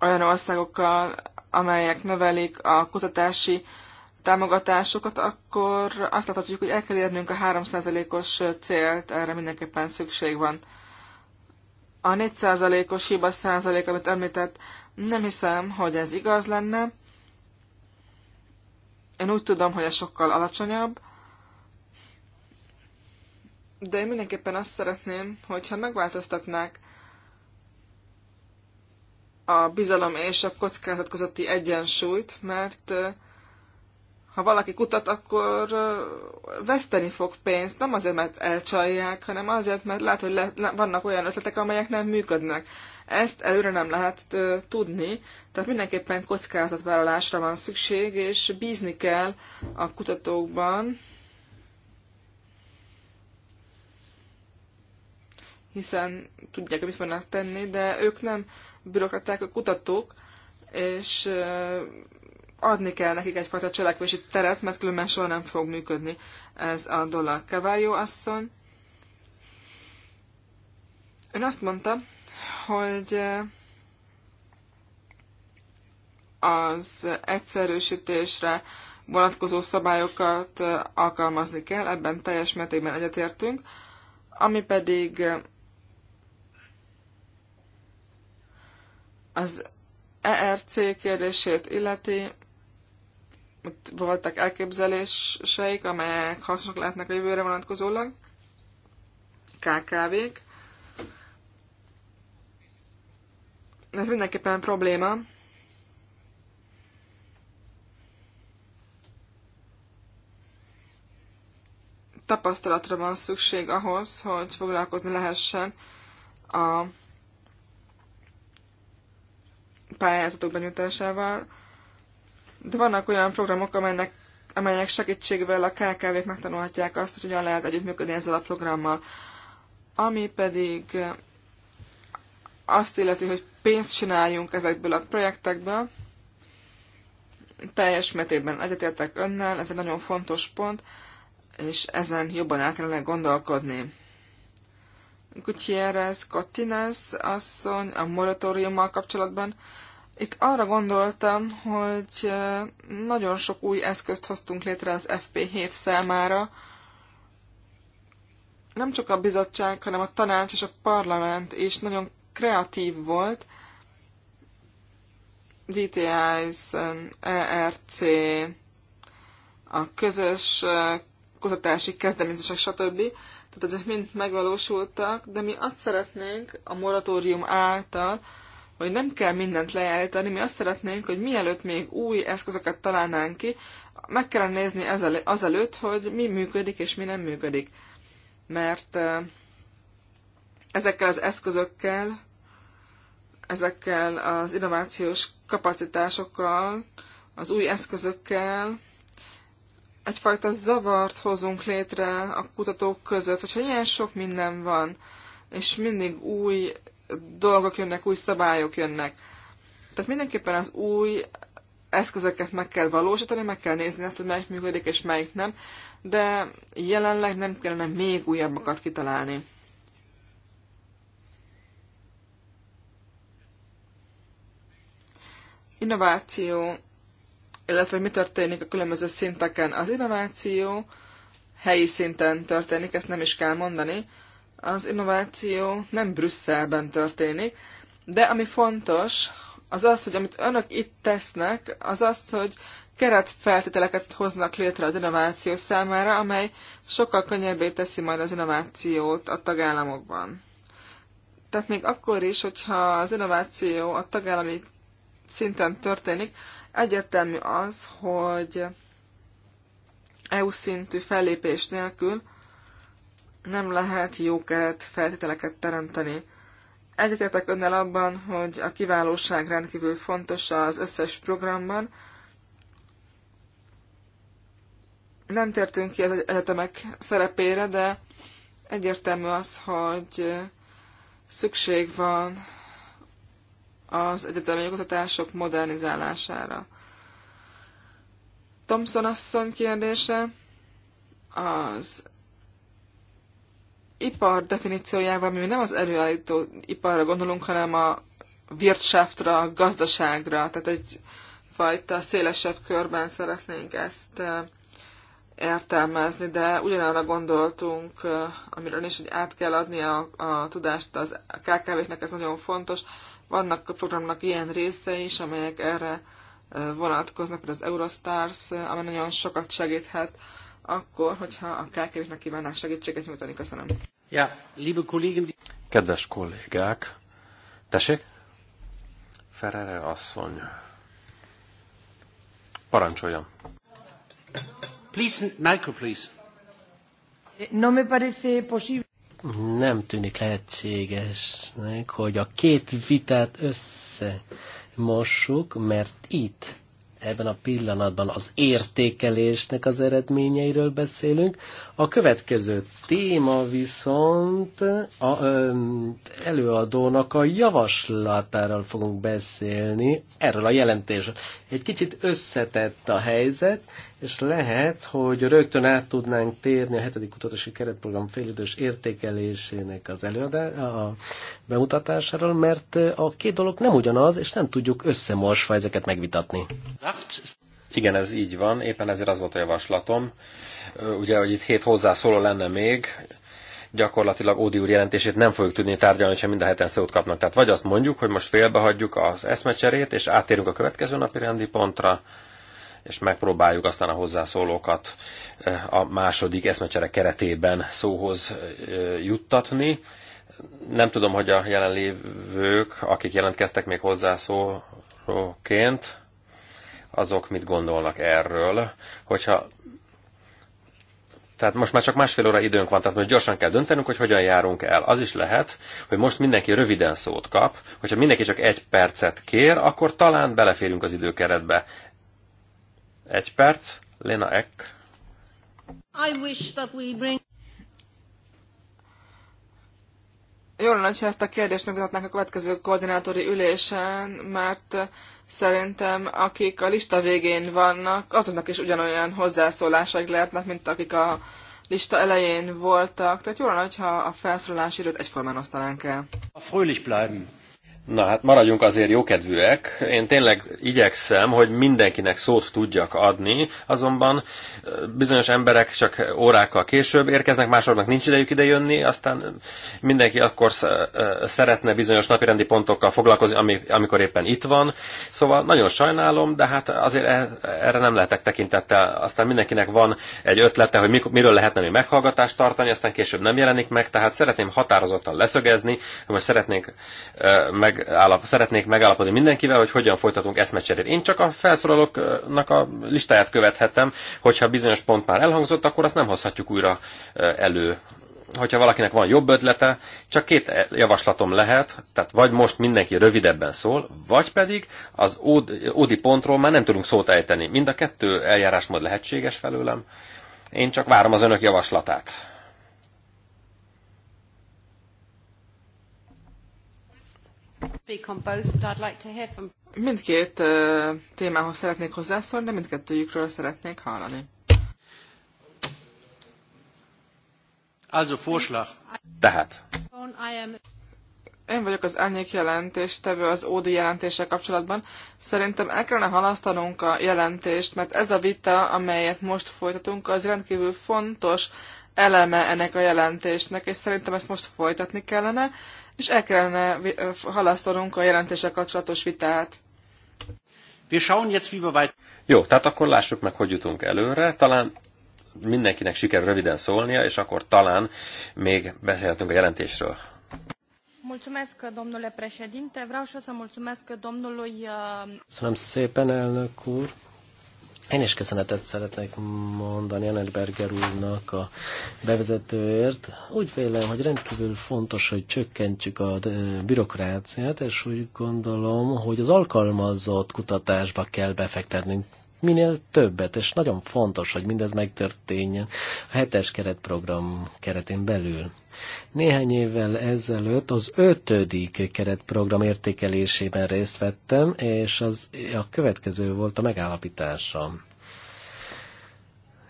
olyan országokkal, amelyek növelik a kutatási támogatásokat, akkor azt láthatjuk, hogy el kell érnünk a 3%-os célt, erre mindenképpen szükség van. A 4%-os hiba százalék, amit említett, nem hiszem, hogy ez igaz lenne. Én úgy tudom, hogy ez sokkal alacsonyabb, de én mindenképpen azt szeretném, hogyha megváltoztatnák a bizalom és a kockázat közötti egyensúlyt, mert ha valaki kutat, akkor veszteni fog pénzt, nem azért, mert elcsalják, hanem azért, mert lehet, hogy le, vannak olyan ötletek, amelyek nem működnek. Ezt előre nem lehet tudni, tehát mindenképpen kockázatvállalásra van szükség, és bízni kell a kutatókban, hiszen tudják, hogy mit fognak tenni, de ők nem bürokraták, ők kutatók, és adni kell nekik egyfajta cselekvési teret, mert különben soha nem fog működni ez a dolog. Keváljó asszony, ön azt mondta, hogy az egyszerűsítésre vonatkozó szabályokat alkalmazni kell, ebben teljes mértékben egyetértünk, ami pedig Az ERC kérdését illeti, ott voltak elképzeléseik, amelyek hasznosak lehetnek a jövőre vonatkozólag, KKV-k. Ez mindenképpen probléma. Tapasztalatra van szükség ahhoz, hogy foglalkozni lehessen a pályázatok benyújtásával, de vannak olyan programok, amelynek, amelyek segítségével a KKV-k megtanulhatják azt, hogy hogyan lehet együttműködni ezzel a programmal. Ami pedig azt illeti, hogy pénzt csináljunk ezekből a projektekből, teljes mértékben egyetértek önnel, ez egy nagyon fontos pont, és ezen jobban el kellene gondolkodni. Gutierrez Cortines asszony a moratóriummal kapcsolatban itt arra gondoltam, hogy nagyon sok új eszközt hoztunk létre az FP7 számára. Nem csak a bizottság, hanem a tanács és a parlament is nagyon kreatív volt. DTIs, ERC, a közös kutatási kezdeményezések, stb. Tehát ezek mind megvalósultak, de mi azt szeretnénk a moratórium által, hogy nem kell mindent leállítani, mi azt szeretnénk, hogy mielőtt még új eszközöket találnánk ki, meg kell nézni azelőtt, hogy mi működik és mi nem működik. Mert ezekkel az eszközökkel, ezekkel az innovációs kapacitásokkal, az új eszközökkel egyfajta zavart hozunk létre a kutatók között, hogyha ilyen sok minden van, és mindig új dolgok jönnek, új szabályok jönnek. Tehát mindenképpen az új eszközöket meg kell valósítani, meg kell nézni azt, hogy melyik működik és melyik nem, de jelenleg nem kellene még újabbakat kitalálni. Innováció, illetve mi történik a különböző szinteken. Az innováció helyi szinten történik, ezt nem is kell mondani, az innováció nem Brüsszelben történik, de ami fontos, az az, hogy amit önök itt tesznek, az az, hogy keretfeltételeket hoznak létre az innováció számára, amely sokkal könnyebbé teszi majd az innovációt a tagállamokban. Tehát még akkor is, hogyha az innováció a tagállami szinten történik, egyértelmű az, hogy EU szintű fellépés nélkül nem lehet jó keret feltételeket teremteni. Egyetértek önnel abban, hogy a kiválóság rendkívül fontos az összes programban. Nem tértünk ki az egyetemek szerepére, de egyértelmű az, hogy szükség van az egyetemi oktatások modernizálására. Thompson asszony kérdése az ipar definíciójában mi nem az előállító iparra gondolunk, hanem a Wirtschaftra, a gazdaságra, tehát egy fajta szélesebb körben szeretnénk ezt eh, értelmezni, de ugyanarra gondoltunk, eh, amiről is, hogy át kell adni a, a tudást az, a KKV-knek, ez nagyon fontos. Vannak a programnak ilyen része is, amelyek erre eh, vonatkoznak, például az Eurostars, amely nagyon sokat segíthet akkor, hogyha a kkv kívánnak segítséget nyújtani. Köszönöm. Ja, liebe Kollegen. Kedves kollégák, tessék? Ferere asszony. parancsoljam. Please, Michael, please. No me parece posible. Nem tűnik lehetségesnek, hogy a két vitát összemossuk, mert itt ebben a pillanatban az értékelésnek az eredményeiről beszélünk. A következő téma viszont a ö, előadónak a javaslatáról fogunk beszélni, erről a jelentésről. Egy kicsit összetett a helyzet, és lehet, hogy rögtön át tudnánk térni a hetedik kutatási keretprogram félidős értékelésének az előadá, a bemutatásáról, mert a két dolog nem ugyanaz, és nem tudjuk összemorsva ezeket megvitatni. Igen, ez így van, éppen ezért az volt a javaslatom. Ugye, hogy itt hét hozzászóló lenne még, gyakorlatilag Ódi úr jelentését nem fogjuk tudni tárgyalni, ha mind a heten szót kapnak. Tehát vagy azt mondjuk, hogy most félbehagyjuk az eszmecserét, és átérünk a következő napi rendi pontra, és megpróbáljuk aztán a hozzászólókat eh, a második eszmecsere keretében szóhoz eh, juttatni. Nem tudom, hogy a jelenlévők, akik jelentkeztek még hozzászólóként, azok mit gondolnak erről, hogyha tehát most már csak másfél óra időnk van, tehát most gyorsan kell döntenünk, hogy hogyan járunk el. Az is lehet, hogy most mindenki röviden szót kap, hogyha mindenki csak egy percet kér, akkor talán beleférünk az időkeretbe. Egy perc, Lena Eck. I wish that we bring... Jó lenne, ha ezt a kérdést megmutatnánk a következő koordinátori ülésen, mert szerintem akik a lista végén vannak, azoknak is ugyanolyan hozzászólásaik lehetnek, mint akik a lista elején voltak. Tehát jó lenne, ha a felszólalási időt egyformán osztanánk el. A fröhlich bleiben. Na hát maradjunk azért jókedvűek. Én tényleg igyekszem, hogy mindenkinek szót tudjak adni, azonban bizonyos emberek csak órákkal később érkeznek, másoknak nincs idejük idejönni, aztán mindenki akkor szeretne bizonyos napirendi pontokkal foglalkozni, amikor éppen itt van. Szóval nagyon sajnálom, de hát azért e-, erre nem lehetek tekintettel. Aztán mindenkinek van egy ötlete, hogy miről lehetne még meghallgatást tartani, aztán később nem jelenik meg, tehát szeretném határozottan leszögezni, hogy most szeretnénk meg megállap, szeretnék megállapodni mindenkivel, hogy hogyan folytatunk eszmecserét. Én csak a felszólalóknak a listáját követhetem, hogyha bizonyos pont már elhangzott, akkor azt nem hozhatjuk újra eh, elő hogyha valakinek van jobb ötlete, csak két eh, javaslatom lehet, tehát vagy most mindenki rövidebben szól, vagy pedig az ódi pontról már nem tudunk szót ejteni. Mind a kettő eljárásmód lehetséges felőlem. Én csak várom az önök javaslatát. Mindkét témához szeretnék hozzászólni, de mindkettőjükről szeretnék hallani. Also Vorschlag. Tehát. Én vagyok az elnyék tevő az ODI jelentése kapcsolatban. Szerintem el kellene halasztanunk a jelentést, mert ez a vita, amelyet most folytatunk, az rendkívül fontos eleme ennek a jelentésnek, és szerintem ezt most folytatni kellene, és el kellene halasztanunk a jelentése kapcsolatos vitát. Jó, tehát akkor lássuk meg, hogy jutunk előre. Talán mindenkinek siker, röviden szólnia, és akkor talán még beszélhetünk a jelentésről. Mulțumesc, domnule președinte. Vreau și să mulțumesc domnului... Köszönöm szépen, elnök úr. Én is köszönetet szeretnék mondani Berger úrnak a bevezetőért. Úgy vélem, hogy rendkívül fontos, hogy csökkentsük a bürokráciát, és úgy gondolom, hogy az alkalmazott kutatásba kell befektetnünk minél többet, és nagyon fontos, hogy mindez megtörténjen a hetes keretprogram keretén belül. Néhány évvel ezelőtt az ötödik keretprogram értékelésében részt vettem, és az a következő volt a megállapításom.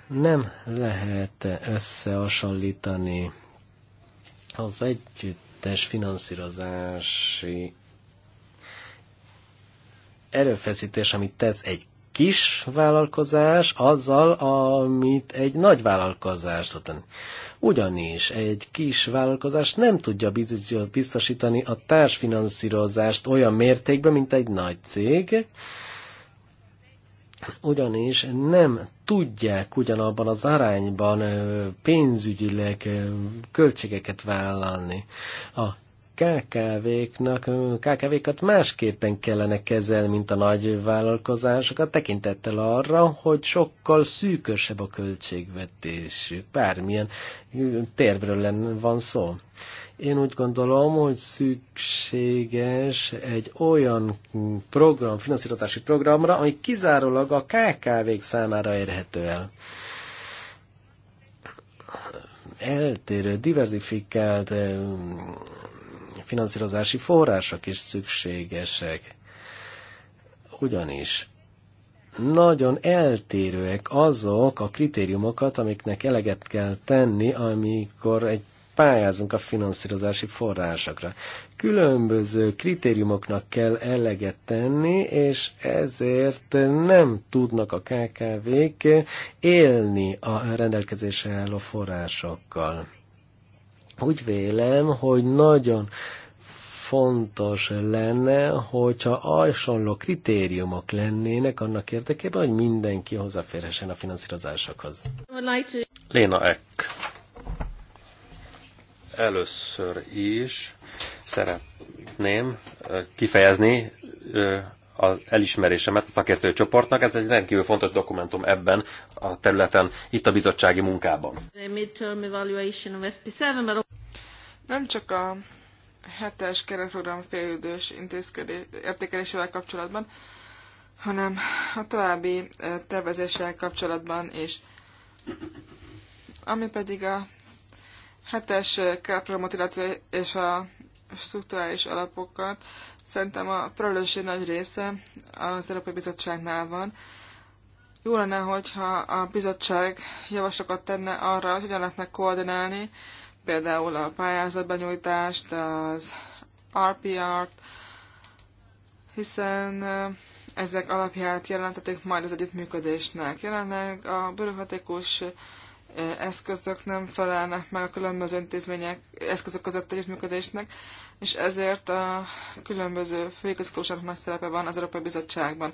Nem lehet összehasonlítani az együttes finanszírozási erőfeszítés, amit tesz egy kis vállalkozás azzal, amit egy nagy vállalkozás. Ugyanis egy kis vállalkozás nem tudja biztosítani a társfinanszírozást olyan mértékben, mint egy nagy cég, ugyanis nem tudják ugyanabban az arányban pénzügyileg költségeket vállalni. A KKV-knak, KKV-kat másképpen kellene kezelni, mint a nagy vállalkozásokat, tekintettel arra, hogy sokkal szűkösebb a költségvetésük, bármilyen térbről lenne van szó. Én úgy gondolom, hogy szükséges egy olyan program, finanszírozási programra, ami kizárólag a KKV-k számára érhető el eltérő, diversifikált finanszírozási források is szükségesek. Ugyanis nagyon eltérőek azok a kritériumokat, amiknek eleget kell tenni, amikor egy pályázunk a finanszírozási forrásokra. Különböző kritériumoknak kell eleget tenni, és ezért nem tudnak a KKV-k élni a rendelkezésre álló forrásokkal. Úgy vélem, hogy nagyon fontos lenne, hogyha hasonló kritériumok lennének annak érdekében, hogy mindenki hozzáférhessen a finanszírozásokhoz. Léna Eck. Először is szeretném kifejezni az elismerésemet a szakértői csoportnak. Ez egy rendkívül fontos dokumentum ebben a területen, itt a bizottsági munkában. Nem csak a hetes keretprogram félidős értékelésével kapcsolatban, hanem a további tervezéssel kapcsolatban is. Ami pedig a hetes keretprogramot, illetve és a struktúrális alapokat, Szerintem a felelősség nagy része az Európai Bizottságnál van. Jó lenne, hogyha a bizottság javaslatokat tenne arra, hogy hogyan lehetne koordinálni, például a pályázatbenyújtást, az RPR-t, hiszen eh, ezek alapját jelentették majd az együttműködésnek. Jelenleg a bürokratikus eh, eszközök nem felelnek meg a különböző intézmények eszközök között együttműködésnek, és ezért a különböző főigazgatóságok nagy szerepe van az Európai Bizottságban.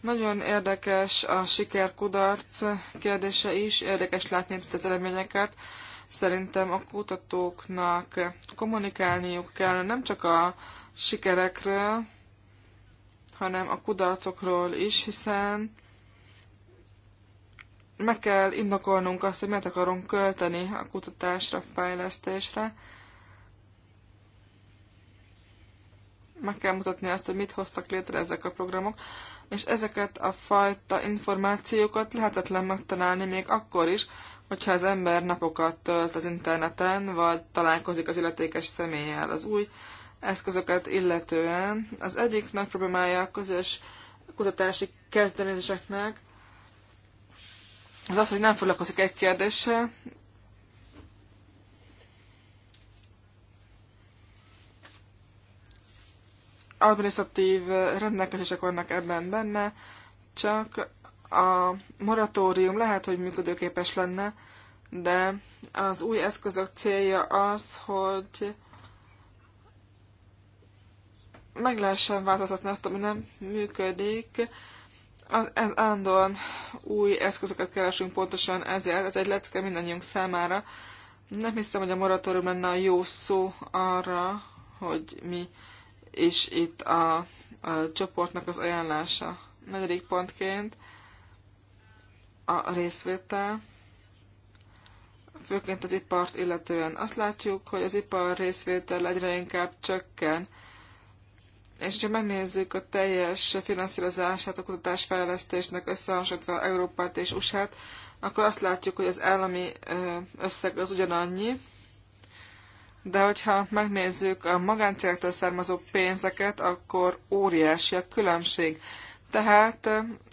Nagyon érdekes a siker-kudarc kérdése is, érdekes látni itt az eredményeket. Szerintem a kutatóknak kommunikálniuk kell nem csak a sikerekről, hanem a kudarcokról is, hiszen meg kell indokolnunk azt, hogy miért akarunk költeni a kutatásra, fejlesztésre, meg kell mutatni azt, hogy mit hoztak létre ezek a programok, és ezeket a fajta információkat lehetetlen megtalálni még akkor is, hogyha az ember napokat tölt az interneten, vagy találkozik az illetékes személlyel az új eszközöket illetően. Az egyik nagy problémája a közös kutatási kezdeményezéseknek az az, hogy nem foglalkozik egy kérdéssel, administratív rendelkezések vannak ebben benne, csak a moratórium lehet, hogy működőképes lenne, de az új eszközök célja az, hogy meg lehessen változtatni azt, ami nem működik. Ez állandóan új eszközöket keresünk pontosan ezért, ez egy lecke mindannyiunk számára. Nem hiszem, hogy a moratórium lenne a jó szó arra, hogy mi és itt a, a csoportnak az ajánlása. Negyedik pontként a részvétel, főként az ipart illetően. Azt látjuk, hogy az ipar részvétel egyre inkább csökken, és ha megnézzük a teljes finanszírozását a kutatásfejlesztésnek összehasonlítva Európát és USA-t, akkor azt látjuk, hogy az állami összeg az ugyanannyi, de hogyha megnézzük a magáncégektől származó pénzeket, akkor óriási a különbség. Tehát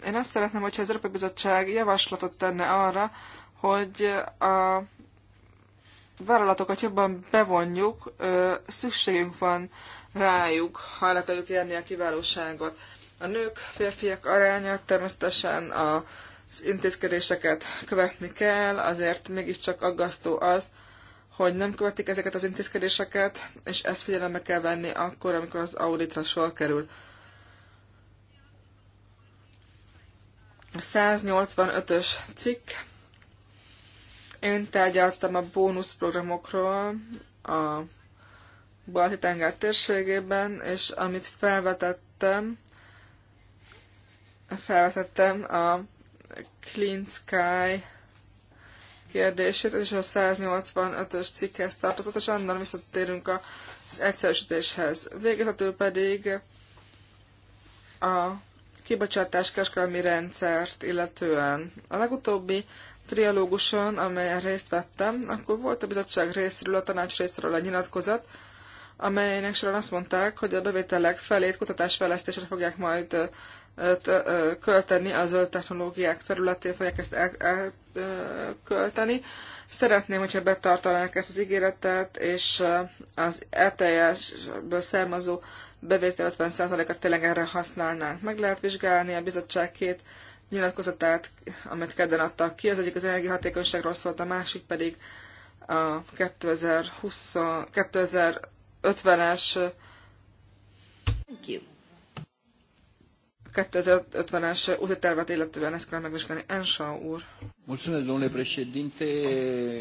én azt szeretném, hogyha az Európai Bizottság javaslatot tenne arra, hogy a vállalatokat jobban bevonjuk, szükségünk van rájuk, ha el akarjuk érni a kiválóságot. A nők, férfiak aránya természetesen az intézkedéseket követni kell, azért mégiscsak aggasztó az, hogy nem követik ezeket az intézkedéseket, és ezt figyelembe kell venni akkor, amikor az auditra sor kerül. A 185-ös cikk. Én tárgyaltam a bónuszprogramokról a balti tenger térségében, és amit felvetettem, felvetettem a Clean Sky kérdését, ez is a 185-ös cikkhez tartozott, és annál visszatérünk az egyszerűsítéshez. Végezetül pedig a kibocsátás kereskedelmi rendszert illetően. A legutóbbi trialóguson, amelyen részt vettem, akkor volt a bizottság részéről, a tanács részéről a nyilatkozat, amelynek során azt mondták, hogy a bevételek felét kutatásfejlesztésre fogják majd költeni a zöld technológiák területén, fogják ezt elkölteni. El, Szeretném, hogyha betartanák ezt az ígéretet, és az ETS-ből származó bevétel 50%-at tényleg erre használnánk. Meg lehet vizsgálni a bizottság két nyilatkozatát, amit kedden adtak ki. Az egyik az energiahatékonyságról szólt, a másik pedig a 2020, 2050-es Thank you. 2050-es úti tervet illetően ezt kell megvizsgálni. Ensa úr. Mulțumesc, domnule președinte.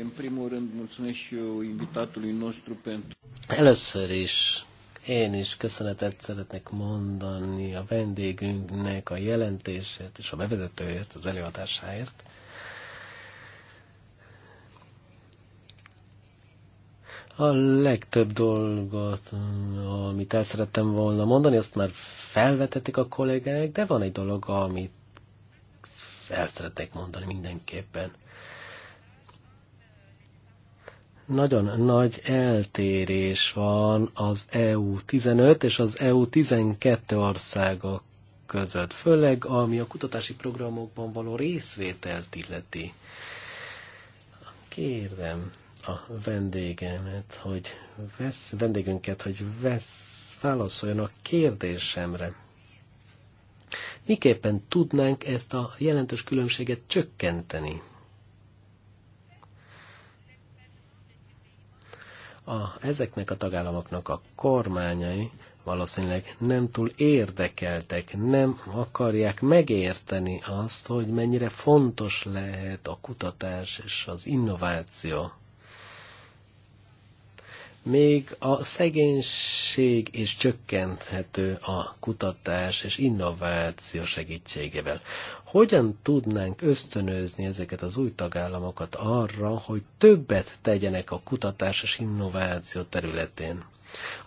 În primul rând, mulțumesc și eu invitatului nostru pentru... Először is én is köszönetet szeretnék mondani a vendégünknek a jelentésért és a bevezetőért, az előadásáért. A legtöbb dolgot, amit el szerettem volna mondani, azt már felvetették a kollégák, de van egy dolog, amit el szeretnék mondani mindenképpen. Nagyon nagy eltérés van az EU-15 és az EU-12 országok között, főleg ami a kutatási programokban való részvételt illeti. Kérdem, a vendégemet, hogy vesz, vendégünket, hogy vesz, válaszoljon a kérdésemre. Miképpen tudnánk ezt a jelentős különbséget csökkenteni? a, ezeknek a tagállamoknak a kormányai valószínűleg nem túl érdekeltek, nem akarják megérteni azt, hogy mennyire fontos lehet a kutatás és az innováció még a szegénység is csökkenthető a kutatás és innováció segítségével. Hogyan tudnánk ösztönözni ezeket az új tagállamokat arra, hogy többet tegyenek a kutatás és innováció területén?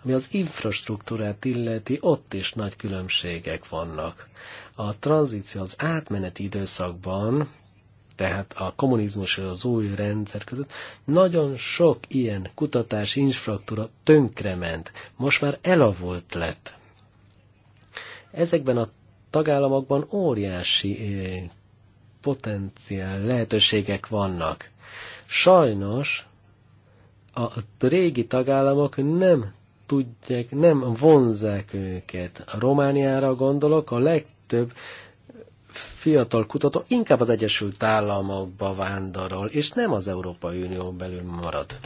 Ami az infrastruktúrát illeti, ott is nagy különbségek vannak. A tranzíció az átmeneti időszakban tehát a kommunizmus és az új rendszer között, nagyon sok ilyen kutatási infrastruktúra tönkrement, most már elavult lett. Ezekben a tagállamokban óriási eh, potenciál lehetőségek vannak. Sajnos a régi tagállamok nem tudják, nem vonzák őket. A Romániára gondolok, a legtöbb fiatal kutató inkább az Egyesült Államokba vándorol, és nem az Európai Unió belül marad.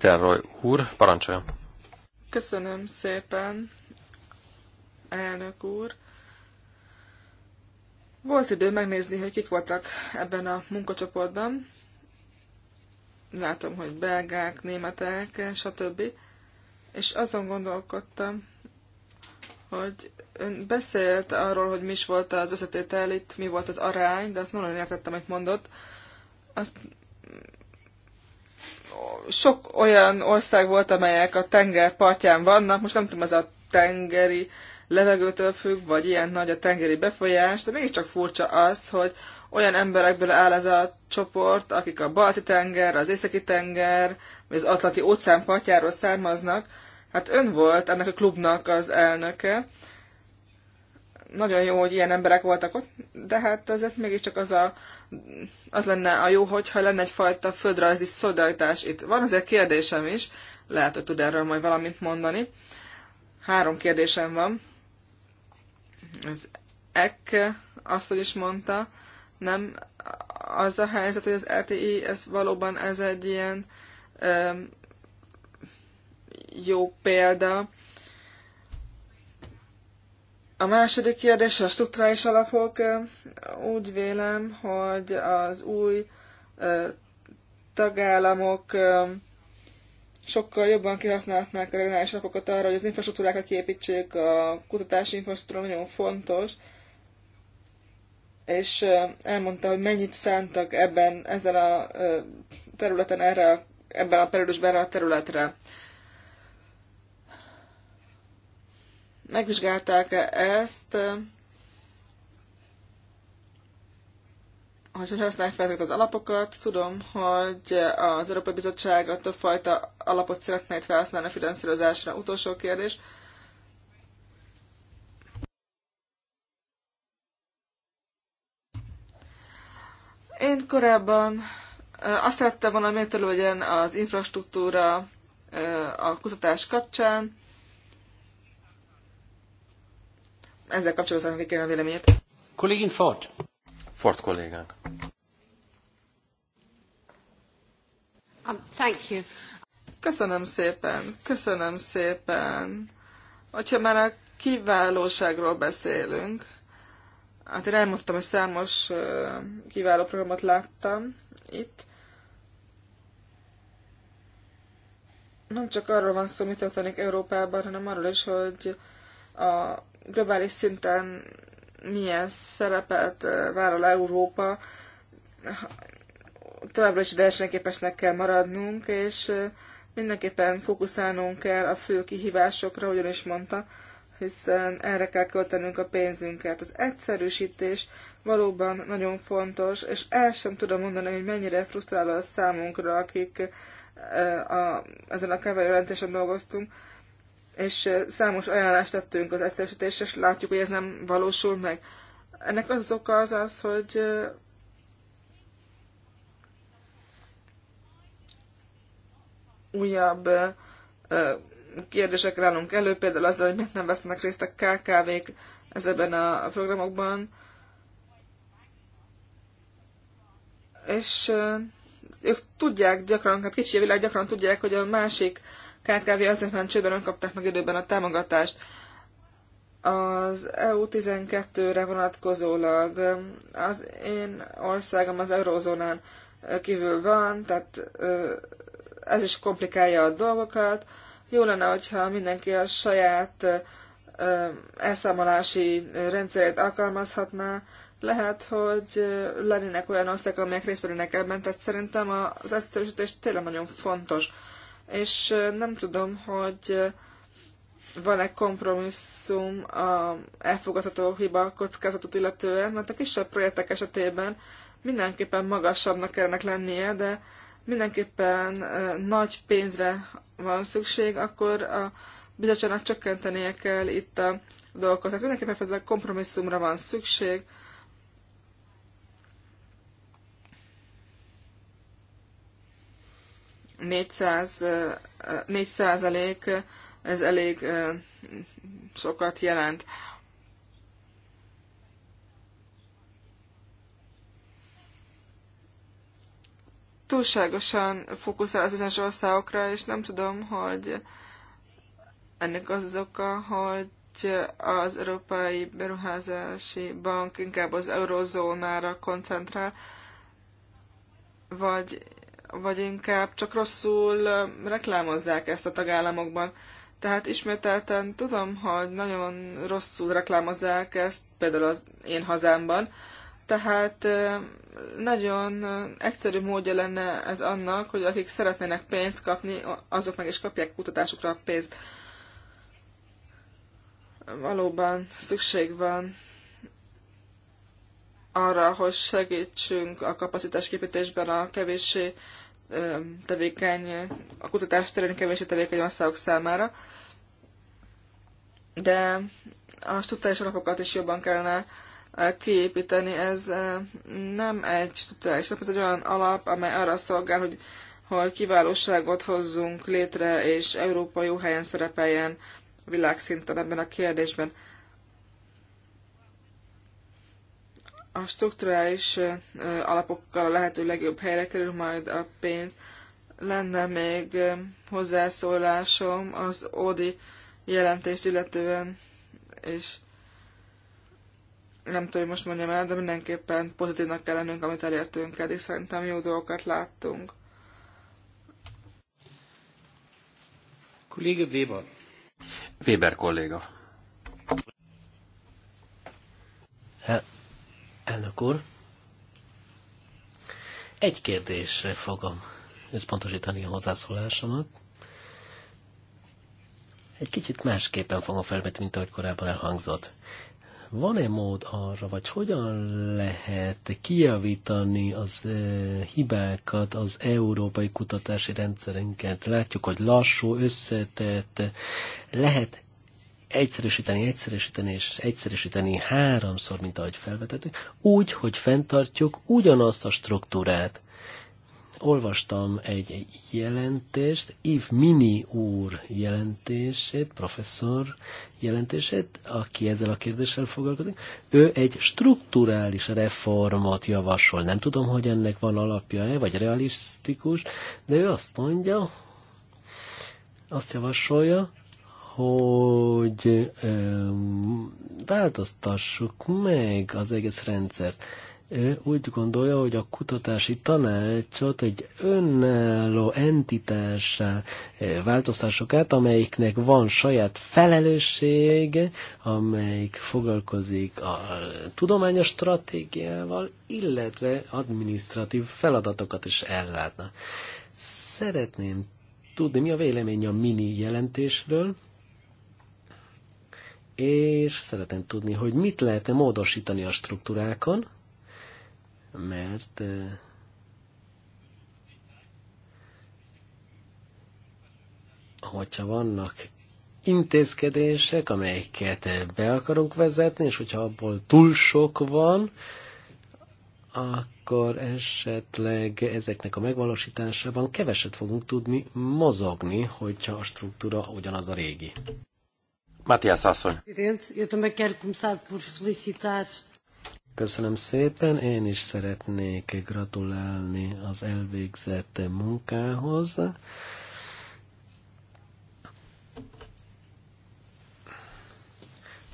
Roy úr, parancsolja. Köszönöm szépen, elnök úr! Volt idő megnézni, hogy kik voltak ebben a munkacsoportban. Látom, hogy belgák, németek, stb. És azon gondolkodtam, hogy Ön beszélt arról, hogy mi is volt az összetétel, itt mi volt az arány, de azt nagyon értettem, amit mondott. Azt sok olyan ország volt, amelyek a tenger partján vannak, most nem tudom, ez a tengeri levegőtől függ, vagy ilyen nagy a tengeri befolyás, de mégiscsak furcsa az, hogy olyan emberekből áll ez a csoport, akik a balti tenger, az északi tenger, vagy az atlanti óceán partjáról származnak. Hát ön volt ennek a klubnak az elnöke, nagyon jó, hogy ilyen emberek voltak ott, de hát azért mégiscsak az, a, az lenne a jó, hogyha lenne egyfajta földrajzi szolidaritás itt. Van azért kérdésem is, lehet, hogy tud erről majd valamit mondani. Három kérdésem van. Az EK azt, hogy is mondta, nem az a helyzet, hogy az RTI, ez valóban ez egy ilyen ö, jó példa, a második kérdés a struktúrális alapok. Úgy vélem, hogy az új tagállamok sokkal jobban kihasználhatnák a regionális alapokat arra, hogy az infrastruktúrákat kiépítsék, a kutatási infrastruktúra nagyon fontos, és elmondta, hogy mennyit szántak ebben, ezen a területen erre, ebben a periódusban erre a területre. megvizsgálták -e ezt, hogy hogy használják fel ezeket az alapokat. Tudom, hogy az Európai Bizottság a többfajta alapot szeretne itt felhasználni a finanszírozásra. Utolsó kérdés. Én korábban azt szerettem volna, hogy legyen az infrastruktúra a kutatás kapcsán. ezzel kapcsolatban szeretnék kérni a véleményét. Kollégin Ford. Ford kollégánk. Um, thank you. Köszönöm szépen, köszönöm szépen. Hogyha már a kiválóságról beszélünk, hát én elmondtam, hogy számos kiváló programot láttam itt. Nem csak arról van szó, mit történik Európában, hanem arról is, hogy a globális szinten milyen szerepet eh, vállal Európa, továbbra is versenyképesnek kell maradnunk, és eh, mindenképpen fókuszálnunk kell a fő kihívásokra, ahogyan is mondta, hiszen erre kell költenünk a pénzünket. Az egyszerűsítés valóban nagyon fontos, és el sem tudom mondani, hogy mennyire frusztráló a számunkra, akik eh, a, ezen a kávé jelentésen dolgoztunk, és számos ajánlást tettünk az egyszerűsítésre, és látjuk, hogy ez nem valósul meg. Ennek az oka az az, hogy újabb kérdésekre állunk elő, például azzal, hogy miért nem vesznek részt a KKV-k ezekben a programokban. És ők tudják gyakran, hát kicsi a világ, gyakran tudják, hogy a másik uh, KKV azért, mert csőben nem kapták meg időben a támogatást. Az EU12-re vonatkozólag az én országom az eurózónán kívül van, tehát ez is komplikálja a dolgokat. Jó lenne, hogyha mindenki a saját elszámolási rendszerét alkalmazhatná. Lehet, hogy lennének olyan országok, amelyek részt vennének ebben, tehát szerintem az egyszerűsítés tényleg nagyon fontos és nem tudom, hogy van-e kompromisszum a elfogadható hiba kockázatot illetően, mert a kisebb projektek esetében mindenképpen magasabbnak kellene lennie, de mindenképpen nagy pénzre van szükség, akkor a bizottságnak csökkentenie kell itt a dolgokat. Tehát mindenképpen ez a kompromisszumra van szükség, 400, 4 százalék, ez elég sokat jelent. Túlságosan fókuszál az bizonyos országokra, és nem tudom, hogy ennek az az oka, hogy az Európai Beruházási Bank inkább az eurozónára koncentrál, vagy vagy inkább csak rosszul reklámozzák ezt a tagállamokban. Tehát ismételten tudom, hogy nagyon rosszul reklámozzák ezt, például az én hazámban. Tehát nagyon egyszerű módja lenne ez annak, hogy akik szeretnének pénzt kapni, azok meg is kapják kutatásukra a pénzt. Valóban szükség van arra, hogy segítsünk a képítésben a kevéssé tevékeny, a kutatás terén kevésbé tevékeny országok számára, de a struktúrális alapokat is jobban kellene kiépíteni. Ez nem egy struktúrális alap, ez egy olyan alap, amely arra szolgál, hogy, hogy kiválóságot hozzunk létre, és Európa jó helyen szerepeljen világszinten ebben a kérdésben. a strukturális alapokkal a lehető legjobb helyre kerül majd a pénz. Lenne még hozzászólásom az ODI jelentést illetően, és nem tudom, hogy most mondjam el, de mindenképpen pozitívnak kell lennünk, amit elértünk eddig. Szerintem jó dolgokat láttunk. Kolléga Weber. Weber kolléga. Hát, Elnök úr, egy kérdésre fogom összpontosítani a hozzászólásomat. Egy kicsit másképpen fogom felvetni, mint ahogy korábban elhangzott. Van-e mód arra, vagy hogyan lehet kijavítani az e, hibákat az európai kutatási rendszerünket? Látjuk, hogy lassú, összetett. Lehet egyszerűsíteni, egyszerűsíteni és egyszerűsíteni háromszor, mint ahogy felvetettük, úgy, hogy fenntartjuk ugyanazt a struktúrát. Olvastam egy jelentést, Yves Mini úr jelentését, professzor jelentését, aki ezzel a kérdéssel foglalkozik. Ő egy strukturális reformot javasol. Nem tudom, hogy ennek van alapja-e, vagy realisztikus, de ő azt mondja, azt javasolja, hogy ö, változtassuk meg az egész rendszert. Ö, úgy gondolja, hogy a kutatási tanácsot egy önálló entitássá változtassuk át, amelyiknek van saját felelősség, amelyik foglalkozik a tudományos stratégiával, illetve administratív feladatokat is ellátna. Szeretném tudni, mi a vélemény a mini jelentésről, és szeretném tudni, hogy mit lehetne módosítani a struktúrákon, mert hogyha vannak intézkedések, amelyeket be akarunk vezetni, és hogyha abból túl sok van, akkor esetleg ezeknek a megvalósításában keveset fogunk tudni mozogni, hogyha a struktúra ugyanaz a régi. Matthias asszony. Köszönöm szépen, én is szeretnék gratulálni az elvégzett munkához.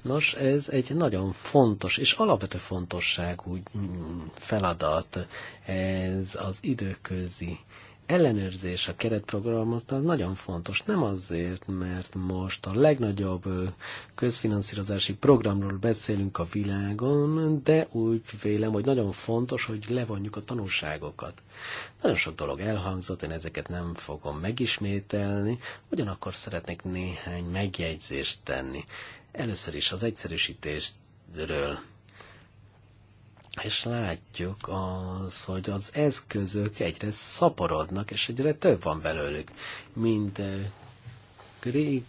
Nos, ez egy nagyon fontos és alapvető fontosságú mm, feladat, ez az időközi ellenőrzés a keretprogramot az nagyon fontos. Nem azért, mert most a legnagyobb közfinanszírozási programról beszélünk a világon, de úgy vélem, hogy nagyon fontos, hogy levonjuk a tanulságokat. Nagyon sok dolog elhangzott, én ezeket nem fogom megismételni, ugyanakkor szeretnék néhány megjegyzést tenni. Először is az egyszerűsítésről és látjuk az, hogy az eszközök egyre szaporodnak, és egyre több van belőlük, mint eh,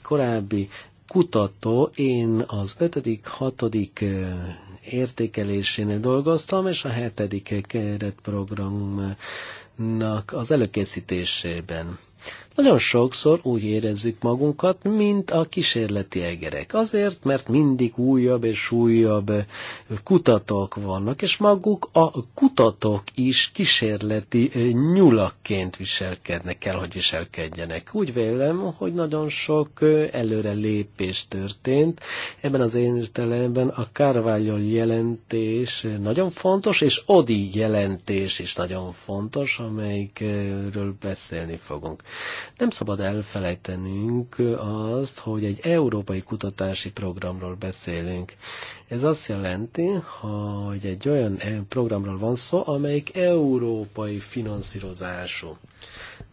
korábbi kutató, én az ötödik, hatodik eh, értékelésénél dolgoztam, és a hetedik keretprogramnak az előkészítésében. Nagyon sokszor úgy érezzük magunkat, mint a kísérleti egerek. Azért, mert mindig újabb és újabb kutatók vannak, és maguk a kutatók is kísérleti nyulakként viselkednek, kell, hogy viselkedjenek. Úgy vélem, hogy nagyon sok előre lépés történt. Ebben az én értelemben a Carvalho jelentés nagyon fontos, és Odi jelentés is nagyon fontos, amelyikről beszélni fogunk. Nem szabad elfelejtenünk azt, hogy egy európai kutatási programról beszélünk. Ez azt jelenti, hogy egy olyan eh, programról van szó, amelyik európai finanszírozású.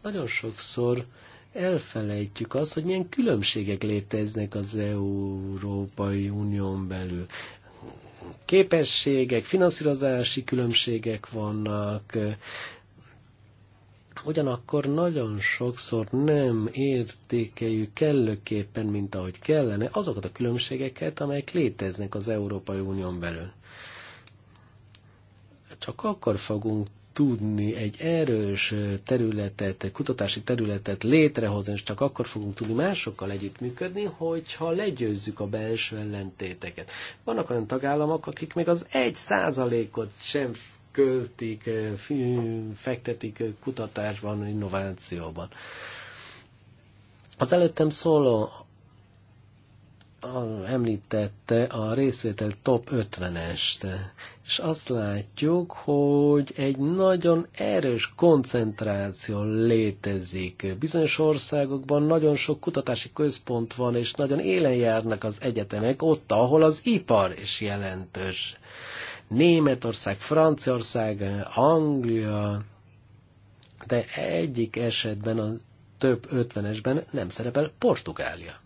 Nagyon sokszor elfelejtjük azt, hogy milyen különbségek léteznek az Európai Unión belül. Képességek, finanszírozási különbségek vannak, ugyanakkor nagyon sokszor nem értékeljük kellőképpen, mint ahogy kellene, azokat a különbségeket, amelyek léteznek az Európai Unión belül. Csak akkor fogunk tudni egy erős területet, egy kutatási területet létrehozni, és csak akkor fogunk tudni másokkal együttműködni, hogyha legyőzzük a belső ellentéteket. Vannak olyan tagállamok, akik még az egy százalékot sem költik, eh, fektetik eh, kutatásban, innovációban. Az előttem szóló ah, említette a részvétel top 50-est, és azt látjuk, hogy egy nagyon erős koncentráció létezik. Bizonyos országokban nagyon sok kutatási központ van, és nagyon élen járnak az egyetemek ott, ahol az ipar is jelentős. Németország, Franciaország, Anglia, de egyik esetben a több 50-esben nem szerepel Portugália.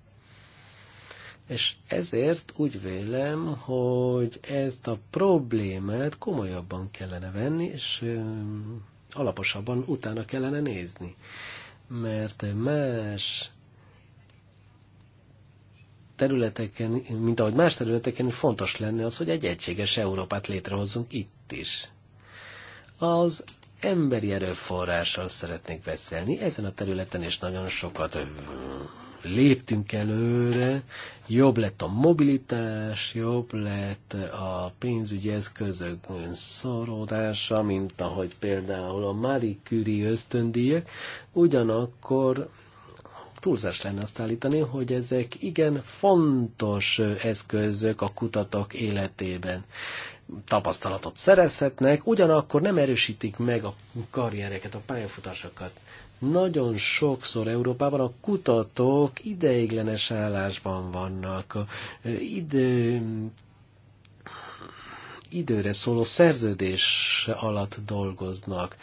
És ezért úgy vélem, hogy ezt a problémát komolyabban kellene venni, és alaposabban utána kellene nézni. Mert más területeken, mint ahogy más területeken fontos lenne az, hogy egy egységes Európát létrehozzunk itt is. Az emberi erőforrással szeretnék beszélni. Ezen a területen is nagyon sokat léptünk előre, jobb lett a mobilitás, jobb lett a pénzügyi eszközök szorodása, mint ahogy például a Marie Curie ösztöndíjak, ugyanakkor túlzás lenne azt állítani, hogy ezek igen fontos eszközök a kutatók életében tapasztalatot szerezhetnek, ugyanakkor nem erősítik meg a karriereket, a pályafutásokat. Nagyon sokszor Európában a kutatók ideiglenes állásban vannak, idő, időre szóló szerződés alatt dolgoznak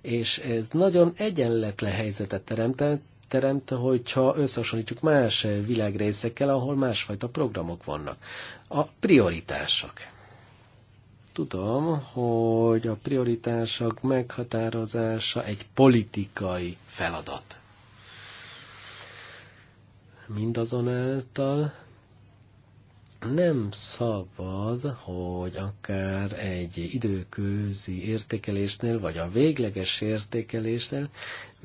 és ez nagyon egyenletlen helyzetet teremtett, teremt, hogyha összehasonlítjuk más világrészekkel, ahol másfajta programok vannak. A prioritások. Tudom, hogy a prioritások meghatározása egy politikai feladat. Mindazonáltal nem szabad, hogy akár egy időközi értékelésnél, vagy a végleges értékelésnél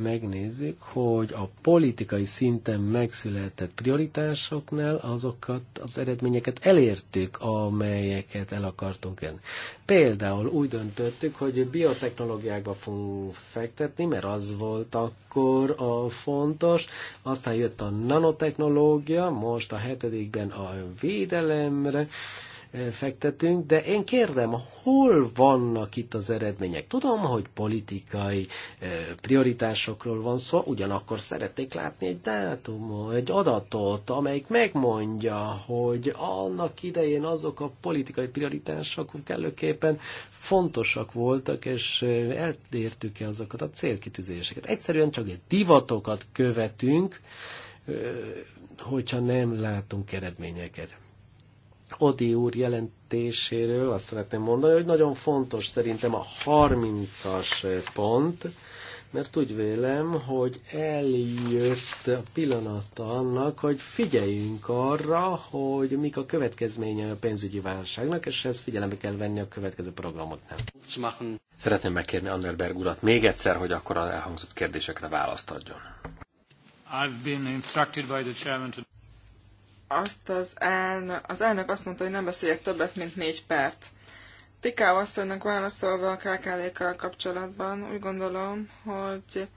megnézzük, hogy a politikai szinten megszületett prioritásoknál azokat az eredményeket elértük, amelyeket el akartunk enni. Például úgy döntöttük, hogy biotechnológiákba fogunk fektetni, mert az volt akkor a fontos. Aztán jött a nanotechnológia, most a hetedikben a védelemre, fektetünk, de én kérdem, hol vannak itt az eredmények? Tudom, hogy politikai prioritásokról van szó, ugyanakkor szeretnék látni egy dátumot, egy adatot, amelyik megmondja, hogy annak idején azok a politikai prioritások kellőképpen fontosak voltak, és elértük-e azokat a célkitűzéseket. Egyszerűen csak egy divatokat követünk, hogyha nem látunk eredményeket. Odi úr jelentéséről azt szeretném mondani, hogy nagyon fontos szerintem a 30-as pont, mert úgy vélem, hogy eljött a pillanata annak, hogy figyeljünk arra, hogy mik a következménye a pénzügyi válságnak, és ezt figyelembe kell venni a következő programoknál. Szeretném megkérni Annelberg urat még egyszer, hogy akkor az elhangzott kérdésekre választ adjon. I've been instructed by the chairman to azt az elnök, az elnök azt mondta, hogy nem beszéljek többet, mint négy perc. Tikáv asszonynak válaszolva a KKV-kkal kapcsolatban, úgy gondolom, hogy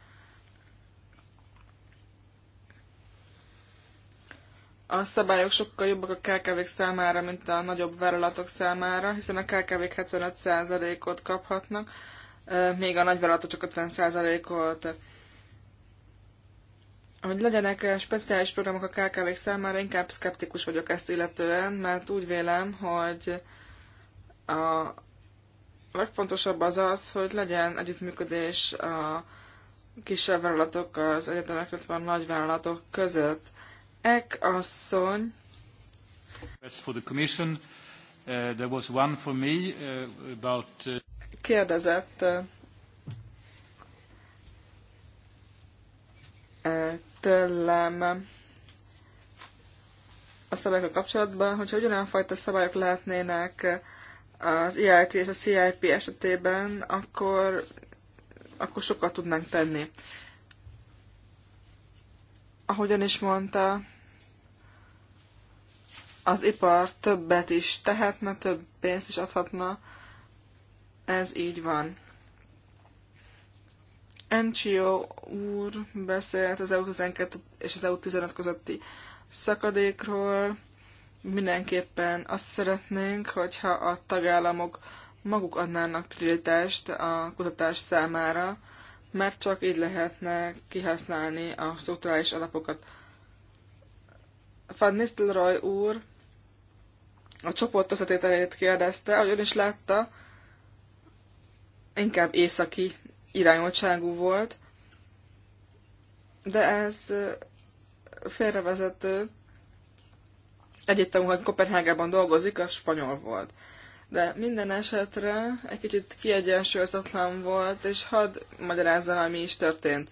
a szabályok sokkal jobbak a kkv számára, mint a nagyobb vállalatok számára, hiszen a kkv 75%-ot kaphatnak, még a nagyvállalatok csak 50%-ot hogy legyenek eh, speciális programok a KKV-k számára, inkább szkeptikus vagyok ezt illetően, mert úgy vélem, hogy a legfontosabb az az, hogy legyen együttműködés a kisebb vállalatok, az egyetemek, illetve a nagy vállalatok között. Ek asszony. For the commission, uh, there was one for me uh, about... Uh, Kérdezett tőlem a szabályokkal kapcsolatban, hogyha ugyanolyan fajta szabályok lehetnének az e IIT és a CIP esetében, akkor, akkor sokat tudnánk tenni. Ahogyan is mondta, az ipar többet is tehetne, több pénzt is adhatna. Ez így van. Encsio úr beszélt az EU12 és az EU15 közötti szakadékról. Mindenképpen azt szeretnénk, hogyha a tagállamok maguk adnának prioritást a kutatás számára, mert csak így lehetne kihasználni a strukturális alapokat. Van Nistelrooy úr a csoport összetételét kérdezte, ahogy ön is látta, inkább északi irányoltságú volt, de ez félrevezető. Egyetem, hogy Kopenhágában dolgozik, az spanyol volt. De minden esetre egy kicsit kiegyensúlyozatlan volt, és hadd magyarázzam el, mi is történt.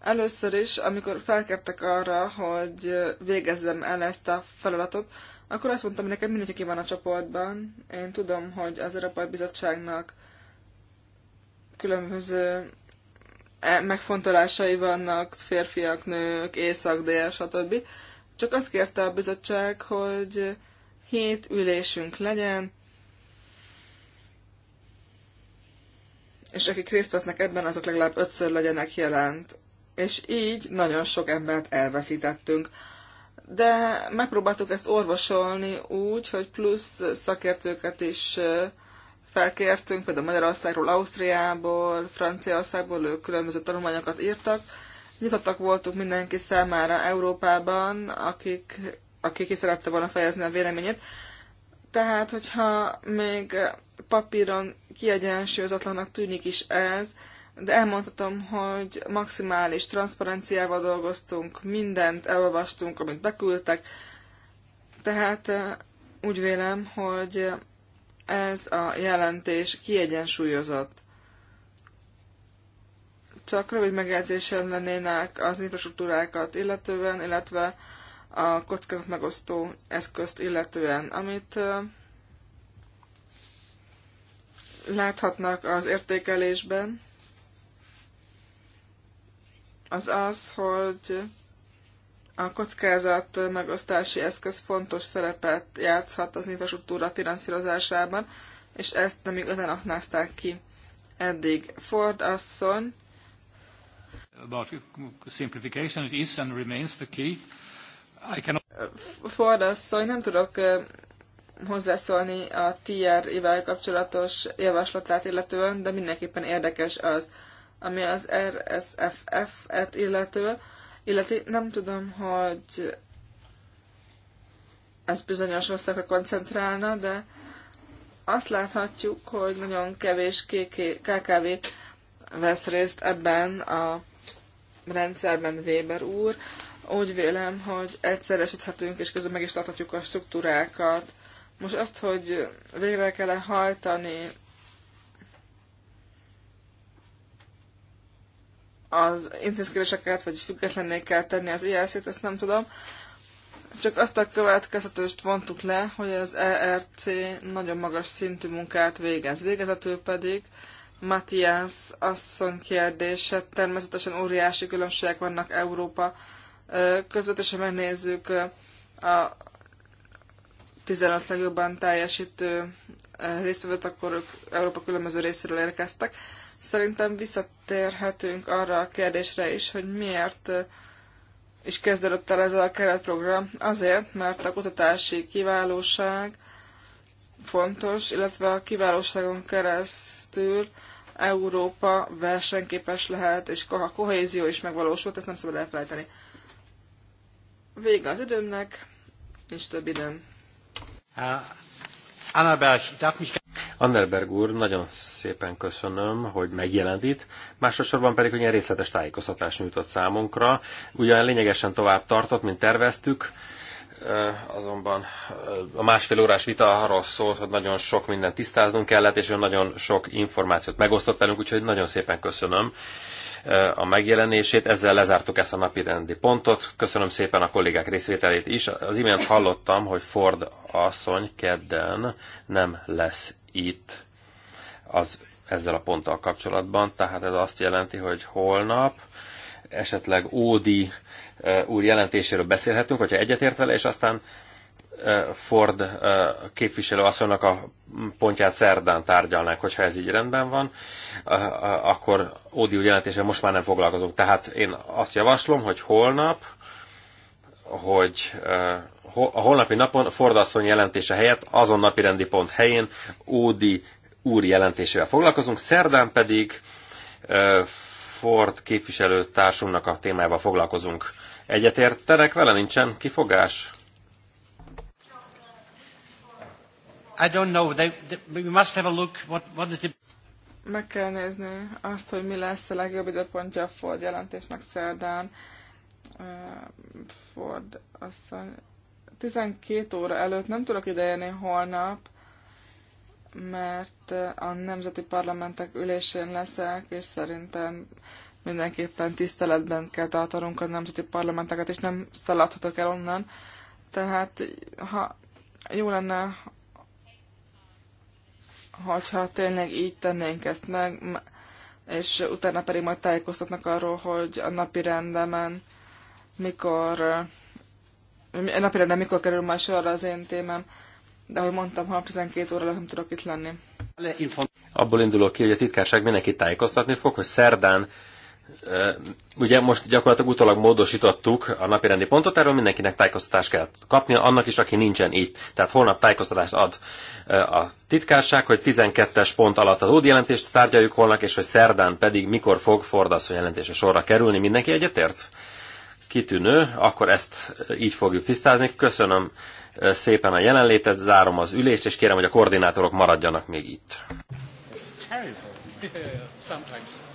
Először is, amikor felkértek arra, hogy végezzem el ezt a feladatot, akkor azt mondtam, hogy nekem mindenki van a csoportban. Én tudom, hogy az Európai Bizottságnak különböző e, megfontolásai vannak, férfiak, nők, észak, dél, stb. Csak azt kérte a bizottság, hogy hét ülésünk legyen, és akik részt vesznek ebben, azok legalább ötször legyenek jelent. És így nagyon sok embert elveszítettünk. De megpróbáltuk ezt orvosolni úgy, hogy plusz szakértőket is felkértünk, például Magyarországról, Ausztriából, Franciaországból, ők különböző tanulmányokat írtak. Nyitottak voltunk mindenki számára Európában, akik, aki ki szerette volna fejezni a véleményét. Tehát, hogyha még papíron kiegyensúlyozatlanak tűnik is ez, de elmondhatom, hogy maximális transzparenciával dolgoztunk, mindent elolvastunk, amit beküldtek, tehát eh, úgy vélem, hogy ez a jelentés kiegyensúlyozott. Csak rövid megjegyzésem lennének az infrastruktúrákat illetően, illetve a kockázat megosztó eszközt illetően, amit láthatnak az értékelésben, az az, hogy a kockázat megosztási eszköz fontos szerepet játszhat az infrastruktúra finanszírozásában, és ezt nem igazán aknázták ki eddig. Ford asszony. About simplification it is and remains the key. I cannot... Ford asszony, nem tudok hozzászólni a TR-ével kapcsolatos javaslatát illetően, de mindenképpen érdekes az, ami az RSFF-et illetően illetve Nem tudom, hogy ez bizonyos országra koncentrálna, de azt láthatjuk, hogy nagyon kevés KKV vesz részt ebben a rendszerben Weber úr. Úgy vélem, hogy esethetünk, és közben meg is láthatjuk a struktúrákat. Most azt, hogy végre kell -e hajtani az intézkedéseket, vagy függetlenné kell tenni az ILC-t, ezt nem tudom. Csak azt a következtetőst vontuk le, hogy az ERC nagyon magas szintű munkát végez. Végezető pedig Matthias asszony kérdése, természetesen óriási különbségek vannak Európa között, és ha megnézzük a 15 legjobban teljesítő résztvevőt, akkor ők Európa különböző részéről érkeztek. Szerintem visszatérhetünk arra a kérdésre is, hogy miért is kezdődött el ez a keretprogram. Azért, mert a kutatási kiválóság fontos, illetve a kiválóságon keresztül Európa versenyképes lehet, és a kohézió is megvalósult, ezt nem szabad elfelejteni. Vége az időmnek, nincs több időm. Annelberg, úr, nagyon szépen köszönöm, hogy megjelent itt. Másosorban pedig, hogy ilyen részletes tájékoztatást nyújtott számunkra. Ugyan lényegesen tovább tartott, mint terveztük, azonban a másfél órás vita arról szólt, hogy nagyon sok mindent tisztáznunk kellett, és ő nagyon sok információt megosztott velünk, úgyhogy nagyon szépen köszönöm a megjelenését. Ezzel lezártuk ezt a napi rendi pontot. Köszönöm szépen a kollégák részvételét is. Az imént hallottam, hogy Ford asszony kedden nem lesz itt az ezzel a ponttal kapcsolatban, tehát ez azt jelenti, hogy holnap esetleg Ódi eh, úr jelentéséről beszélhetünk, hogyha egyetért vele, és aztán Ford képviselő asszonynak a pontját szerdán tárgyalnánk, hogyha ez így rendben van, akkor ódió jelentése most már nem foglalkozunk. Tehát én azt javaslom, hogy holnap, hogy a holnapi napon Ford asszony jelentése helyett azon napi rendi pont helyén Ódi úr jelentésével foglalkozunk, szerdán pedig Ford képviselőtársunknak a témájával foglalkozunk. Egyetértenek vele, nincsen kifogás? I don't know. They, they, we must have a look what, what did it... Meg kell nézni azt, hogy mi lesz a legjobb időpontja a Ford jelentésnek szerdán. Ford aztán 12 óra előtt nem tudok idejönni holnap, mert a nemzeti parlamentek ülésén leszek, és szerintem mindenképpen tiszteletben kell tartanunk a nemzeti parlamenteket, és nem szaladhatok el onnan. Tehát ha jó lenne, hogyha tényleg így tennénk ezt meg, és utána pedig majd tájékoztatnak arról, hogy a napi rendemen mikor a napi rendem mikor kerül majd sorra az én témám, de ahogy mondtam, ha 12 óra nem tudok itt lenni. Abból indulok ki, hogy a titkárság mindenkit tájékoztatni fog, hogy szerdán Ugye most gyakorlatilag utólag módosítottuk a napirendi pontot, erről mindenkinek tájékoztatást kell kapnia, annak is, aki nincsen itt. Tehát holnap tájékoztatást ad a titkárság, hogy 12-es pont alatt az jelentést tárgyaljuk holnap, és hogy szerdán pedig mikor fog Fordasszony jelentése sorra kerülni. Mindenki egyetért? Kitűnő, akkor ezt így fogjuk tisztázni. Köszönöm szépen a jelenlétet, zárom az ülést, és kérem, hogy a koordinátorok maradjanak még itt. (laughs) Sometimes.